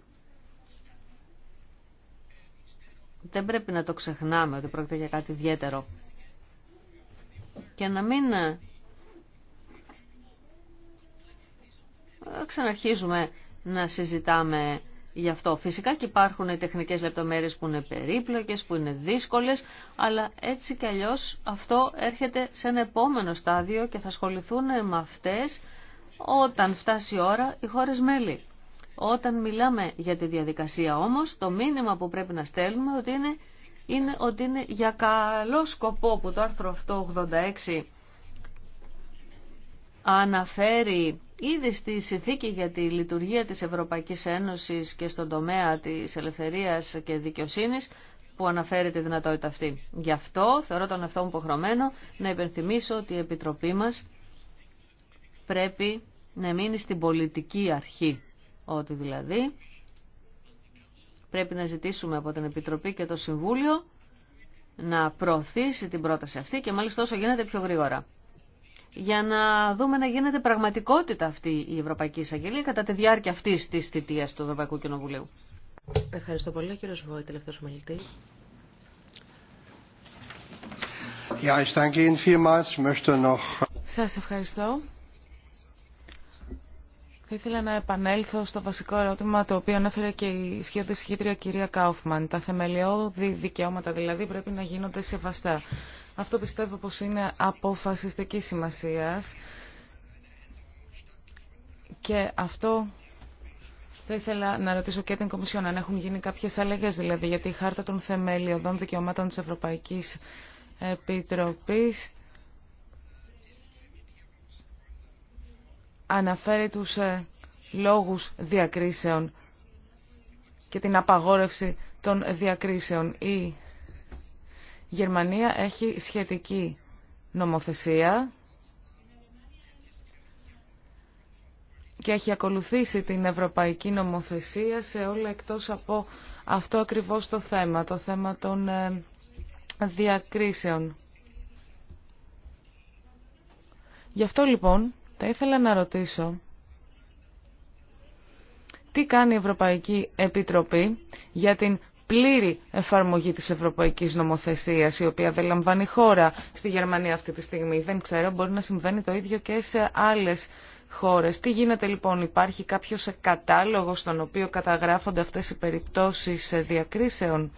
δεν πρέπει να το ξεχνάμε ότι πρόκειται για κάτι ιδιαίτερο και να μην ξαναρχίζουμε να συζητάμε γι' αυτό. Φυσικά και υπάρχουν οι τεχνικές λεπτομέρειες που είναι περίπλοκες, που είναι δύσκολες, αλλά έτσι κι αλλιώς αυτό έρχεται σε ένα επόμενο στάδιο και θα ασχοληθούν με αυτές όταν φτάσει η ώρα οι χώρες μέλη. Όταν μιλάμε για τη διαδικασία όμως, το μήνυμα που πρέπει να στέλνουμε ότι είναι, είναι ότι είναι για καλό σκοπό που το άρθρο αυτό 86 αναφέρει Ήδη στη συνθήκη για τη λειτουργία της Ευρωπαϊκής Ένωσης και στον τομέα της ελευθερίας και δικαιοσύνης που αναφέρει τη δυνατότητα αυτή. Γι' αυτό θεωρώ τον αυτό μου υποχρεωμένο να υπενθυμίσω ότι η Επιτροπή μας πρέπει να μείνει στην πολιτική αρχή. Ότι δηλαδή πρέπει να ζητήσουμε από την Επιτροπή και το Συμβούλιο να προωθήσει την πρόταση αυτή και μάλιστα όσο γίνεται πιο γρήγορα για να δούμε να γίνεται πραγματικότητα αυτή η Ευρωπαϊκή Εισαγγελία κατά τη διάρκεια αυτή τη θητεία του Ευρωπαϊκού Κοινοβουλίου. Ευχαριστώ πολύ, κύριο Βόη, τελευταίο ομιλητή. Σας ευχαριστώ. Θα ήθελα να επανέλθω στο βασικό ερώτημα το οποίο ανέφερε και η σχεδόν κυρία Κάουφμαν. Τα θεμελιώδη δικαιώματα δηλαδή πρέπει να γίνονται σεβαστά. Αυτό πιστεύω πως είναι αποφασιστική σημασίας και αυτό θα ήθελα να ρωτήσω και την Κομισιόν αν έχουν γίνει κάποιες αλλαγές δηλαδή γιατί η Χάρτα των Θεμελιωδών Δικαιωμάτων της Ευρωπαϊκής Επιτροπής αναφέρει τους ε, λόγους διακρίσεων και την απαγόρευση των διακρίσεων. Η Γερμανία έχει σχετική νομοθεσία και έχει ακολουθήσει την ευρωπαϊκή νομοθεσία σε όλα εκτός από αυτό ακριβώς το θέμα, το θέμα των ε, διακρίσεων. Γι' αυτό λοιπόν θα ήθελα να ρωτήσω τι κάνει η Ευρωπαϊκή Επιτροπή για την πλήρη εφαρμογή της ευρωπαϊκής νομοθεσίας η οποία δεν λαμβάνει χώρα στη Γερμανία αυτή τη στιγμή. Δεν ξέρω, μπορεί να συμβαίνει το ίδιο και σε άλλες χώρες. Τι γίνεται λοιπόν, υπάρχει κάποιος κατάλογος στον οποίο καταγράφονται αυτές οι περιπτώσεις διακρίσεων.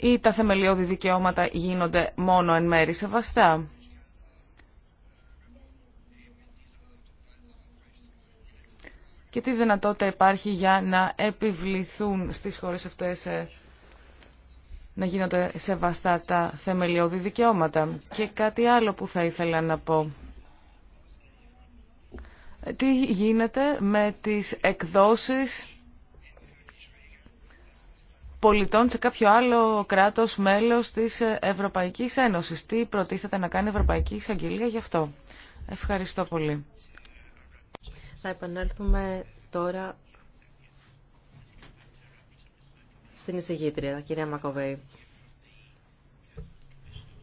Ή τα θεμελιώδη δικαιώματα γίνονται μόνο εν μέρη σεβαστά. και τι δυνατότητα υπάρχει για να επιβληθούν στις χώρες αυτές ε, να γίνονται σεβαστά τα θεμελιώδη δικαιώματα. Και κάτι άλλο που θα ήθελα να πω. Ε, τι γίνεται με τις εκδόσεις πολιτών σε κάποιο άλλο κράτος μέλος της ε, Ευρωπαϊκής Ένωσης. Τι προτίθεται να κάνει η Ευρωπαϊκή Εισαγγελία γι' αυτό. Ευχαριστώ πολύ. Θα επανέλθουμε τώρα στην εισηγήτρια, κυρία Μακοβέη.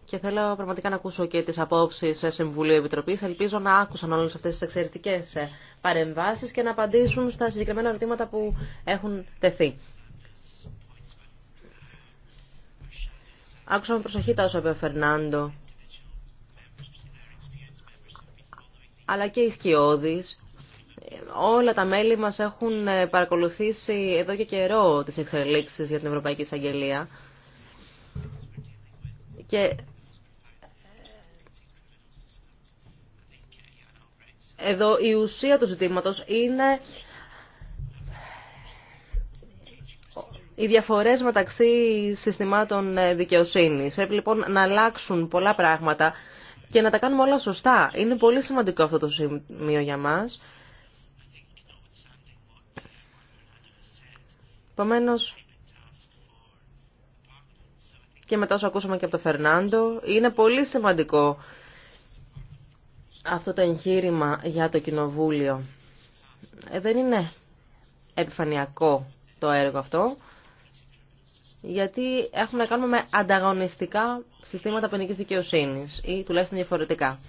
Και θέλω πραγματικά να ακούσω και τις απόψεις σε Συμβουλίου Επιτροπής. Ελπίζω να άκουσαν όλες αυτές τις εξαιρετικές παρεμβάσεις και να απαντήσουν στα συγκεκριμένα ερωτήματα που έχουν τεθεί. Άκουσα με προσοχή τα όσα είπε ο Φερνάντο. Αλλά και οι σκιώδεις όλα τα μέλη μας έχουν ε, παρακολουθήσει εδώ και καιρό τις εξελίξεις για την Ευρωπαϊκή Εισαγγελία. Και ε, εδώ η ουσία του ζητήματος είναι οι διαφορές μεταξύ συστημάτων ε, δικαιοσύνης. Πρέπει λοιπόν να αλλάξουν πολλά πράγματα και να τα κάνουμε όλα σωστά. Είναι πολύ σημαντικό αυτό το σημείο για μας. Επομένω. και μετά όσο ακούσαμε και από τον Φερνάντο, είναι πολύ σημαντικό αυτό το εγχείρημα για το Κοινοβούλιο. Ε, δεν είναι επιφανειακό το έργο αυτό, γιατί έχουμε να κάνουμε ανταγωνιστικά συστήματα ποινική δικαιοσύνη ή τουλάχιστον διαφορετικά.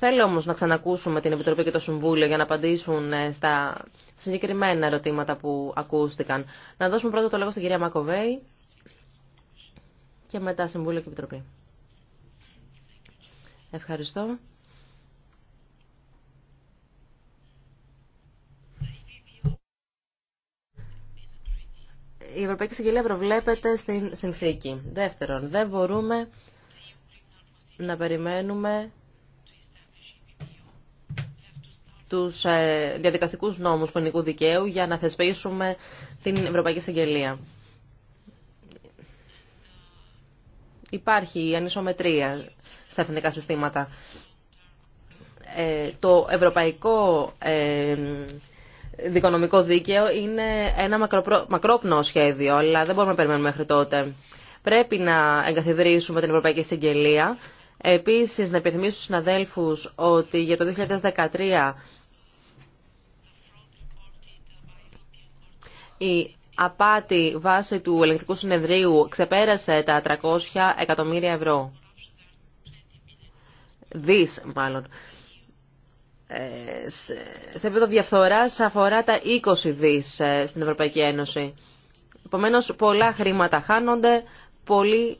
Θέλω όμως να ξανακούσουμε την Επιτροπή και το Συμβούλιο για να απαντήσουν ε, στα συγκεκριμένα ερωτήματα που ακούστηκαν. Να δώσουμε πρώτα το λόγο στην κυρία Μακοβέη και μετά Συμβούλιο και Επιτροπή. Ευχαριστώ. Η Ευρωπαϊκή Συγγελία προβλέπεται στην συνθήκη. Δεύτερον, δεν μπορούμε να περιμένουμε τους ε, διαδικαστικούς νόμους ποινικού δικαίου για να θεσπίσουμε την Ευρωπαϊκή Συγγελία. Υπάρχει ανισομετρία στα εθνικά συστήματα. Ε, το ευρωπαϊκό ε, δικονομικό δίκαιο είναι ένα μακρόπνο σχέδιο, αλλά δεν μπορούμε να περιμένουμε μέχρι τότε. Πρέπει να εγκαθιδρύσουμε την Ευρωπαϊκή Συγγελία. Επίσης, να επιθυμίσω στους συναδέλφους ότι για το 2013 η απάτη βάση του ελεγκτικού συνεδρίου ξεπέρασε τα 300 εκατομμύρια ευρώ. Δις, μάλλον. Ε, σε επίπεδο διαφθορά αφορά τα 20 δις ε, στην Ευρωπαϊκή Ένωση. Επομένω, πολλά χρήματα χάνονται, πολλοί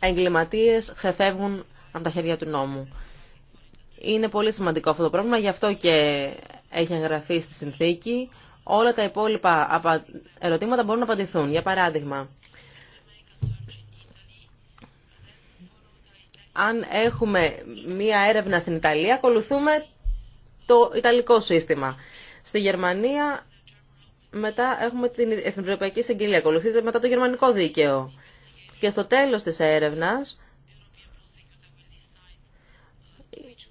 εγκληματίες ξεφεύγουν από τα χέρια του νόμου. Είναι πολύ σημαντικό αυτό το πρόβλημα, γι' αυτό και έχει εγγραφεί στη συνθήκη όλα τα υπόλοιπα ερωτήματα μπορούν να απαντηθούν. Για παράδειγμα, αν έχουμε μία έρευνα στην Ιταλία, ακολουθούμε το Ιταλικό σύστημα. Στη Γερμανία μετά έχουμε την Ευρωπαϊκή Συγγελία, ακολουθείται μετά το Γερμανικό Δίκαιο. Και στο τέλος της έρευνας,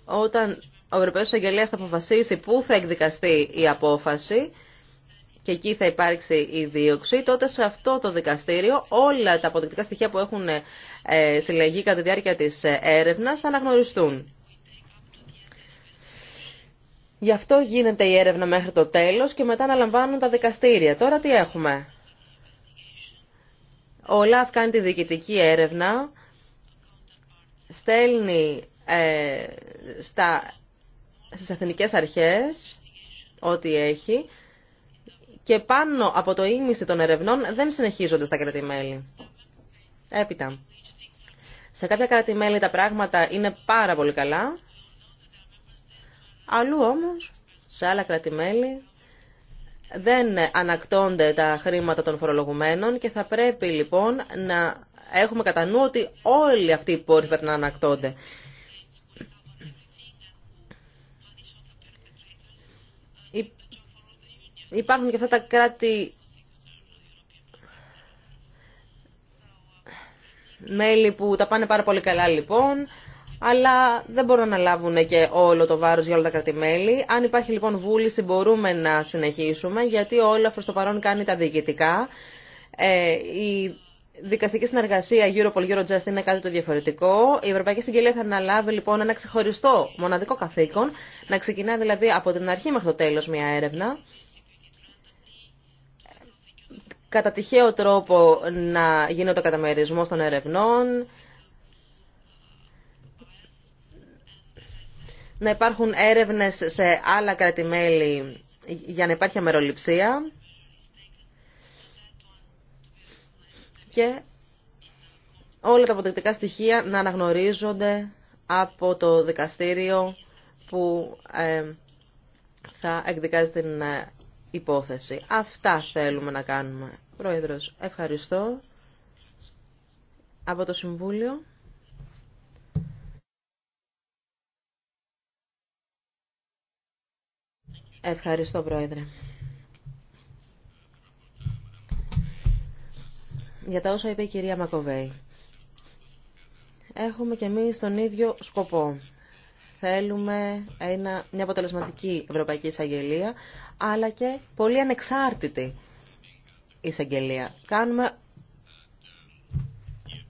όταν ο ευρωπαϊκός Αγγελίας θα αποφασίσει πού θα εκδικαστεί η απόφαση, και εκεί θα υπάρξει η δίωξη, τότε σε αυτό το δικαστήριο όλα τα αποδεικτικά στοιχεία που έχουν ε, συλλεγεί κατά τη διάρκεια της ε, έρευνας θα αναγνωριστούν. Γι' αυτό γίνεται η έρευνα μέχρι το τέλος και μετά αναλαμβάνουν τα δικαστήρια. Τώρα τι έχουμε. Ο ΛΑΦ κάνει τη διοικητική έρευνα, στέλνει ε, στα, στις αθηνικές αρχές ό,τι έχει και πάνω από το ίμιση των ερευνών δεν συνεχίζονται στα κράτη-μέλη. Έπειτα. Σε κάποια τα πράγματα είναι πάρα πολύ καλά. Αλλού όμως, σε αλλα κρατημέλη δεν ανακτώνται τα χρήματα των φορολογουμένων και θα πρέπει λοιπόν να έχουμε κατά νου ότι όλοι αυτοί οι πόροι πρέπει να ανακτώνται. Υπάρχουν και αυτά τα κράτη μέλη που τα πάνε πάρα πολύ καλά λοιπόν, αλλά δεν μπορούν να λάβουν και όλο το βάρος για όλα τα κράτη-μέλη. Αν υπάρχει λοιπόν βούληση μπορούμε να συνεχίσουμε, γιατί όλα αυτό το παρόν κάνει τα διοικητικά. Ε, η δικαστική συνεργασία Europol Eurojust είναι κάτι το διαφορετικό. Η Ευρωπαϊκή Συγγελία θα αναλάβει λοιπόν ένα ξεχωριστό μοναδικό καθήκον, να ξεκινά δηλαδή από την αρχή μέχρι το τέλος μια έρευνα κατά τυχαίο τρόπο να γίνεται ο καταμερισμός των ερευνών, να υπάρχουν έρευνες σε άλλα κράτη-μέλη για να υπάρχει αμεροληψία και όλα τα αποτελεστικά στοιχεία να αναγνωρίζονται από το δικαστήριο που ε, θα εκδικάζει την ε, υπόθεση. Αυτά θέλουμε να κάνουμε. Πρόεδρος, ευχαριστώ. Από το Συμβούλιο. Ευχαριστώ, Πρόεδρε. Για τα όσα είπε η κυρία Μακοβέη. Έχουμε και εμείς τον ίδιο σκοπό. Θέλουμε ένα, μια αποτελεσματική Ευρωπαϊκή Εισαγγελία, αλλά και πολύ ανεξάρτητη εισαγγελία. Κάνουμε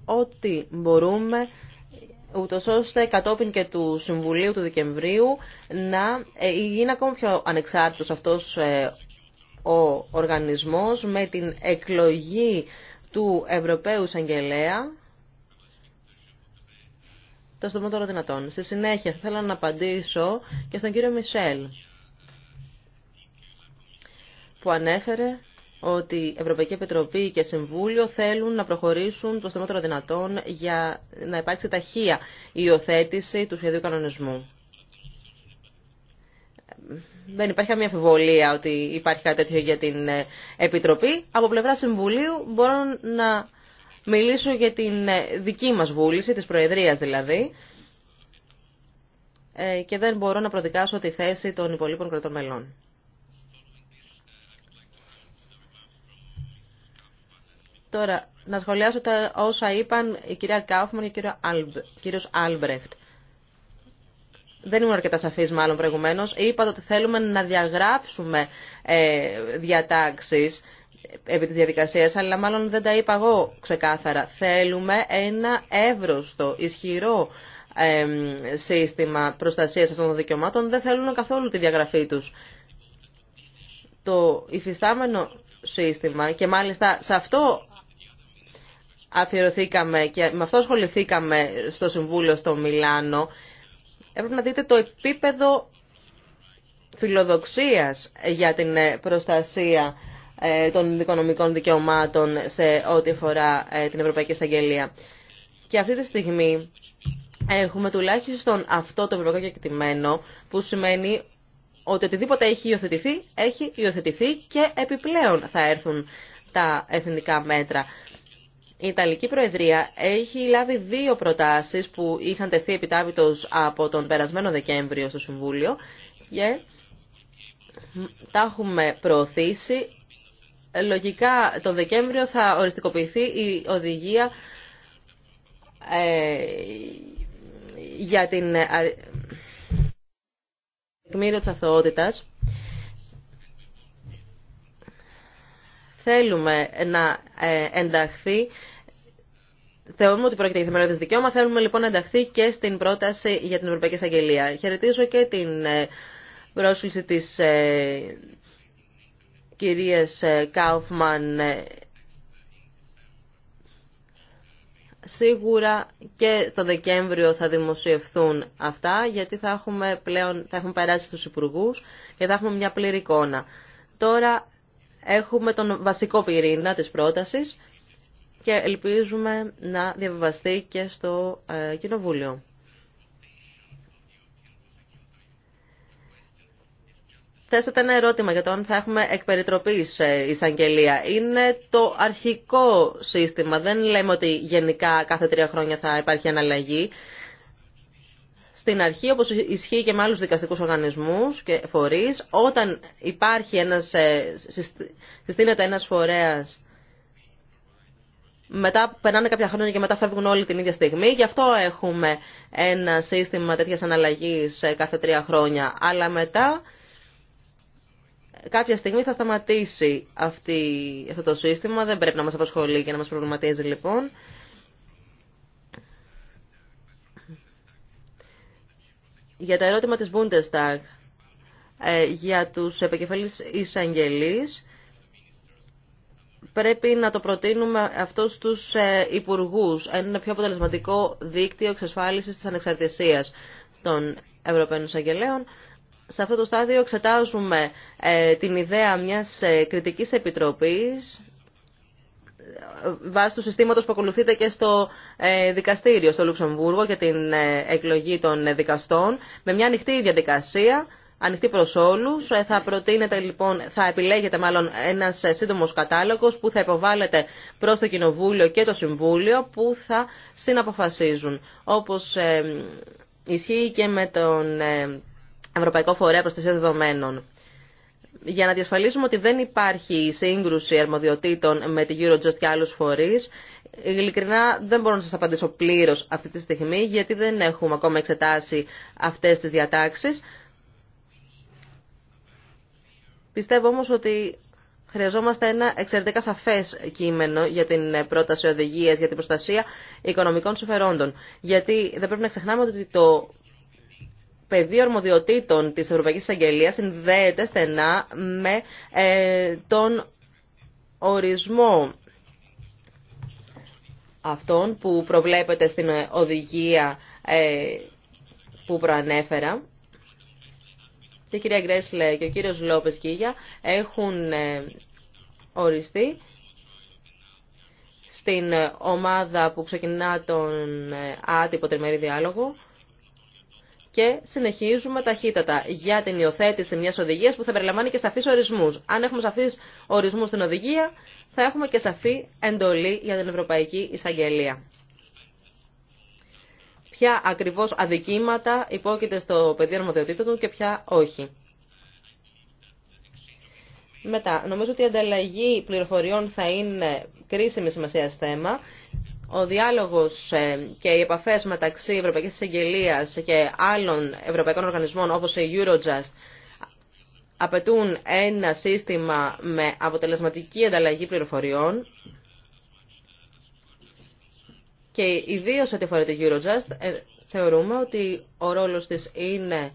ό,τι μπορούμε ούτω ώστε κατόπιν και του Συμβουλίου του Δεκεμβρίου να ε, γίνει ακόμα πιο ανεξάρτητος αυτός ε, ο οργανισμός με την εκλογή του Ευρωπαίου Εισαγγελέα το τώρα δυνατόν. Στη συνέχεια θέλω να απαντήσω και στον κύριο Μισελ που ανέφερε ότι η Ευρωπαϊκή Επιτροπή και Συμβούλιο θέλουν να προχωρήσουν το στενότερο δυνατόν για να υπάρξει ταχεία υιοθέτηση του σχεδίου κανονισμού. Δεν υπάρχει καμία αφιβολία ότι υπάρχει κάτι τέτοιο για την Επιτροπή. Από πλευρά Συμβουλίου μπορώ να μιλήσω για την δική μας βούληση, της Προεδρίας δηλαδή, ε, και δεν μπορώ να προδικάσω τη θέση των υπολείπων κρατών μελών. Τώρα, να σχολιάσω τα όσα είπαν η κυρία Κάουφμαν και ο κύριο Άλμπρεχτ. Δεν ήμουν αρκετά σαφή, μάλλον προηγουμένω. Είπα ότι θέλουμε να διαγράψουμε ε, διατάξει επί τη διαδικασία, αλλά μάλλον δεν τα είπα εγώ ξεκάθαρα. Θέλουμε ένα εύρωστο, ισχυρό σύστημα προστασία αυτών των δικαιωμάτων. Δεν θέλουν καθόλου τη διαγραφή του. Το υφιστάμενο σύστημα, και μάλιστα σε αυτό αφιερωθήκαμε και με αυτό ασχοληθήκαμε στο Συμβούλιο στο Μιλάνο, έπρεπε να δείτε το επίπεδο φιλοδοξίας για την ε, προστασία ε, των οικονομικών δικαιωμάτων σε ό,τι αφορά ε, την Ευρωπαϊκή Εισαγγελία. Και αυτή τη στιγμή έχουμε τουλάχιστον αυτό το ευρωπαϊκό κεκτημένο που σημαίνει ότι οτιδήποτε έχει υιοθετηθεί, έχει υιοθετηθεί και επιπλέον θα έρθουν τα εθνικά μέτρα η Ιταλική Προεδρία έχει λάβει δύο προτάσεις που είχαν τεθεί επιτάπητος από τον περασμένο Δεκέμβριο στο Συμβούλιο και τα έχουμε προωθήσει. Λογικά τον Δεκέμβριο θα οριστικοποιηθεί η οδηγία ε, για την ε, τεκμήριο της αθωότητας. Θέλουμε να ε, ενταχθεί Θεωρούμε ότι πρόκειται για θεμελιώδε δικαίωμα. Θέλουμε λοιπόν να ενταχθεί και στην πρόταση για την Ευρωπαϊκή Εισαγγελία. Χαιρετίζω και την ε, πρόσκληση τη ε, κυρία ε, Κάουφμαν. Σίγουρα και το Δεκέμβριο θα δημοσιευθούν αυτά, γιατί θα έχουμε, πλέον, θα έχουμε περάσει στους υπουργούς και θα έχουμε μια πλήρη εικόνα. Τώρα έχουμε τον βασικό πυρήνα της πρότασης και ελπίζουμε να διαβιβαστεί και στο ε, Κοινοβούλιο. θέσατε ένα ερώτημα για το αν θα έχουμε σε εισαγγελία. Είναι το αρχικό σύστημα. Δεν λέμε ότι γενικά κάθε τρία χρόνια θα υπάρχει αναλλαγή. Στην αρχή, όπως ισχύει και με άλλους δικαστικούς οργανισμούς και φορείς, όταν υπάρχει ένας, ε, συστήνεται ένας φορέας μετά περνάνε κάποια χρόνια και μετά φεύγουν όλοι την ίδια στιγμή. Γι' αυτό έχουμε ένα σύστημα τέτοια αναλλαγή ε, κάθε τρία χρόνια. Αλλά μετά κάποια στιγμή θα σταματήσει αυτή, αυτό το σύστημα. Δεν πρέπει να μας απασχολεί και να μας προβληματίζει λοιπόν. Για τα ερώτημα της Bundestag, ε, για τους επικεφαλής εισαγγελείς, πρέπει να το προτείνουμε αυτό στους ε, υπουργούς, ένα πιο αποτελεσματικό δίκτυο εξασφάλισης της ανεξαρτησίας των Ευρωπαίων Εισαγγελέων. Σε αυτό το στάδιο εξετάζουμε ε, την ιδέα μιας ε, κριτικής επιτροπής βάσει του συστήματος που ακολουθείται και στο δικαστήριο στο Λουξεμβούργο και την εκλογή των δικαστών με μια ανοιχτή διαδικασία ανοιχτή προ όλου, ε, Θα προτείνετε λοιπόν, θα επιλέγετε μάλλον ένας ε, σύντομος κατάλογος που θα υποβάλλεται προ το Κοινοβούλιο και το Συμβούλιο που θα συναποφασίζουν. Όπω ε, ισχύει και με τον Ευρωπαϊκό Φορέα Προστασία Δεδομένων. Για να διασφαλίσουμε ότι δεν υπάρχει σύγκρουση αρμοδιοτήτων με τη Eurojust και άλλους φορείς, ειλικρινά δεν μπορώ να σας απαντήσω πλήρως αυτή τη στιγμή, γιατί δεν έχουμε ακόμα εξετάσει αυτές τις διατάξεις. Πιστεύω όμω ότι χρειαζόμαστε ένα εξαιρετικά σαφέ κείμενο για την πρόταση οδηγίας, για την προστασία οικονομικών συμφερόντων. Γιατί δεν πρέπει να ξεχνάμε ότι το πεδίο αρμοδιοτήτων της Ευρωπαϊκής Αγγελίας συνδέεται στενά με ε, τον ορισμό αυτών που προβλέπεται στην οδηγία ε, που προανέφερα και η κυρία Γκρέσλε και ο κύριος Λόπες Κίγια έχουν ε, οριστεί στην ομάδα που ξεκινά τον ε, άτυπο τριμερή διάλογο και συνεχίζουμε ταχύτατα για την υιοθέτηση μιας οδηγίας που θα περιλαμβάνει και σαφείς ορισμούς. Αν έχουμε σαφείς ορισμούς στην οδηγία, θα έχουμε και σαφή εντολή για την Ευρωπαϊκή Εισαγγελία ποια ακριβώς αδικήματα υπόκειται στο πεδίο αρμοδιοτήτων και ποια όχι. Μετά, νομίζω ότι η ανταλλαγή πληροφοριών θα είναι κρίσιμη σημασία θέμα. Ο διάλογος ε, και οι επαφές μεταξύ Ευρωπαϊκής Εισαγγελία και άλλων ευρωπαϊκών οργανισμών όπως η Eurojust απαιτούν ένα σύστημα με αποτελεσματική ανταλλαγή πληροφοριών και ιδίω ό,τι αφορά τη Eurojust, ε, θεωρούμε ότι ο ρόλος της είναι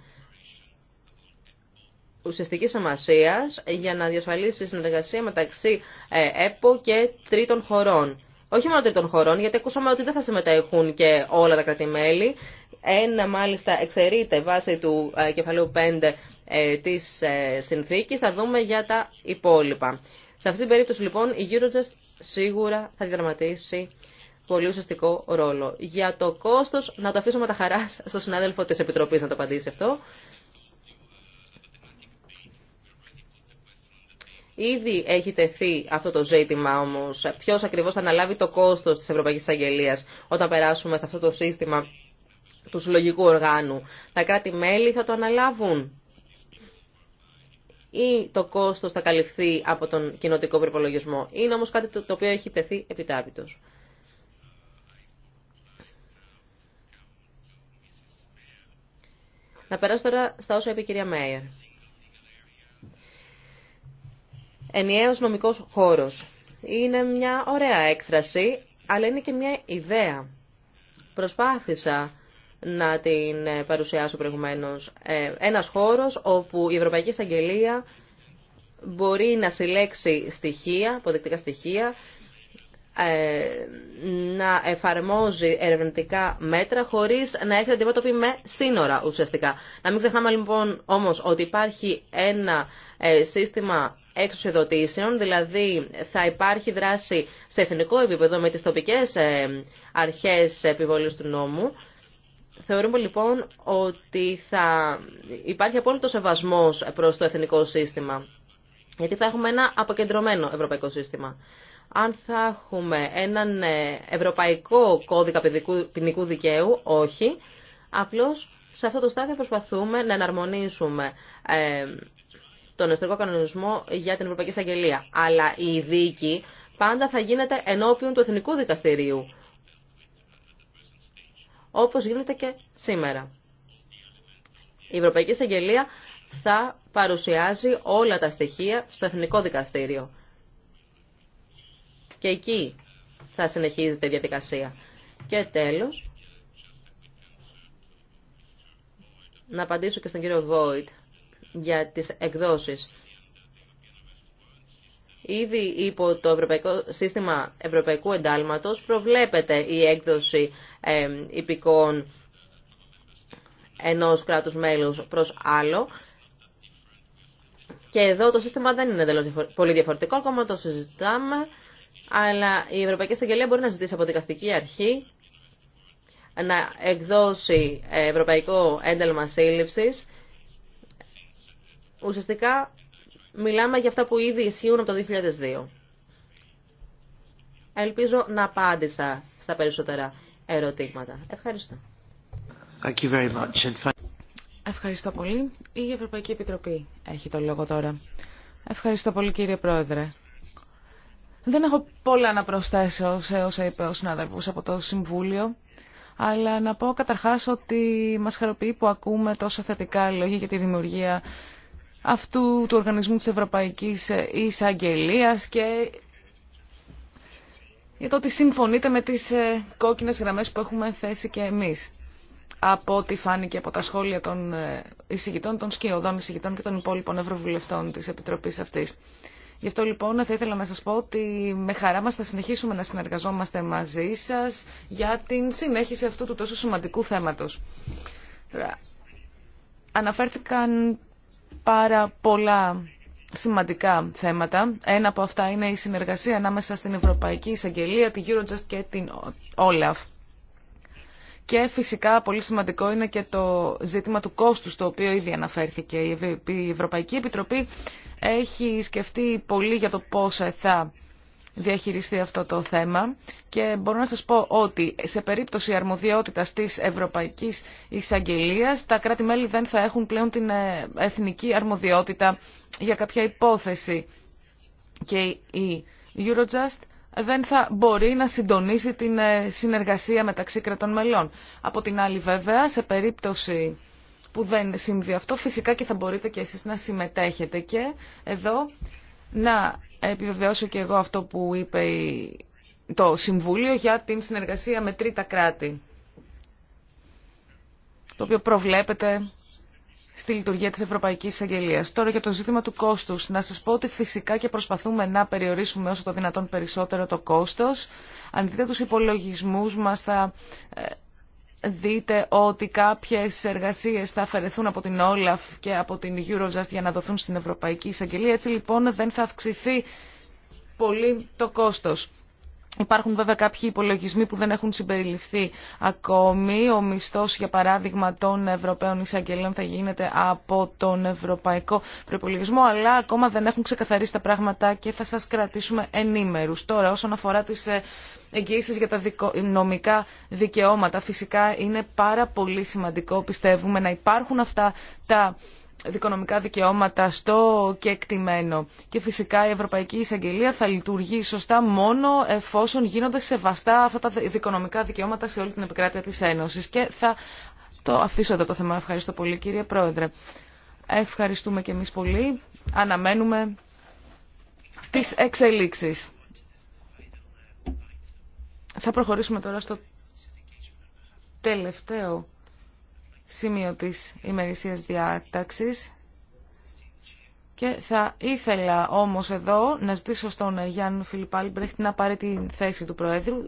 ουσιαστική σημασία για να διασφαλίσει συνεργασία μεταξύ ε, ΕΠΟ και τρίτων χωρών. Όχι μόνο τρίτων χωρών, γιατί ακούσαμε ότι δεν θα συμμετέχουν και όλα τα κρατημέλη. Ένα μάλιστα εξαιρείται βάσει του ε, κεφαλαίου 5 της συνθήκης. Θα δούμε για τα υπόλοιπα. Σε αυτή την περίπτωση λοιπόν η Eurojust σίγουρα θα διαδραματίσει πολύ ουσιαστικό ρόλο. Για το κόστος, να το αφήσουμε τα χαρά στο συνάδελφο τη Επιτροπής να το απαντήσει αυτό. Ήδη έχει τεθεί αυτό το ζήτημα όμω. Ποιο ακριβώ θα αναλάβει το κόστο τη Ευρωπαϊκή Αγγελία όταν περάσουμε σε αυτό το σύστημα του συλλογικού οργάνου. Τα κράτη-μέλη θα το αναλάβουν ή το κόστος θα καλυφθεί από τον κοινοτικό προπολογισμό. Είναι όμως κάτι το οποίο έχει τεθεί επιτάπητος. Να περάσω τώρα στα όσα είπε η κυρία Μέιερ. Ενιαίος νομικός χώρος. Είναι μια ωραία έκφραση, αλλά είναι και μια ιδέα. Προσπάθησα να την ε, παρουσιάσω προηγουμένως. Ε, ένας χώρος όπου η Ευρωπαϊκή Εισαγγελία μπορεί να συλλέξει στοιχεία, αποδεικτικά στοιχεία, ε, να εφαρμόζει ερευνητικά μέτρα χωρίς να έχει αντιμέτωπη με σύνορα ουσιαστικά. Να μην ξεχνάμε λοιπόν όμως ότι υπάρχει ένα ε, σύστημα εξουσιοδοτήσεων, δηλαδή θα υπάρχει δράση σε εθνικό επίπεδο με τις τοπικές ε, αρχές επιβολής του νόμου. Θεωρούμε λοιπόν ότι θα υπάρχει απόλυτο σεβασμός προς το εθνικό σύστημα, γιατί θα έχουμε ένα αποκεντρωμένο ευρωπαϊκό σύστημα αν θα έχουμε έναν ε, ευρωπαϊκό κώδικα ποινικού δικαίου, όχι. Απλώς σε αυτό το στάδιο προσπαθούμε να εναρμονίσουμε ε, τον εσωτερικό κανονισμό για την Ευρωπαϊκή Εισαγγελία. Αλλά η δίκη πάντα θα γίνεται ενώπιον του Εθνικού Δικαστηρίου, όπως γίνεται και σήμερα. Η Ευρωπαϊκή Εισαγγελία θα παρουσιάζει όλα τα στοιχεία στο Εθνικό Δικαστήριο και εκεί θα συνεχίζεται η διαδικασία. Και τέλος, να απαντήσω και στον κύριο Βόιτ για τις εκδόσεις. Ήδη υπό το Ευρωπαϊκό Σύστημα Ευρωπαϊκού Εντάλματος προβλέπεται η έκδοση υπηκών ενός κράτους μέλους προς άλλο. Και εδώ το σύστημα δεν είναι πολύ διαφορετικό, ακόμα το συζητάμε αλλά η Ευρωπαϊκή Εισαγγελία μπορεί να ζητήσει από δικαστική αρχή να εκδώσει ε, ευρωπαϊκό ένταλμα σύλληψη. Ουσιαστικά μιλάμε για αυτά που ήδη ισχύουν από το 2002. Ελπίζω να απάντησα στα περισσότερα ερωτήματα. Ευχαριστώ. Thank you very much. Ευχαριστώ πολύ. Η Ευρωπαϊκή Επιτροπή έχει το λόγο τώρα. Ευχαριστώ πολύ κύριε Πρόεδρε. Δεν έχω πολλά να προσθέσω σε όσα είπε ο συνάδελφος από το Συμβούλιο, αλλά να πω καταρχάς ότι μας χαροποιεί που ακούμε τόσο θετικά λόγια για τη δημιουργία αυτού του Οργανισμού της Ευρωπαϊκής εισαγγελία και για το ότι συμφωνείτε με τις ε, κόκκινες γραμμές που έχουμε θέσει και εμείς από ό,τι φάνηκε από τα σχόλια των ε, εισηγητών, των σκηνοδών εισηγητών και των υπόλοιπων ευρωβουλευτών της Επιτροπής αυτής. Γι' αυτό λοιπόν θα ήθελα να σας πω ότι με χαρά μας θα συνεχίσουμε να συνεργαζόμαστε μαζί σας για την συνέχιση αυτού του τόσο σημαντικού θέματος. Αναφέρθηκαν πάρα πολλά σημαντικά θέματα. Ένα από αυτά είναι η συνεργασία ανάμεσα στην Ευρωπαϊκή Εισαγγελία, την Eurojust και την Olaf. Και φυσικά πολύ σημαντικό είναι και το ζήτημα του κόστου, το οποίο ήδη αναφέρθηκε. Η Ευρωπαϊκή Επιτροπή έχει σκεφτεί πολύ για το πώς θα διαχειριστεί αυτό το θέμα και μπορώ να σας πω ότι σε περίπτωση αρμοδιότητας της Ευρωπαϊκής εισαγγελία, τα κράτη-μέλη δεν θα έχουν πλέον την ε, εθνική αρμοδιότητα για κάποια υπόθεση και η Eurojust δεν θα μπορεί να συντονίσει την ε, συνεργασία μεταξύ κρατών μελών. Από την άλλη βέβαια, σε περίπτωση που δεν συμβεί αυτό. Φυσικά και θα μπορείτε και εσείς να συμμετέχετε. Και εδώ να επιβεβαιώσω και εγώ αυτό που είπε το Συμβούλιο για την συνεργασία με τρίτα κράτη, το οποίο προβλέπεται στη λειτουργία της Ευρωπαϊκής Αγγελία. Τώρα για το ζήτημα του κόστους. Να σας πω ότι φυσικά και προσπαθούμε να περιορίσουμε όσο το δυνατόν περισσότερο το κόστος. Αν δείτε τους υπολογισμούς μας θα ε, δείτε ότι κάποιες εργασίες θα αφαιρεθούν από την Όλαφ και από την Eurojust για να δοθούν στην Ευρωπαϊκή Εισαγγελία. Έτσι λοιπόν δεν θα αυξηθεί πολύ το κόστος. Υπάρχουν βέβαια κάποιοι υπολογισμοί που δεν έχουν συμπεριληφθεί ακόμη. Ο μισθός, για παράδειγμα, των Ευρωπαίων εισαγγελέων θα γίνεται από τον Ευρωπαϊκό Προπολογισμό, αλλά ακόμα δεν έχουν ξεκαθαρίσει τα πράγματα και θα σας κρατήσουμε ενήμερους. Τώρα, όσον αφορά τις ε, εγγύησεις για τα νομικά δικαιώματα, φυσικά είναι πάρα πολύ σημαντικό, πιστεύουμε, να υπάρχουν αυτά τα δικονομικά δικαιώματα στο κεκτημένο. Και φυσικά η Ευρωπαϊκή Εισαγγελία θα λειτουργεί σωστά μόνο εφόσον γίνονται σεβαστά αυτά τα δικονομικά δικαιώματα σε όλη την επικράτεια της Ένωσης. Και θα το αφήσω εδώ το θέμα. Ευχαριστώ πολύ κύριε Πρόεδρε. Ευχαριστούμε και εμείς πολύ. Αναμένουμε τις εξελίξεις. Θα προχωρήσουμε τώρα στο τελευταίο σημείο της ημερησίας διάταξης και θα ήθελα όμως εδώ να ζητήσω στον Γιάννη Μπρέχτη να πάρει τη θέση του Προέδρου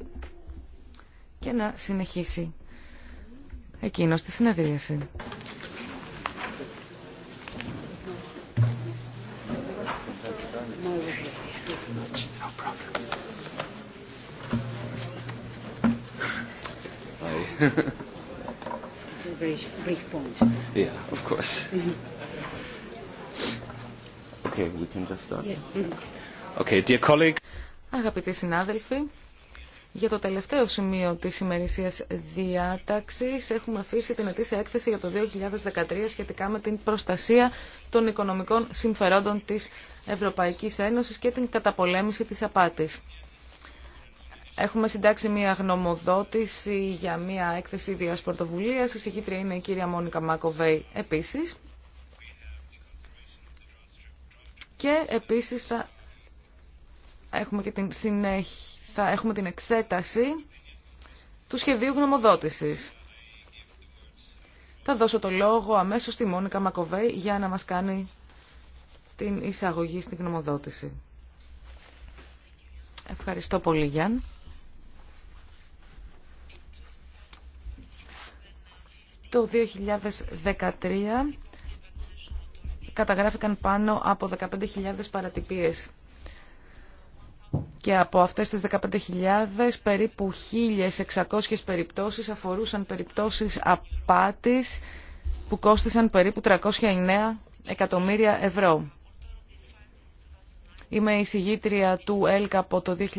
και να συνεχίσει εκείνος τη συνεδρίαση. [LAUGHS] brief point. Yeah, of course. Mm-hmm. Okay, we can just start. Mm-hmm. Okay, dear colleague. Αγαπητοί συνάδελφοι, για το τελευταίο σημείο της ημερησίας διάταξης έχουμε αφήσει την ετήσια έκθεση για το 2013 σχετικά με την προστασία των οικονομικών συμφερόντων της Ευρωπαϊκής Ένωσης και την καταπολέμηση της απάτης. Έχουμε συντάξει μια γνωμοδότηση για μια έκθεση ιδίας πρωτοβουλίας. Η συγκήτρια είναι η κυρία Μόνικα Μάκοβέη επίσης. Και επίσης θα έχουμε, και την, συνέχ... θα έχουμε την εξέταση του σχεδίου γνωμοδότησης. Θα δώσω το λόγο αμέσως στη Μόνικα Μακοβέη για να μας κάνει την εισαγωγή στην γνωμοδότηση. Ευχαριστώ πολύ Γιάννη. Το 2013 καταγράφηκαν πάνω από 15.000 παρατυπίες. Και από αυτές τις 15.000 περίπου 1.600 περιπτώσεις αφορούσαν περιπτώσεις απάτης που κόστησαν περίπου 309 εκατομμύρια ευρώ. Είμαι η συγγήτρια του ΕΛΚΑ από το 2009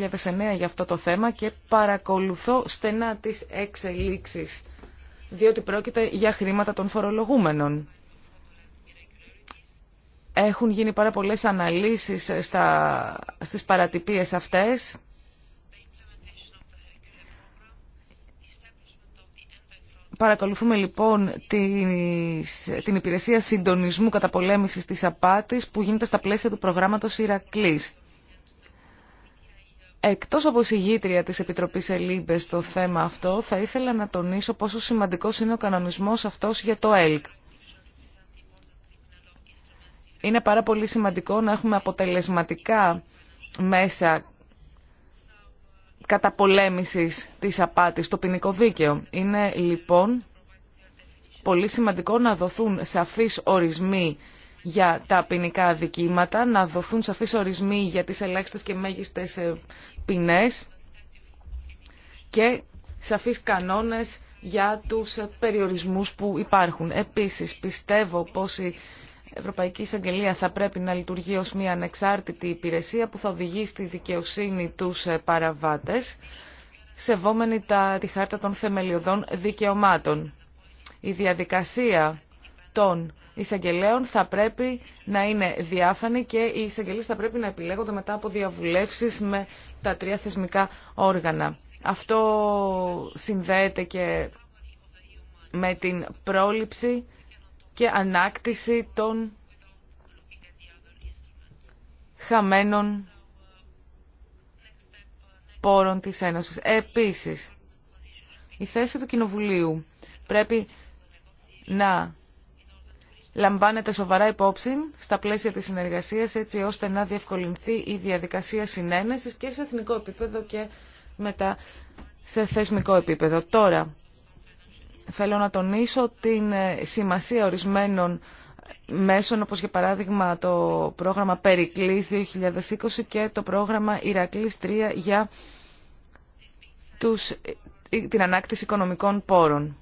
για αυτό το θέμα και παρακολουθώ στενά τις εξελίξεις διότι πρόκειται για χρήματα των φορολογούμενων. Έχουν γίνει πάρα πολλές αναλύσεις στα, στις παρατυπίες αυτές. Παρακολουθούμε λοιπόν τις, την υπηρεσία συντονισμού καταπολέμησης της απάτης που γίνεται στα πλαίσια του προγράμματος Ηρακλής. Εκτός από συγγήτρια της Επιτροπής Ελίμπε στο θέμα αυτό, θα ήθελα να τονίσω πόσο σημαντικός είναι ο κανονισμός αυτός για το ΕΛΚ. Είναι πάρα πολύ σημαντικό να έχουμε αποτελεσματικά μέσα καταπολέμησης της απάτης στο ποινικό δίκαιο. Είναι λοιπόν πολύ σημαντικό να δοθούν σαφείς ορισμοί για τα ποινικά αδικήματα, να δοθούν σαφείς ορισμοί για τις ελάχιστες και μέγιστες ε, ποινές και σαφείς κανόνες για τους ε, περιορισμούς που υπάρχουν. Επίσης, πιστεύω πως η Ευρωπαϊκή Εισαγγελία θα πρέπει να λειτουργεί ως μια ανεξάρτητη υπηρεσία που θα οδηγεί στη δικαιοσύνη τους ε, παραβάτες, σεβόμενη τα, τη χάρτα των θεμελιωδών δικαιωμάτων. Η διαδικασία των εισαγγελέων θα πρέπει να είναι διάφανοι και οι εισαγγελίε θα πρέπει να επιλέγονται μετά από διαβουλεύσει με τα τρία θεσμικά όργανα. Αυτό συνδέεται και με την πρόληψη και ανάκτηση των χαμένων πόρων της Ένωσης. Επίσης, η θέση του Κοινοβουλίου πρέπει να λαμβάνεται σοβαρά υπόψη στα πλαίσια της συνεργασίας έτσι ώστε να διευκολυνθεί η διαδικασία συνένεσης και σε εθνικό επίπεδο και μετά σε θεσμικό επίπεδο. Τώρα, θέλω να τονίσω την ε, σημασία ορισμένων μέσων όπως για παράδειγμα το πρόγραμμα Περικλής 2020 και το πρόγραμμα Ηρακλής 3 για τους, ε, την ανάκτηση οικονομικών πόρων.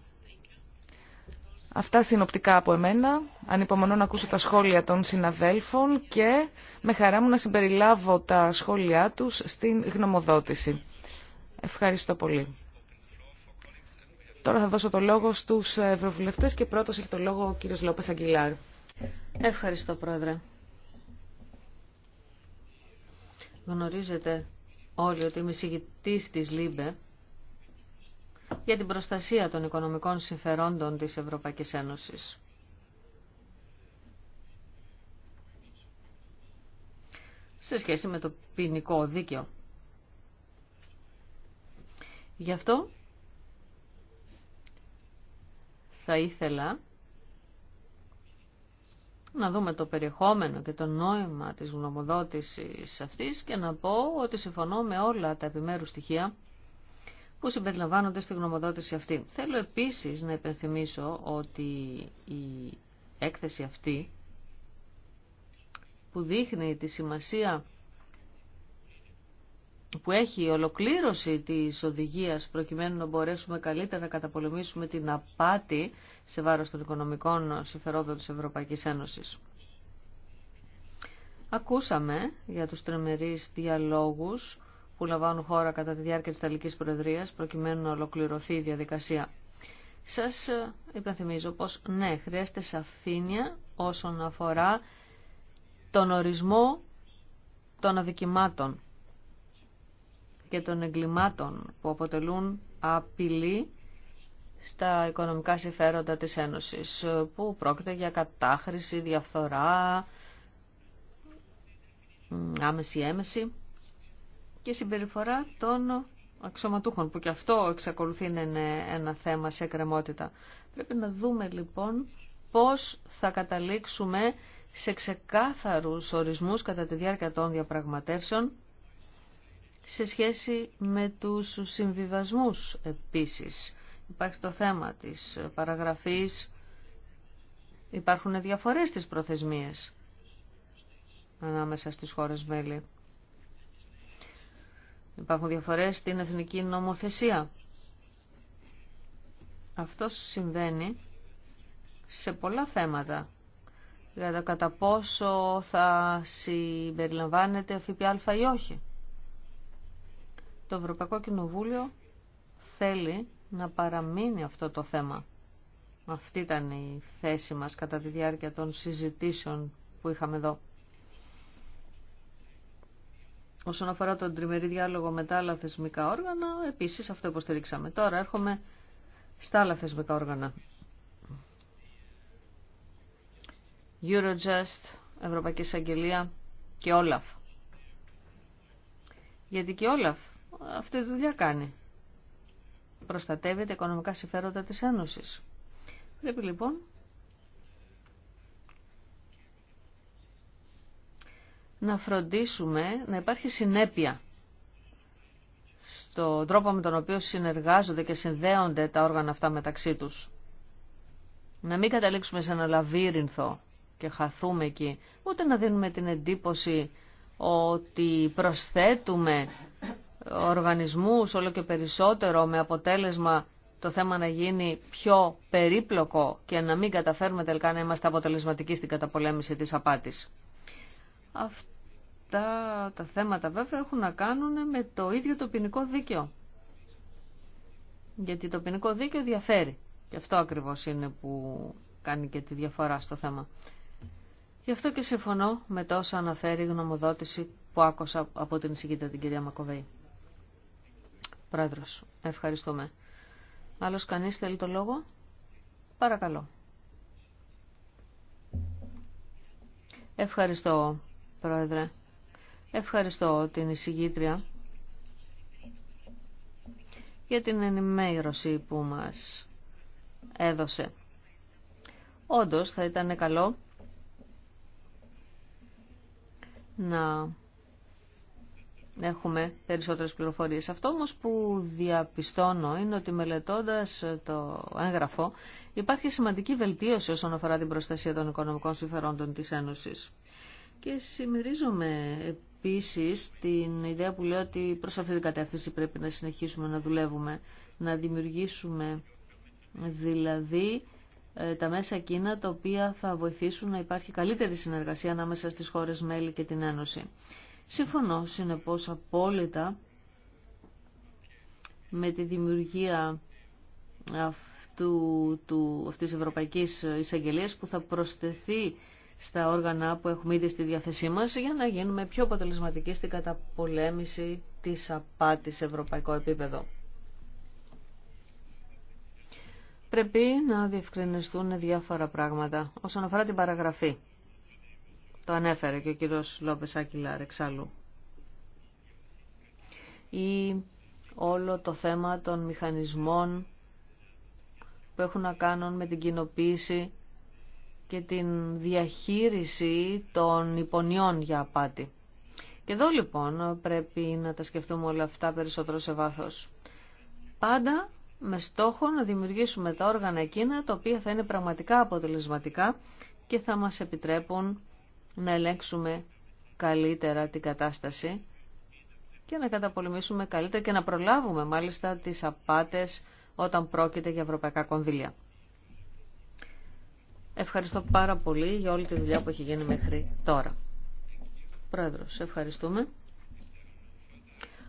Αυτά συνοπτικά από εμένα. Ανυπομονώ να ακούσω τα σχόλια των συναδέλφων και με χαρά μου να συμπεριλάβω τα σχόλιά τους στην γνωμοδότηση. Ευχαριστώ πολύ. Τώρα θα δώσω το λόγο στους ευρωβουλευτές και πρώτος έχει το λόγο ο κύριος Λόπες Αγγιλάρ. Ευχαριστώ πρόεδρε. Γνωρίζετε όλοι ότι είμαι συγητής της ΛΥΜΠΕ για την προστασία των οικονομικών συμφερόντων της Ευρωπαϊκής Ένωσης. σε σχέση με το ποινικό δίκαιο. Γι' αυτό θα ήθελα να δούμε το περιεχόμενο και το νόημα της γνωμοδότησης αυτής και να πω ότι συμφωνώ με όλα τα επιμέρους στοιχεία που συμπεριλαμβάνονται στη γνωμοδότηση αυτή. Θέλω επίσης να υπενθυμίσω ότι η έκθεση αυτή που δείχνει τη σημασία που έχει η ολοκλήρωση της οδηγίας προκειμένου να μπορέσουμε καλύτερα να καταπολεμήσουμε την απάτη σε βάρος των οικονομικών συμφερόντων της Ευρωπαϊκής Ένωσης. Ακούσαμε για τους τρεμερείς διαλόγους που λαμβάνουν χώρα κατά τη διάρκεια της Ιταλικής Προεδρίας προκειμένου να ολοκληρωθεί η διαδικασία. Σας ε, υπενθυμίζω πως ναι, χρειάζεται σαφήνεια όσον αφορά τον ορισμό των αδικημάτων και των εγκλημάτων που αποτελούν απειλή στα οικονομικά συμφέροντα της Ένωσης, ε, που πρόκειται για κατάχρηση, διαφθορά, άμεση-έμεση και συμπεριφορά των αξιωματούχων, που και αυτό εξακολουθεί να είναι ένα θέμα σε κρεμότητα. Πρέπει να δούμε λοιπόν πώς θα καταλήξουμε σε ξεκάθαρους ορισμούς κατά τη διάρκεια των διαπραγματεύσεων σε σχέση με τους συμβιβασμούς επίσης. Υπάρχει το θέμα της παραγραφής, υπάρχουν διαφορές στις προθεσμίες ανάμεσα στις χώρες μέλη. Υπάρχουν διαφορές στην εθνική νομοθεσία. Αυτό συμβαίνει σε πολλά θέματα. Για το κατά πόσο θα συμπεριλαμβάνεται ΦΠΑ ή όχι. Το Ευρωπαϊκό Κοινοβούλιο θέλει να παραμείνει αυτό το θέμα. Αυτή ήταν η θέση μας κατά τη διάρκεια των συζητήσεων που είχαμε εδώ. Όσον αφορά τον τριμερή διάλογο με τα άλλα θεσμικά όργανα, επίσης αυτό υποστηρίξαμε. Τώρα έρχομαι στα άλλα θεσμικά όργανα. Eurojust, Ευρωπαϊκή Εισαγγελία και Όλαφ. Γιατί και Όλαφ αυτή τη δουλειά κάνει. Προστατεύει τα οικονομικά συμφέροντα της Ένωσης. Πρέπει λοιπόν να φροντίσουμε να υπάρχει συνέπεια στον τρόπο με τον οποίο συνεργάζονται και συνδέονται τα όργανα αυτά μεταξύ τους. Να μην καταλήξουμε σε ένα λαβύρινθο και χαθούμε εκεί, ούτε να δίνουμε την εντύπωση ότι προσθέτουμε οργανισμούς όλο και περισσότερο με αποτέλεσμα το θέμα να γίνει πιο περίπλοκο και να μην καταφέρουμε τελικά να είμαστε αποτελεσματικοί στην καταπολέμηση της απάτης. Αυτά τα θέματα βέβαια έχουν να κάνουν με το ίδιο το ποινικό δίκαιο. Γιατί το ποινικό δίκαιο διαφέρει. Και αυτό ακριβώς είναι που κάνει και τη διαφορά στο θέμα. Γι' αυτό και συμφωνώ με τόσα αναφέρει η γνωμοδότηση που άκουσα από την εισηγήτρια την κυρία Μακοβέη. Πρόεδρος, ευχαριστούμε. Άλλος κανείς θέλει το λόγο. Παρακαλώ. Ευχαριστώ, Πρόεδρε. Ευχαριστώ την εισηγήτρια για την ενημέρωση που μας έδωσε. Όντως θα ήταν καλό να έχουμε περισσότερες πληροφορίες. Αυτό όμως που διαπιστώνω είναι ότι μελετώντας το έγγραφο υπάρχει σημαντική βελτίωση όσον αφορά την προστασία των οικονομικών συμφερόντων της Ένωσης. Και συμμερίζομαι επίσης την ιδέα που λέω ότι προς αυτή την κατεύθυνση πρέπει να συνεχίσουμε να δουλεύουμε, να δημιουργήσουμε δηλαδή ε, τα μέσα εκείνα τα οποία θα βοηθήσουν να υπάρχει καλύτερη συνεργασία ανάμεσα στις χώρες μέλη και την Ένωση. Συμφωνώ συνεπώς απόλυτα με τη δημιουργία αυτού, του, αυτής της Ευρωπαϊκής Εισαγγελίας που θα προσθεθεί στα όργανα που έχουμε ήδη στη διάθεσή μας για να γίνουμε πιο αποτελεσματικοί στην καταπολέμηση της απάτης σε ευρωπαϊκό επίπεδο. Πρέπει να διευκρινιστούν διάφορα πράγματα όσον αφορά την παραγραφή. Το ανέφερε και ο κύριος Λόπες Άκυλαρ εξάλλου. Ή όλο το θέμα των μηχανισμών που έχουν να κάνουν με την κοινοποίηση και την διαχείριση των υπονιών για απάτη. Και εδώ λοιπόν πρέπει να τα σκεφτούμε όλα αυτά περισσότερο σε βάθος. Πάντα με στόχο να δημιουργήσουμε τα όργανα εκείνα τα οποία θα είναι πραγματικά αποτελεσματικά και θα μας επιτρέπουν να ελέγξουμε καλύτερα την κατάσταση και να καταπολεμήσουμε καλύτερα και να προλάβουμε μάλιστα τις απάτες όταν πρόκειται για ευρωπαϊκά κονδύλια. Ευχαριστώ πάρα πολύ για όλη τη δουλειά που έχει γίνει μέχρι τώρα. σε ευχαριστούμε.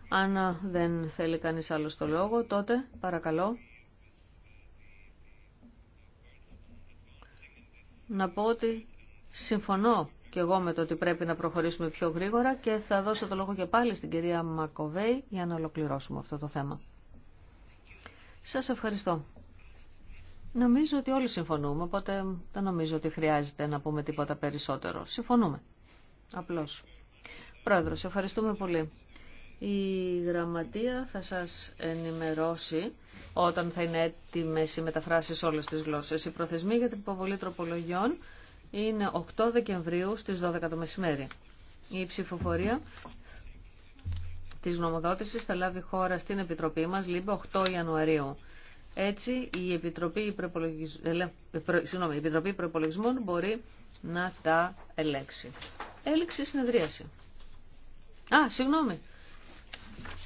Αν δεν θέλει κανείς άλλο το λόγο, τότε παρακαλώ να πω ότι συμφωνώ και εγώ με το ότι πρέπει να προχωρήσουμε πιο γρήγορα και θα δώσω το λόγο και πάλι στην κυρία Μακοβέη για να ολοκληρώσουμε αυτό το θέμα. Σας ευχαριστώ. Νομίζω ότι όλοι συμφωνούμε, οπότε δεν νομίζω ότι χρειάζεται να πούμε τίποτα περισσότερο. Συμφωνούμε. Απλώς. Πρόεδρος, ευχαριστούμε πολύ. Η γραμματεία θα σας ενημερώσει όταν θα είναι έτοιμες οι μεταφράσεις όλες τις γλώσσες. Η προθεσμία για την υποβολή τροπολογιών είναι 8 Δεκεμβρίου στις 12 το μεσημέρι. Η ψηφοφορία της νομοδότησης θα λάβει χώρα στην Επιτροπή μας λίγο 8 Ιανουαρίου. Έτσι η Επιτροπή, Προπολογισ... η Επιτροπή Προπολογισμών μπορεί να τα ελέξει. Έληξη συνεδρίαση. Α, συγγνώμη.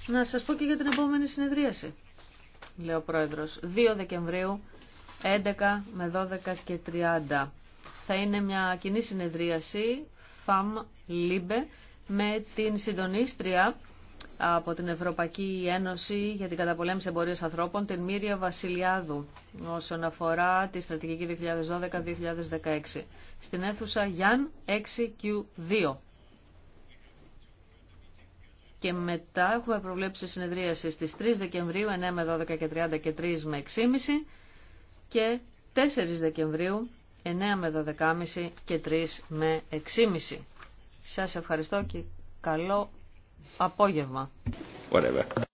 Να σας πω και για την επόμενη συνεδρίαση, λέει ο Πρόεδρος. 2 Δεκεμβρίου, 11 με 12 και 30. Θα είναι μια κοινή συνεδρίαση, συνεδρίαση, FAM-LIBE, με την συντονίστρια από την Ευρωπαϊκή Ένωση για την καταπολέμηση εμπορία ανθρώπων, την Μύρια Βασιλιάδου, όσον αφορά τη στρατηγική 2012-2016, στην αίθουσα Γιάν 6Q2. Και μετά έχουμε προβλέψει συνεδρίαση στις 3 Δεκεμβρίου, 9 με 12 και 30 και 3 με 6,5 και 4 Δεκεμβρίου, 9 με 12,5 και 3 με 6,5. Σας ευχαριστώ και καλό απόγευμα. Whatever.